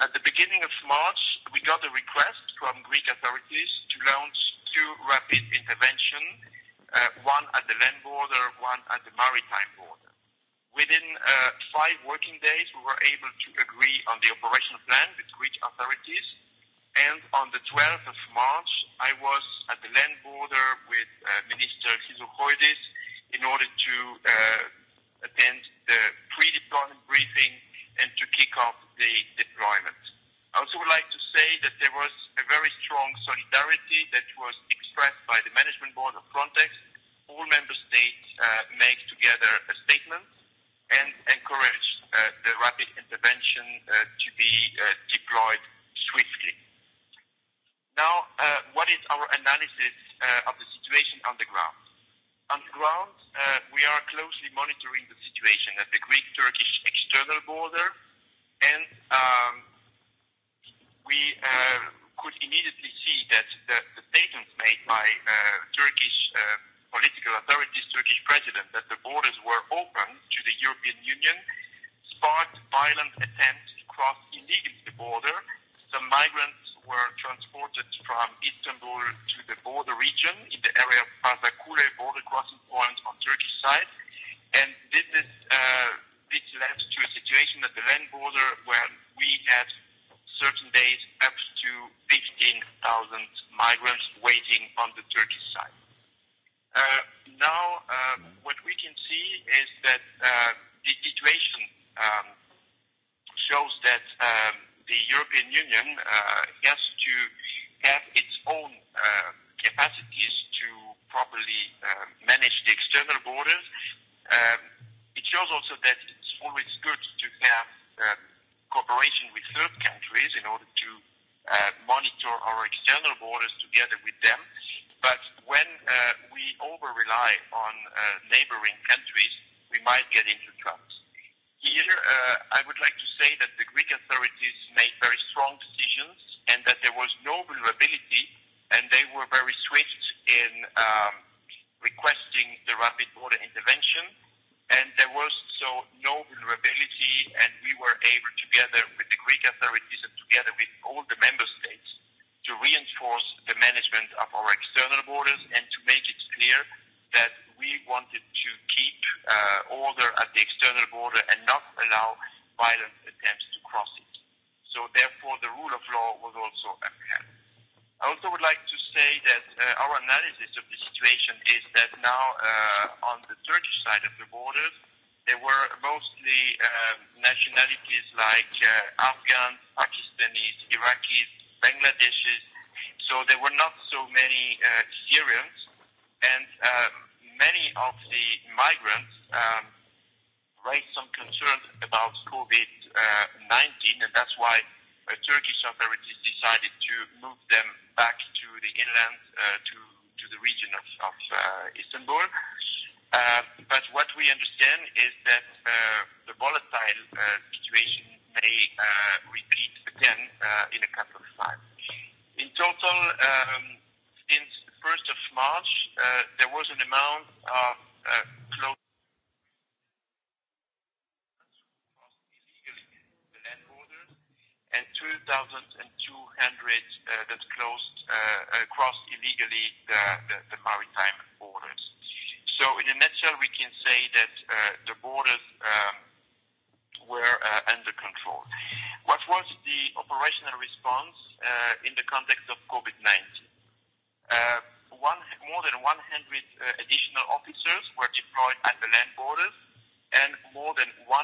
At the beginning of March, we got a request from Greek authorities to launch two rapid intervention, one at the land border, one at the maritime border. Within five working days, we were able to agree on the operational plan with Greek authorities, and on the 12th of March, I was at the land border with Minister Hizokoidis in order to attend the pre-deployment briefing and to kick off the deployment. I also would like to say that there was a very strong solidarity that was expressed by the management board of Frontex. All member states make together a statement and encourage the rapid intervention to be deployed swiftly. Now, what is our analysis of the situation on the ground? On the ground, we are closely monitoring the situation at the Greek-Turkish external border and um we could immediately see that the statements made by Turkish political authorities, Turkish president, that the borders were open to the European Union, sparked violent attempts to cross illegally the border. Some migrants were transported from Istanbul to the border region in the area of Pazakule border crossing point on Turkish side. And this, is, uh, this led to a situation at the land border where we had certain days up to 15,000 migrants waiting on the Turkish side. Now, what we can see is that the situation um shows that um the European Union uh has to have its own uh capacities to properly manage the external borders. Um It shows also that it's always good to have cooperation with third countries in order to monitor our external borders together with them. But when we over rely on neighboring countries, we might get into trouble. Here, I would like to say that the Greek authorities made very strong decisions and that there was no vulnerability, and they were very swift in requesting the rapid border intervention, and there was so no vulnerability, and we were able, together with the Greek authorities and together with all the member states, to reinforce the management of our external borders and to make it clear that we wanted to keep order at the external border and not allow violent attempts to cross it. So therefore, the rule of law was also upheld. I also would like to say that our analysis of the situation is that now on the Turkish side of the borders, They were mostly nationalities like Afghans, Pakistanis, Iraqis, Bangladeshis. So there were not so many Syrians. And many of the migrants raised some concerns about COVID-19. And that's why Turkish authorities decided to move them back to the inland, to to the region of Istanbul. But what we understand is that the volatile situation may repeat again in a couple of times. In total, since the 1st of March, there was an amount of close the land borders and 2,200 that closed across illegally the maritime borders. So in a nutshell, we can say that the borders were under control. What was the operational response in the context of COVID-19? More than 100 additional officers were deployed at the land borders, and more than 100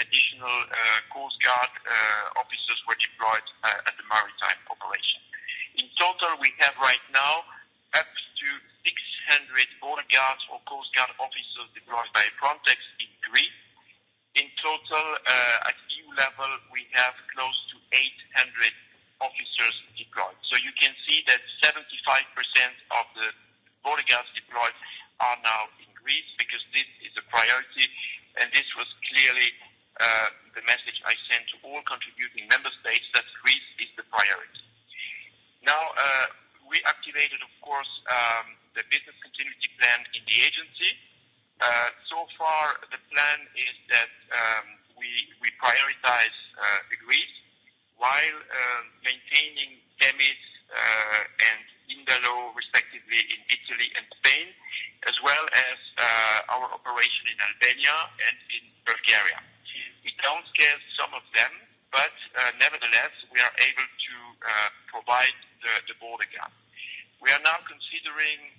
additional Coast Guard officers were deployed at the maritime operation. In total, we have right now up to 600 border guards or coast guard officers deployed by Frontex in Greece. In total, at EU level, we have close to 800 officers deployed. So you can see that 75% of the border guards deployed are now in Greece because this is a priority and this was clearly the message I sent to all contributing member states that Greece is the priority. Now, we activated, of course, um, the business continuity plan in the agency. Uh, so far, the plan is that um, we, we prioritize uh, Greece while uh, maintaining Temis uh, and Indalo, respectively, in Italy and Spain, as well as uh, our operation in Albania and in Bulgaria. We downscale some of them, but uh, nevertheless, we are able to uh, provide the border gap. We are now considering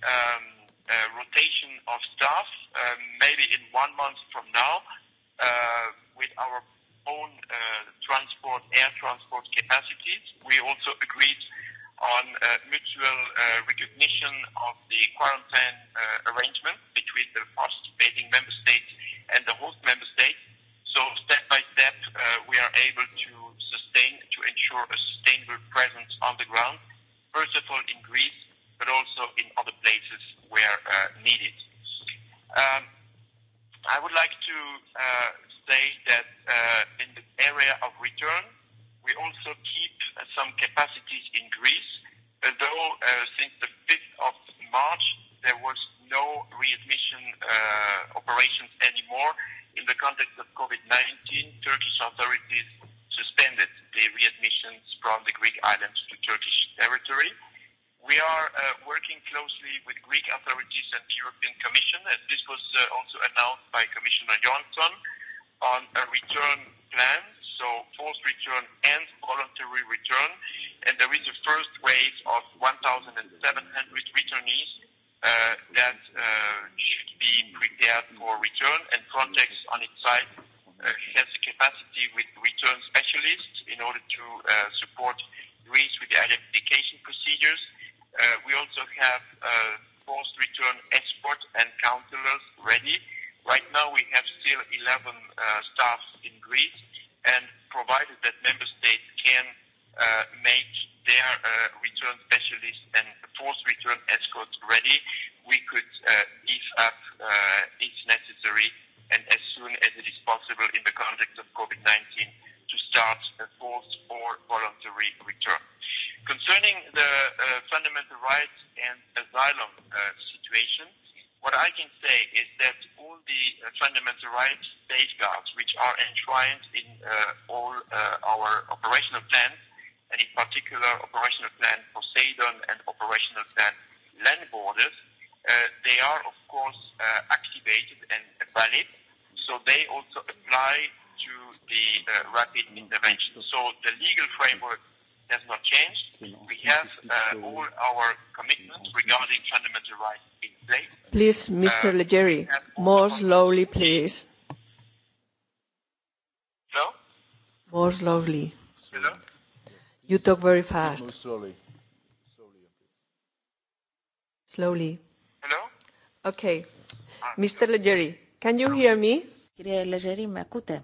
rotation of staff, maybe in one month from now, with our own transport, air transport capacities. We also agreed on mutual recognition of the quarantine arrangement between the participating member states and the host member states. So step by step, we are able to sustain, to ensure a sustainable presence on the ground first of all in Greece, but also in other places where needed. Um, I would like to say that in the area of return, we also keep some capacities in Greece, although since the 5th of March, there was no readmission operations anymore. In the context of COVID-19, Turkish authorities suspended the readmissions from the Greek islands Turkish territory. We are working closely with Greek authorities and the European Commission, and this was also announced by Commissioner Johnson on a return plan, so forced return and voluntary return. And there is a first wave of 1,700 returnees that should be prepared for return, and Frontex on its side has the capacity with return specialists in order to support Greece with the identification procedures. we also have forced return escort and counselors ready. Right now we have still 11 staff in Greece and provided that member states can make their return specialists and forced return escorts ready, we could ease up if necessary and as soon as it is possible in the context of COVID-19 to start a forced or voluntary return. Concerning the fundamental rights and asylum situation, what I can say is that all the fundamental rights safeguards which are enshrined in all our operational plans, and in particular operational plan Poseidon and operational plan land borders, they are of course activated and valid, so they also apply to the uh rapid intervention. So the legal framework has not changed. We have uh all our commitments regarding fundamental rights in place. Please, Mr. Leggeri, more slowly, please. Hello? More slowly. Hello? You talk very fast. More slowly. Slowly. Hello? Okay. Mr. Legeri, can you hear me? Κύριε Λεζερή, με ακούτε.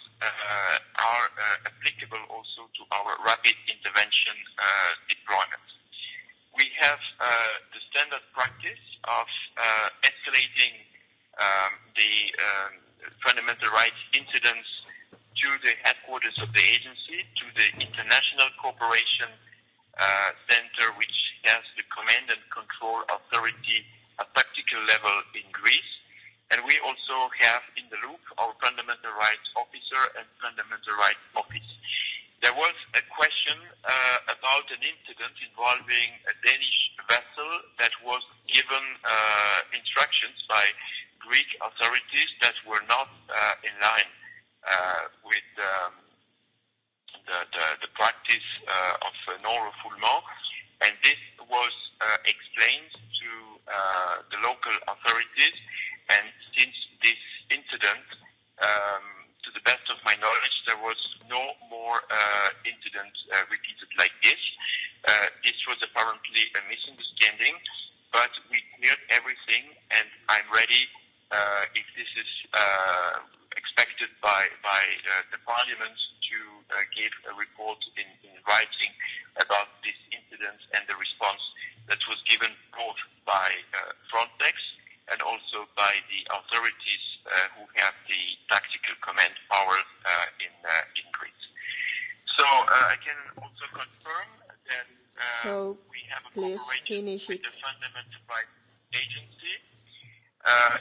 are applicable also to our rapid intervention deployment. We have the standard practice of escalating the fundamental rights incidents to the headquarters of the agency, to the International Cooperation Center, which has the command and control authority at tactical level in Greece. And we also have in the loop our fundamental rights officer and fundamental rights office. There was a question about an incident involving a Danish vessel that was given instructions by Greek authorities that were not in line with the practice of non-refoulement. And this was explained to the local authorities and incident, to the best of my knowledge, there was no more incident repeated like this. This was apparently a misunderstanding, but we cleared everything, and I'm ready if this is expected by by the Parliament finish With The fundamental rights agency. Uh,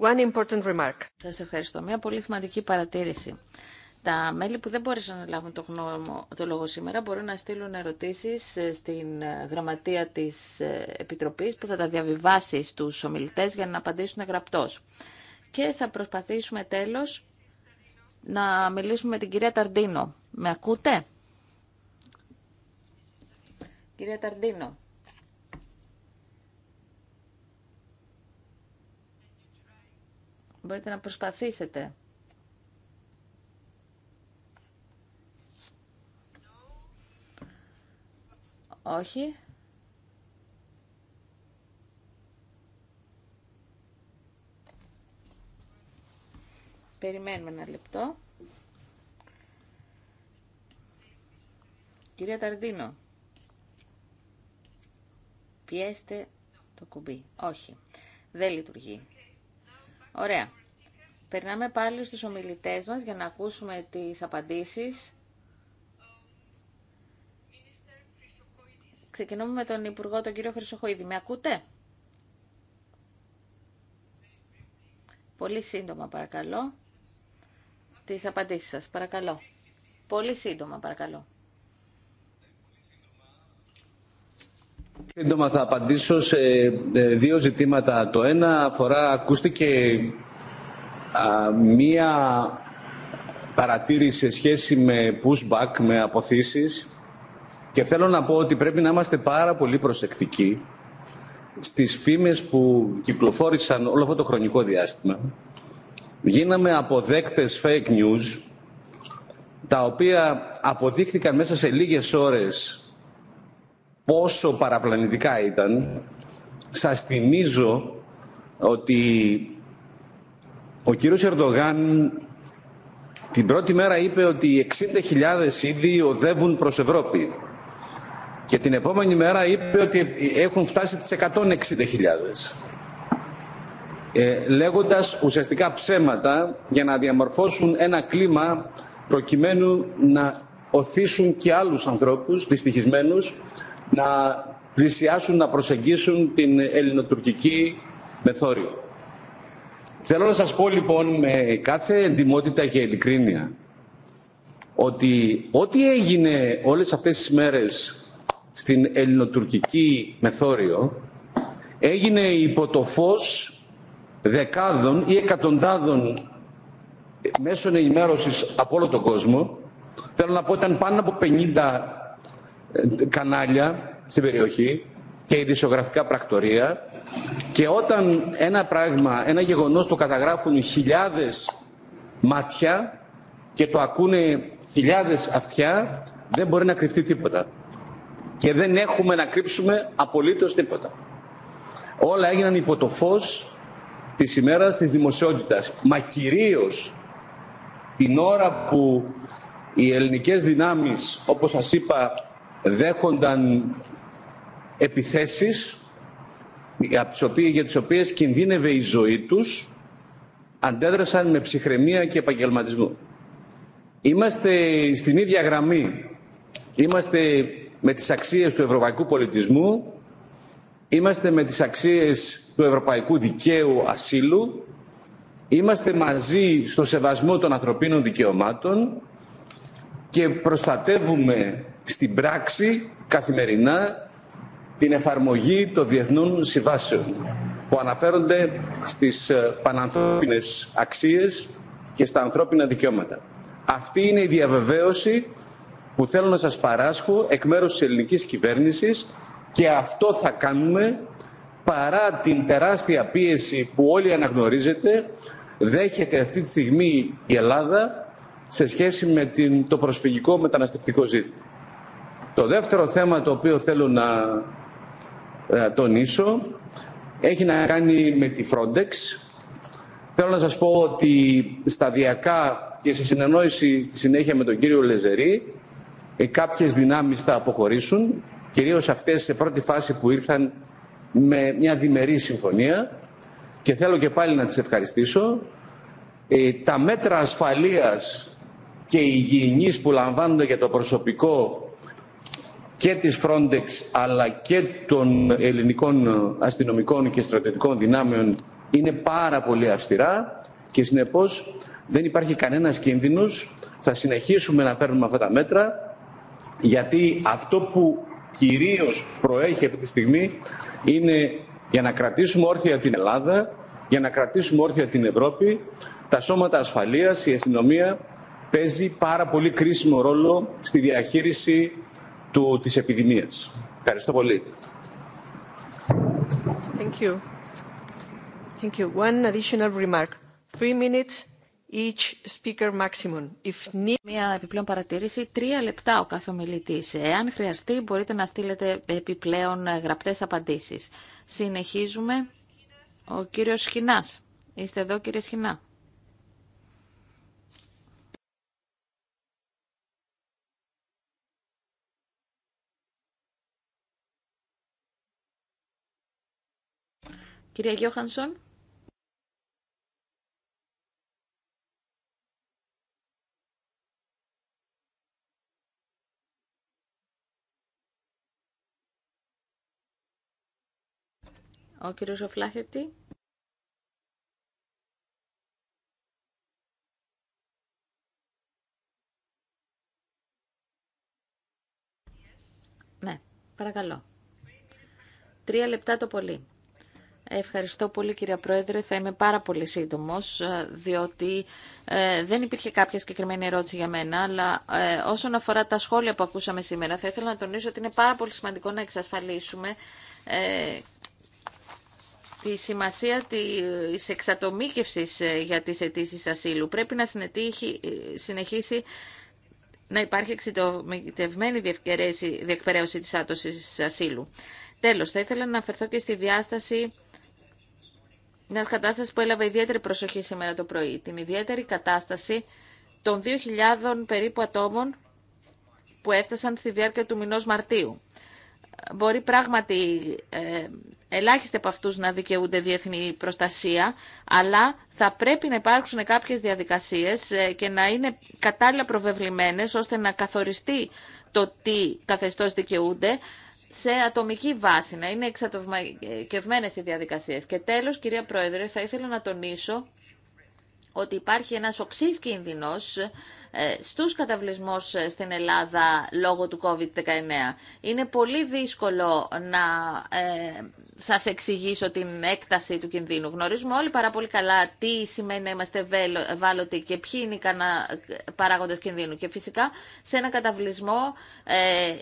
One ευχαριστώ. Μια πολύ σημαντική παρατήρηση. Τα μέλη που δεν μπόρεσαν να λάβουν το, γνώμο, το λόγο σήμερα μπορούν να στείλουν ερωτήσεις ε, στην ε, γραμματεία της ε, Επιτροπής που θα τα διαβιβάσει στου ομιλητέ για να απαντήσουν γραπτώ. Και θα προσπαθήσουμε τέλος να μιλήσουμε με την κυρία Ταρντίνο. Με ακούτε? Κυρία Ταρντίνο. Μπορείτε να προσπαθήσετε. Όχι. Περιμένουμε ένα λεπτό. Κυρία Ταρντίνο, πιέστε το κουμπί. Όχι, δεν λειτουργεί. Ωραία. Περνάμε πάλι στους ομιλητές μας για να ακούσουμε τις απαντήσεις. Ξεκινούμε με τον Υπουργό, τον κύριο Χρυσοχοίδη. Με ακούτε? Πολύ σύντομα, παρακαλώ. Τις απαντήσεις σας, παρακαλώ. Πολύ σύντομα, παρακαλώ. Σύντομα θα απαντήσω σε ε, δύο ζητήματα. Το ένα αφορά, ακούστηκε μία παρατήρηση σε σχέση με pushback, με αποθήσεις και θέλω να πω ότι πρέπει να είμαστε πάρα πολύ προσεκτικοί στις φήμες που κυκλοφόρησαν όλο αυτό το χρονικό διάστημα. Γίναμε αποδέκτες fake news τα οποία αποδείχθηκαν μέσα σε λίγες ώρες πόσο παραπλανητικά ήταν, σας θυμίζω ότι ο κύριος Ερντογάν την πρώτη μέρα είπε ότι 60.000 ήδη οδεύουν προς Ευρώπη. Και την επόμενη μέρα είπε ότι έχουν φτάσει τις 160.000. Ε, λέγοντας ουσιαστικά ψέματα για να διαμορφώσουν ένα κλίμα προκειμένου να οθήσουν και άλλους ανθρώπους δυστυχισμένους να πλησιάσουν, να προσεγγίσουν την ελληνοτουρκική μεθόριο. Θέλω να σας πω λοιπόν με κάθε εντυμότητα και ειλικρίνεια ότι ό,τι έγινε όλες αυτές τις μέρες στην ελληνοτουρκική μεθόριο έγινε υπό το φως δεκάδων ή εκατοντάδων μέσων ενημέρωσης από όλο τον κόσμο. Θέλω να πω ήταν πάνω από 50 ε, κανάλια στην περιοχή και ειδησιογραφικά πρακτορία και όταν ένα πράγμα, ένα γεγονός το καταγράφουν χιλιάδες μάτια και το ακούνε χιλιάδες αυτιά, δεν μπορεί να κρυφτεί τίποτα. Και δεν έχουμε να κρύψουμε απολύτως τίποτα. Όλα έγιναν υπό το φως της ημέρας της δημοσιότητας. Μα κυρίως την ώρα που οι ελληνικές δυνάμεις, όπως σας είπα, δέχονταν επιθέσεις για τις οποίες κινδύνευε η ζωή τους αντέδρασαν με ψυχραιμία και επαγγελματισμό. Είμαστε στην ίδια γραμμή. Είμαστε με τις αξίες του ευρωπαϊκού πολιτισμού, είμαστε με τις αξίες του ευρωπαϊκού δικαίου ασύλου, είμαστε μαζί στο σεβασμό των ανθρωπίνων δικαιωμάτων και προστατεύουμε στην πράξη καθημερινά την εφαρμογή των διεθνών συμβάσεων που αναφέρονται στις ε, πανανθρώπινες αξίες και στα ανθρώπινα δικαιώματα. Αυτή είναι η διαβεβαίωση που θέλω να σας παράσχω εκ μέρους της ελληνικής κυβέρνησης και αυτό θα κάνουμε παρά την τεράστια πίεση που όλοι αναγνωρίζετε δέχεται αυτή τη στιγμή η Ελλάδα σε σχέση με το προσφυγικό μεταναστευτικό ζήτημα. Το δεύτερο θέμα το οποίο θέλω να ε, τονίσω έχει να κάνει με τη Frontex. Θέλω να σας πω ότι σταδιακά και σε συνεννόηση στη συνέχεια με τον κύριο Λεζερή ε, κάποιες δυνάμεις θα αποχωρήσουν, κυρίως αυτές σε πρώτη φάση που ήρθαν με μια διμερή συμφωνία και θέλω και πάλι να τις ευχαριστήσω. Ε, τα μέτρα ασφαλείας και υγιεινής που λαμβάνονται για το προσωπικό και της Frontex αλλά και των ελληνικών αστυνομικών και στρατιωτικών δυνάμεων είναι πάρα πολύ αυστηρά και συνεπώς δεν υπάρχει κανένας κίνδυνος. Θα συνεχίσουμε να παίρνουμε αυτά τα μέτρα γιατί αυτό που κυρίως προέχει αυτή τη στιγμή είναι για να κρατήσουμε όρθια την Ελλάδα, για να κρατήσουμε όρθια την Ευρώπη, τα σώματα ασφαλείας, η αστυνομία παίζει πάρα πολύ κρίσιμο ρόλο στη διαχείριση του, της επιδημίας. Ευχαριστώ πολύ. Thank you. Thank you. One additional remark. Three minutes each speaker maximum. If need... Μια επιπλέον παρατήρηση, τρία λεπτά ο κάθε ομιλητή. Εάν χρειαστεί, μπορείτε να στείλετε επιπλέον ε, γραπτές απαντήσεις. Συνεχίζουμε. Ο κύριος Σχοινά. Είστε εδώ κύριε Σχοινά. Κυρία Γιώχανσον. Ο κύριος Οφλάχερτη. Ναι, παρακαλώ. Τρία λεπτά το πολύ. Ευχαριστώ πολύ κυρία Πρόεδρε. Θα είμαι πάρα πολύ σύντομος, ε, διότι ε, δεν υπήρχε κάποια συγκεκριμένη ερώτηση για μένα, αλλά ε, όσον αφορά τα σχόλια που ακούσαμε σήμερα, θα ήθελα να τονίσω ότι είναι πάρα πολύ σημαντικό να εξασφαλίσουμε ε, τη σημασία της εξατομήκευσης για τις αιτήσει ασύλου. Πρέπει να συνεχίσει να υπάρχει εξατομικευμένη διεκπαιρέωση της άτοσης ασύλου. Τέλος, θα ήθελα να αναφερθώ και στη διάσταση μια κατάσταση που έλαβε ιδιαίτερη προσοχή σήμερα το πρωί. Την ιδιαίτερη κατάσταση των 2.000 περίπου ατόμων που έφτασαν στη διάρκεια του μηνός Μαρτίου. Μπορεί πράγματι ε, ελάχιστοι από αυτούς να δικαιούνται διεθνή προστασία, αλλά θα πρέπει να υπάρξουν κάποιες διαδικασίες ε, και να είναι κατάλληλα προβεβλημένες ώστε να καθοριστεί το τι καθεστώς δικαιούνται, σε ατομική βάση, να είναι εξατομικευμένες οι διαδικασίες. Και τέλος, κυρία Πρόεδρε, θα ήθελα να τονίσω ότι υπάρχει ένας οξύς κίνδυνος ε, στους καταβλισμούς ε, στην Ελλάδα λόγω του COVID-19. Είναι πολύ δύσκολο να ε, σας εξηγήσω την έκταση του κινδύνου. Γνωρίζουμε όλοι πάρα πολύ καλά τι σημαίνει να είμαστε ευάλωτοι και ποιοι είναι οι παράγοντες κινδύνου. Και φυσικά σε ένα καταβλισμό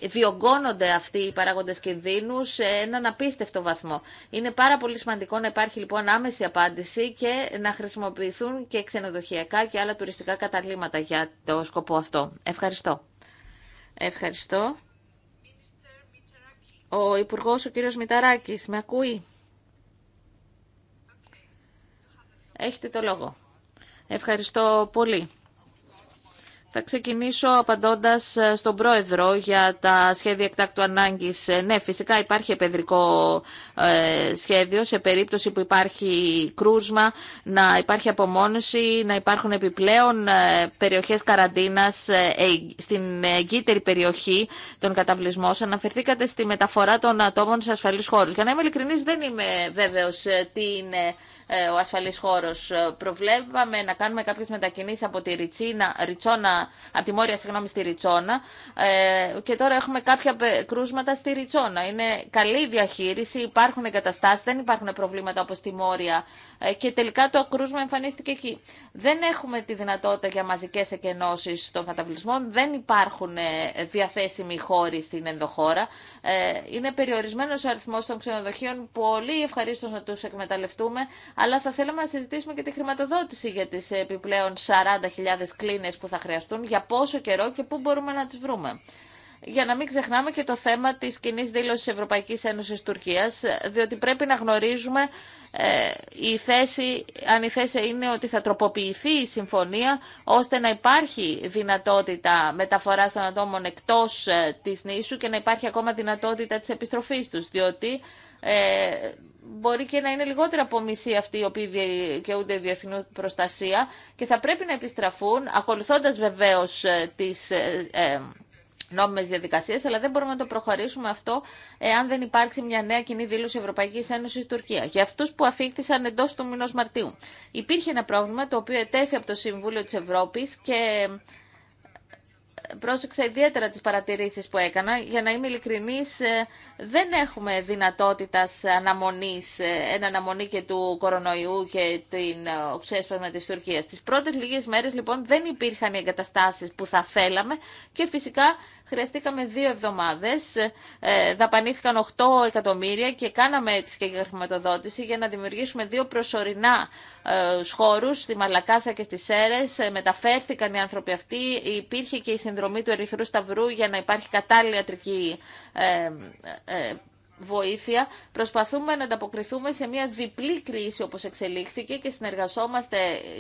βιογκώνονται αυτοί οι παράγοντες κινδύνου σε έναν απίστευτο βαθμό. Είναι πάρα πολύ σημαντικό να υπάρχει λοιπόν άμεση απάντηση και να χρησιμοποιηθούν και ξενοδοχειακά και άλλα τουριστικά καταλήματα για το σκοπό αυτό. Ευχαριστώ. Ευχαριστώ. Ο υπουργό ο κύριο Μηταράκη. με ακούει. Έχετε το λόγο. Ευχαριστώ πολύ. Θα ξεκινήσω απαντώντας ε, στον Πρόεδρο για τα σχέδια εκτάκτου ανάγκης. Ε, ναι, φυσικά υπάρχει επεδρικό ε, σχέδιο σε περίπτωση που υπάρχει κρούσμα, να υπάρχει απομόνωση, να υπάρχουν επιπλέον περιοχές καραντίνας στην εγκύτερη περιοχή των καταβλισμών. Αναφερθήκατε στη μεταφορά των ατόμων σε ασφαλείς χώρου. Για να είμαι δεν είμαι βέβαιος τι είναι ε, ο ασφαλή χώρο ε, Προβλέπαμε να κάνουμε κάποιε μετακινήσει από τη Ριτσίνα, Ριτσόνα, από τη Μόρια συγγνώμη, στη Ριτσόνα ε, και τώρα έχουμε κάποια κρούσματα στη Ριτσόνα. Είναι καλή διαχείριση, υπάρχουν εγκαταστάσει, δεν υπάρχουν προβλήματα όπω στη Μόρια και τελικά το κρούσμα εμφανίστηκε εκεί. Δεν έχουμε τη δυνατότητα για μαζικέ εκενώσει των καταβλισμών, δεν υπάρχουν διαθέσιμοι χώροι στην ενδοχώρα. Είναι περιορισμένο ο αριθμό των ξενοδοχείων, πολύ ευχαρίστω να του εκμεταλλευτούμε, αλλά θα θέλαμε να συζητήσουμε και τη χρηματοδότηση για τις επιπλέον 40.000 κλίνες που θα χρειαστούν, για πόσο καιρό και πού μπορούμε να τις βρούμε. Για να μην ξεχνάμε και το θέμα της κοινή δήλωση Ευρωπαϊκής Ένωσης Τουρκίας, διότι πρέπει να γνωρίζουμε ε, η θέση, αν η θέση είναι ότι θα τροποποιηθεί η συμφωνία ώστε να υπάρχει δυνατότητα μεταφοράς των ατόμων εκτός ε, της νήσου και να υπάρχει ακόμα δυνατότητα της επιστροφής τους, διότι ε, μπορεί και να είναι λιγότερο από μισή αυτοί οι οποίοι δικαιούνται διεθνού προστασία και θα πρέπει να επιστραφούν, ακολουθώντας βεβαίως ε, τις ε, ε, νόμιμε διαδικασίε, αλλά δεν μπορούμε να το προχωρήσουμε αυτό εάν δεν υπάρξει μια νέα κοινή δήλωση Ευρωπαϊκή Ένωση Τουρκία. Για αυτού που αφήχθησαν εντό του μηνό Μαρτίου. Υπήρχε ένα πρόβλημα το οποίο ετέθη από το Συμβούλιο τη Ευρώπη και πρόσεξα ιδιαίτερα τις παρατηρήσεις που έκανα. Για να είμαι ειλικρινής, δεν έχουμε δυνατότητα αναμονή ε, εν αναμονή και του κορονοϊού και την ε, ξέσπασμα της Τουρκίας. Τις πρώτες λίγες μέρες λοιπόν δεν υπήρχαν οι εγκαταστάσει που θα θέλαμε και φυσικά χρειαστήκαμε δύο εβδομάδες, ε, δαπανήθηκαν 8 εκατομμύρια και κάναμε έτσι και χρηματοδότηση για να δημιουργήσουμε δύο προσωρινά χώρου στη Μαλακάσα και στις Σέρες. Μεταφέρθηκαν οι άνθρωποι αυτοί, υπήρχε και η συνδρομή του Ερυθρού Σταυρού για να υπάρχει κατάλληλη ιατρική ε, ε, βοήθεια προσπαθούμε να ανταποκριθούμε σε μια διπλή κρίση όπως εξελίχθηκε και συνεργαζόμαστε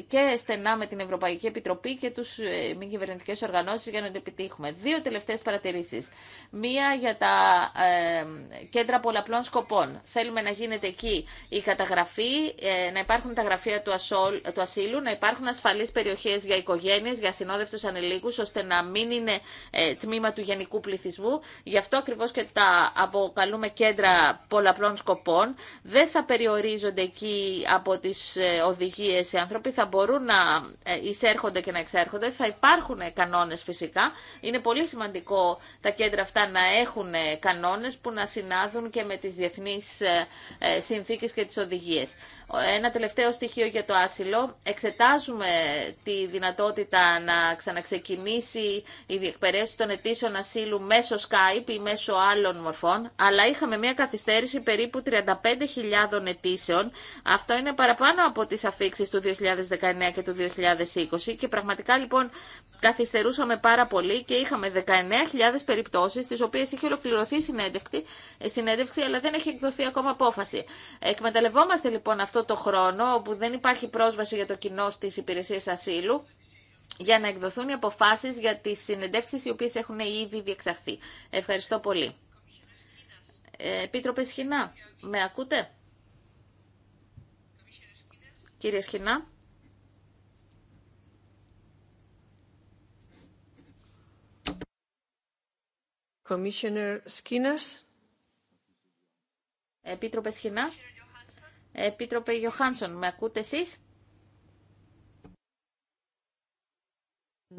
και στενά με την Ευρωπαϊκή Επιτροπή και τους ε, μη κυβερνητικέ οργανώσεις για να το επιτύχουμε. Δύο τελευταίες παρατηρήσεις. Μία για τα ε, κέντρα πολλαπλών σκοπών. Θέλουμε να γίνεται εκεί η καταγραφή, ε, να υπάρχουν τα γραφεία του, ασόλ, ασύλου, να υπάρχουν ασφαλείς περιοχές για οικογένειες, για συνόδευτους ανηλίκους, ώστε να μην είναι ε, τμήμα του γενικού πληθυσμού. Γι' αυτό ακριβώς και τα αποκαλούμε και κέντρα πολλαπλών σκοπών. Δεν θα περιορίζονται εκεί από τις ε, οδηγίες οι άνθρωποι, θα μπορούν να ε, εισέρχονται και να εξέρχονται. Θα υπάρχουν κανόνες φυσικά. Είναι πολύ σημαντικό τα κέντρα αυτά να έχουν ε, κανόνες που να συνάδουν και με τις διεθνείς συνθήκες και τις οδηγίες. Ένα τελευταίο στοιχείο για το άσυλο. Εξετάζουμε τη δυνατότητα να ξαναξεκινήσει η διεκπαιρέωση των αιτήσεων ασύλου μέσω Skype ή μέσω άλλων μορφών, αλλά είχαμε με μια καθυστέρηση περίπου 35.000 αιτήσεων. Αυτό είναι παραπάνω από τις αφήξεις του 2019 και του 2020 και πραγματικά λοιπόν καθυστερούσαμε πάρα πολύ και είχαμε 19.000 περιπτώσεις τις οποίες είχε ολοκληρωθεί η ε, συνέντευξη αλλά δεν έχει εκδοθεί ακόμα απόφαση. Εκμεταλλευόμαστε λοιπόν αυτό το χρόνο όπου δεν υπάρχει πρόσβαση για το κοινό στις υπηρεσίες ασύλου για να εκδοθούν οι αποφάσεις για τις συνεντεύξεις οι οποίες έχουν ήδη διεξαχθεί. Ευχαριστώ πολύ. Επίτροπε Σχοινά, με ακούτε? Κύριε Σχοινά. Commissioner Skinas. Επίτροπε Σχοινά. Επίτροπε Γιωχάνσον, με ακούτε εσείς?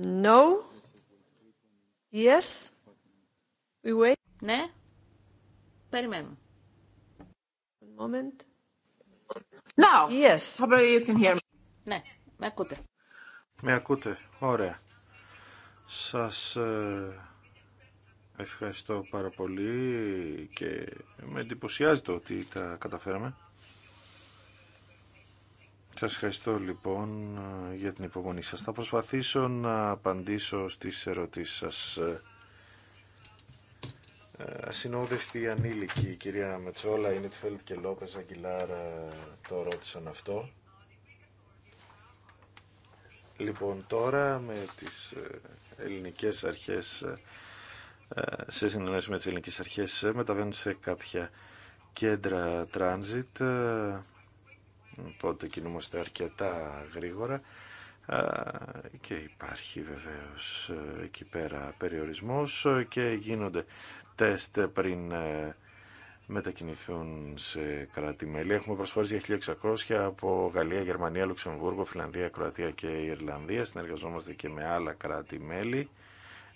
No. Yes. We wait. Ναι. Περιμένουμε. One moment. Yes. Ναι, με ακούτε. Με ακούτε. Ωραία. Σας ε, ευχαριστώ πάρα πολύ και με εντυπωσιάζει το ότι τα καταφέραμε. Σας ευχαριστώ λοιπόν ε, για την υπομονή σας. Θα προσπαθήσω να απαντήσω στις ερωτήσεις σας. Ε, ε, ασυνόδευτη ανήλικη η κυρία Μετσόλα, είναι τη και Λόπες Αγγιλάρ το ρώτησαν αυτό. Λοιπόν, τώρα με τις ε, ελληνικές αρχές, ε, σε συνεννόηση με τις ελληνικές αρχές, μεταβαίνουν σε κάποια κέντρα τράνζιτ, οπότε κινούμαστε αρκετά γρήγορα και υπάρχει βεβαίως εκεί πέρα περιορισμός και γίνονται τεστ πριν ε, μετακινηθούν σε κράτη-μέλη. Έχουμε προσφορές για 1.600 από Γαλλία, Γερμανία, Λουξεμβούργο, Φιλανδία, Κροατία και Ιρλανδία. Συνεργαζόμαστε και με άλλα κράτη-μέλη.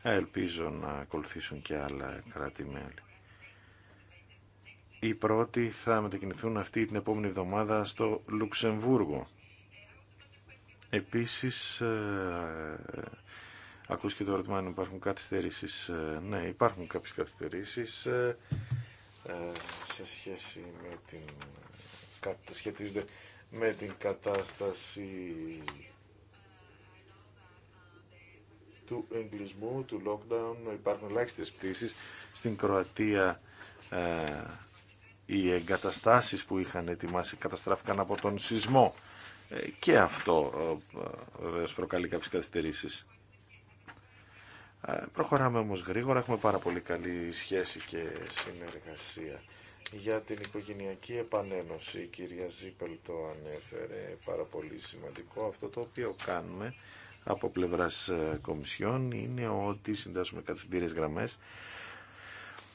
Ελπίζω να ακολουθήσουν και άλλα κράτη-μέλη. Οι πρώτοι θα μετακινηθούν αυτή την επόμενη εβδομάδα στο Λουξεμβούργο. Επίσης, ε, και το ερώτημα αν υπάρχουν καθυστερήσεις. Ε, ναι, υπάρχουν κάποιες καθυστερήσεις ε, ε, σε σχέση με την... σχετίζονται με την κατάσταση του εγκλισμού, του lockdown. Υπάρχουν ελάχιστε πτήσεις στην Κροατία οι εγκαταστάσεις που είχαν ετοιμάσει καταστράφηκαν από τον σεισμό. Και αυτό βεβαίω προκαλεί κάποιες καθυστερήσεις. Ε, προχωράμε όμως γρήγορα, έχουμε πάρα πολύ καλή σχέση και συνεργασία. Για την οικογενειακή επανένωση, η κυρία Ζίπελ το ανέφερε πάρα πολύ σημαντικό. Αυτό το οποίο κάνουμε από πλευράς ε, κομισιών είναι ότι συντάσσουμε καθητήρες γραμμές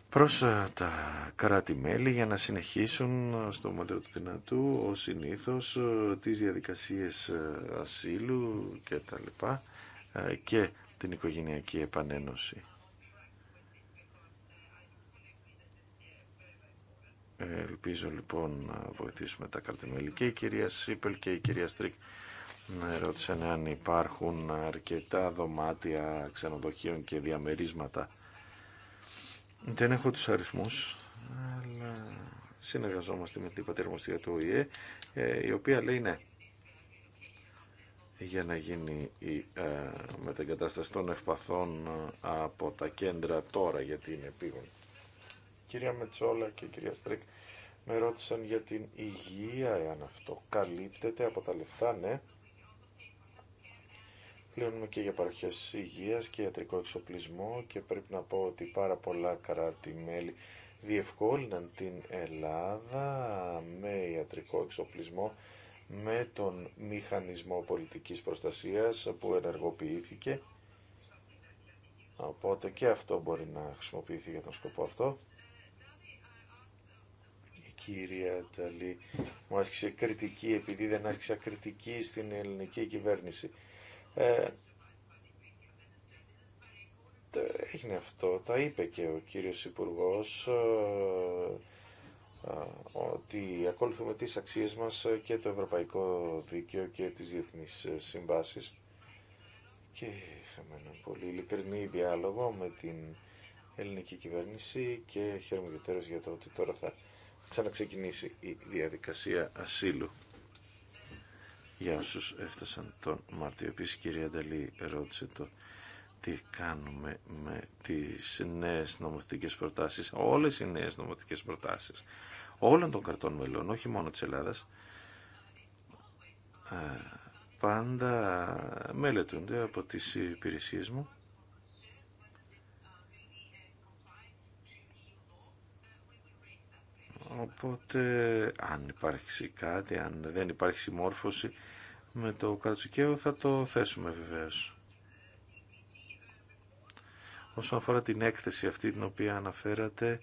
προς ε, τα κράτη-μέλη για να συνεχίσουν στο μέτρο του δυνατού ο συνήθως τις διαδικασίες ασύλου και τα λοιπά και την οικογενειακή επανένωση. Ελπίζω λοιπόν να βοηθήσουμε τα καρτεμέλη και η κυρία Σίπελ και η κυρία Στρίκ να ρώτησαν αν υπάρχουν αρκετά δωμάτια ξενοδοχείων και διαμερίσματα. Δεν έχω τους αριθμούς, αλλά συνεργαζόμαστε με την πατερμοστία του ΟΗΕ, ε, η οποία λέει ναι, για να γίνει η ε, μεταγκατάσταση των ευπαθών ε, από τα κέντρα τώρα γιατί είναι επίγον. Κυρία Μετσόλα και κυρία Στρίκ, με ρώτησαν για την υγεία, εάν αυτό καλύπτεται από τα λεφτά, ναι. Πλέονουμε και για παροχές υγείας και ιατρικό εξοπλισμό και πρέπει να πω ότι πάρα πολλά κράτη-μέλη διευκόλυναν την Ελλάδα με ιατρικό εξοπλισμό με τον μηχανισμό πολιτικής προστασίας που ενεργοποιήθηκε. Οπότε και αυτό μπορεί να χρησιμοποιηθεί για τον σκοπό αυτό. Η κυρία Ταλή μου άσκησε κριτική επειδή δεν άσκησα κριτική στην ελληνική κυβέρνηση. Ε, έγινε αυτό, τα είπε και ο κύριος Υπουργός, ε, ότι ακολουθούμε τις αξίες μας ε, και το ευρωπαϊκό δίκαιο και τις διεθνείς ε, συμβάσεις και είχαμε ένα πολύ ειλικρινή διάλογο με την ελληνική κυβέρνηση και χαίρομαι ιδιαίτερως για το ότι τώρα θα ξαναξεκινήσει η διαδικασία ασύλου για όσου έφτασαν τον Μάρτιο. Επίση η κυρία Νταλή ρώτησε το τι κάνουμε με τις νέες νομοθετικές προτάσεις, όλες οι νέες νομοθετικές προτάσεις όλων των κρατών μελών, όχι μόνο της Ελλάδας, ε, πάντα μελετούνται από τις υπηρεσίες μου. Οπότε, αν υπάρχει κάτι, αν δεν υπάρχει συμμόρφωση με το Κατσουκέο θα το θέσουμε βεβαίως. Όσον αφορά την έκθεση αυτή την οποία αναφέρατε,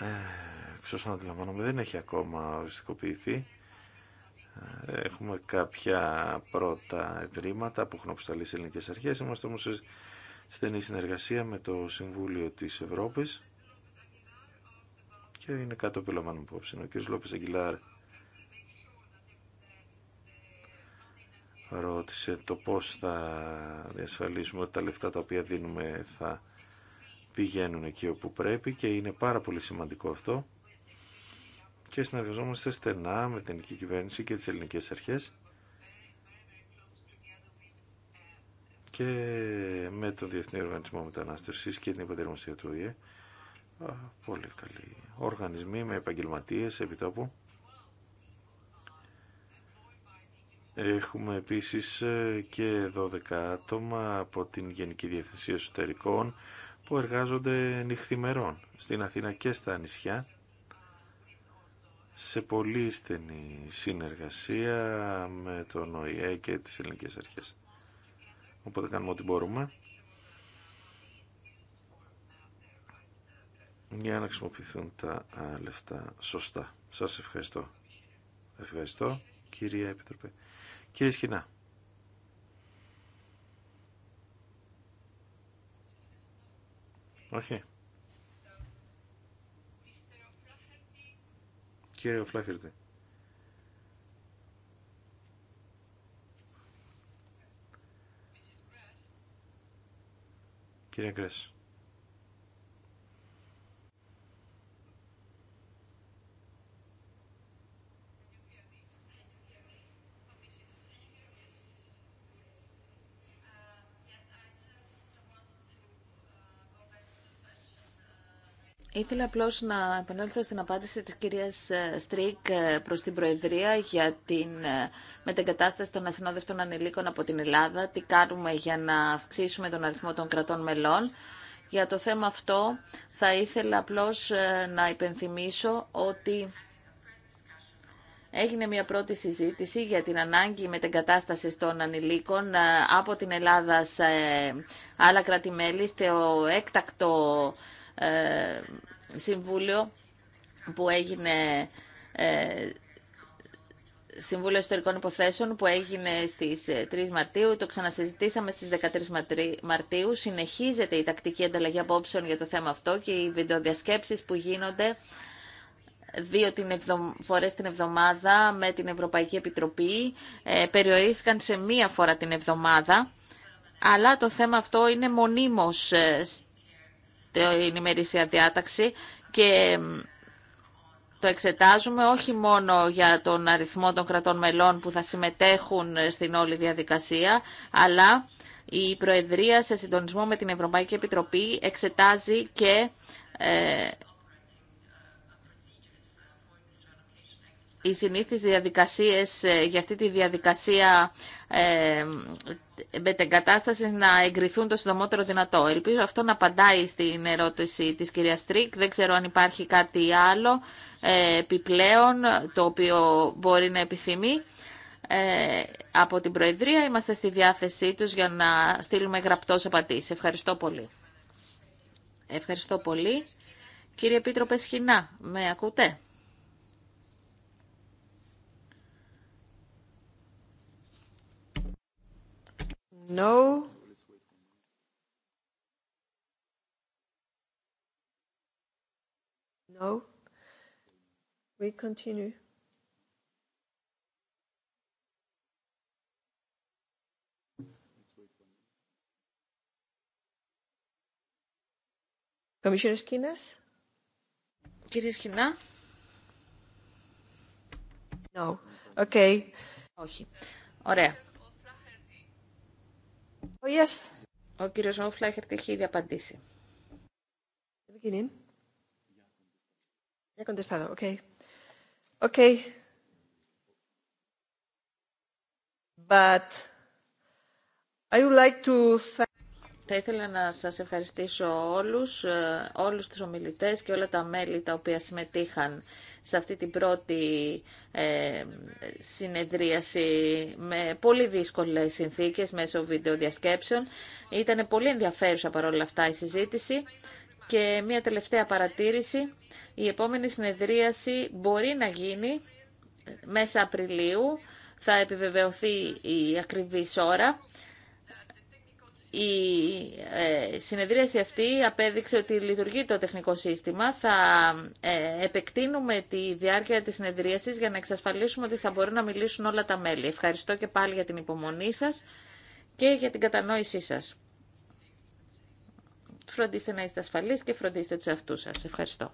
ε, εξ να αντιλαμβάνομαι δεν έχει ακόμα οριστικοποιηθεί. Ε, έχουμε κάποια πρώτα ευρήματα που έχουν αποσταλεί σε ελληνικές αρχές. Είμαστε όμως σε στενή συνεργασία με το Συμβούλιο της Ευρώπης και είναι κάτω που λαμβάνουμε υπόψη. Ο κ. Λόπες Αγγιλάρ ρώτησε το πώς θα διασφαλίσουμε ότι τα λεφτά τα οποία δίνουμε θα πηγαίνουν εκεί όπου πρέπει και είναι πάρα πολύ σημαντικό αυτό και συνεργαζόμαστε στενά με την ελληνική κυβέρνηση και τις ελληνικές αρχές και με τον Διεθνή Οργανισμό Μετανάστευσης και την Υποδερμοσία του ΟΗΕ. Πολύ καλή οργανισμοί με επαγγελματίες επιτόπου. Έχουμε επίσης ε, και 12 άτομα από την Γενική Διεύθυνση Εσωτερικών που εργάζονται νυχθημερών στην Αθήνα και στα νησιά σε πολύ στενή συνεργασία με τον ΟΗΕ και τις ελληνικές αρχές. Οπότε κάνουμε ό,τι μπορούμε για να χρησιμοποιηθούν τα λεφτά σωστά. Σας ευχαριστώ. Ευχαριστώ κυρία Επιτροπέ. Κύριε Σχοινά. Όχι. Κύριε Φλάχερτη. Κύριε Γκρέσ. Ήθελα απλώ να επανέλθω στην απάντηση της κυρίας ε, Στρίκ ε, προς την Προεδρία για την ε, μετεγκατάσταση των ασυνόδευτων ανηλίκων από την Ελλάδα. Τι κάνουμε για να αυξήσουμε τον αριθμό των κρατών μελών. Για το θέμα αυτό θα ήθελα απλώς να υπενθυμίσω ότι έγινε μια πρώτη συζήτηση για την ανάγκη μετεγκατάστασης των ανηλίκων από την Ελλάδα σε άλλα κράτη-μέλη στο έκτακτο ε, συμβούλιο που έγινε ε, Συμβούλιο Ιστορικών Υποθέσεων που έγινε στις 3 ε, Μαρτίου. Το ξανασυζητήσαμε στις 13 Μαρτίου. Συνεχίζεται η τακτική ανταλλαγή απόψεων για το θέμα αυτό και οι βιντεοδιασκέψεις που γίνονται δύο την φορές την εβδομάδα με την Ευρωπαϊκή Επιτροπή περιορίστηκαν σε μία φορά την εβδομάδα. Αλλά το θέμα αυτό είναι μονίμως την ημερήσια διάταξη και το εξετάζουμε όχι μόνο για τον αριθμό των κρατών μελών που θα συμμετέχουν στην όλη διαδικασία, αλλά η Προεδρία σε συντονισμό με την Ευρωπαϊκή Επιτροπή εξετάζει και ε, οι συνήθεις διαδικασίες ε, για αυτή τη διαδικασία ε, κατάσταση να εγκριθούν το συντομότερο δυνατό. Ελπίζω αυτό να απαντάει στην ερώτηση της κυρία Στρίκ. Δεν ξέρω αν υπάρχει κάτι άλλο ε, επιπλέον το οποίο μπορεί να επιθυμεί. Ε, από την Προεδρία είμαστε στη διάθεσή τους για να στείλουμε γραπτός απαντήσεις. Ευχαριστώ πολύ. Ευχαριστώ πολύ. Κύριε Επίτροπε Σχοινά, με ακούτε. No. No. We continue. Commissioner Skinas. Κύριε No. Okay. Όχι. Ωραία. Oh, yes. Ο κύριος Ζωνφλάχερτ έχει ήδη απαντήσει. Okay. But I would like to... Θα ήθελα να σας ευχαριστήσω όλους, ε, όλους τους ομιλητές και όλα τα μέλη τα οποία συμμετείχαν σε αυτή την πρώτη ε, συνεδρίαση με πολύ δύσκολες συνθήκες μέσω βίντεο διασκέψεων. Ήταν πολύ ενδιαφέρουσα παρόλα αυτά η συζήτηση. Και μια τελευταία παρατήρηση. Η επόμενη συνεδρίαση μπορεί να γίνει μέσα Απριλίου. Θα επιβεβαιωθεί η ακριβής ώρα η ε, συνεδρίαση αυτή απέδειξε ότι λειτουργεί το τεχνικό σύστημα. Θα ε, επεκτείνουμε τη διάρκεια της συνεδρίασης για να εξασφαλίσουμε ότι θα μπορούν να μιλήσουν όλα τα μέλη. Ευχαριστώ και πάλι για την υπομονή σας και για την κατανόησή σας. Φροντίστε να είστε ασφαλείς και φροντίστε τους εαυτούς σας. Ευχαριστώ.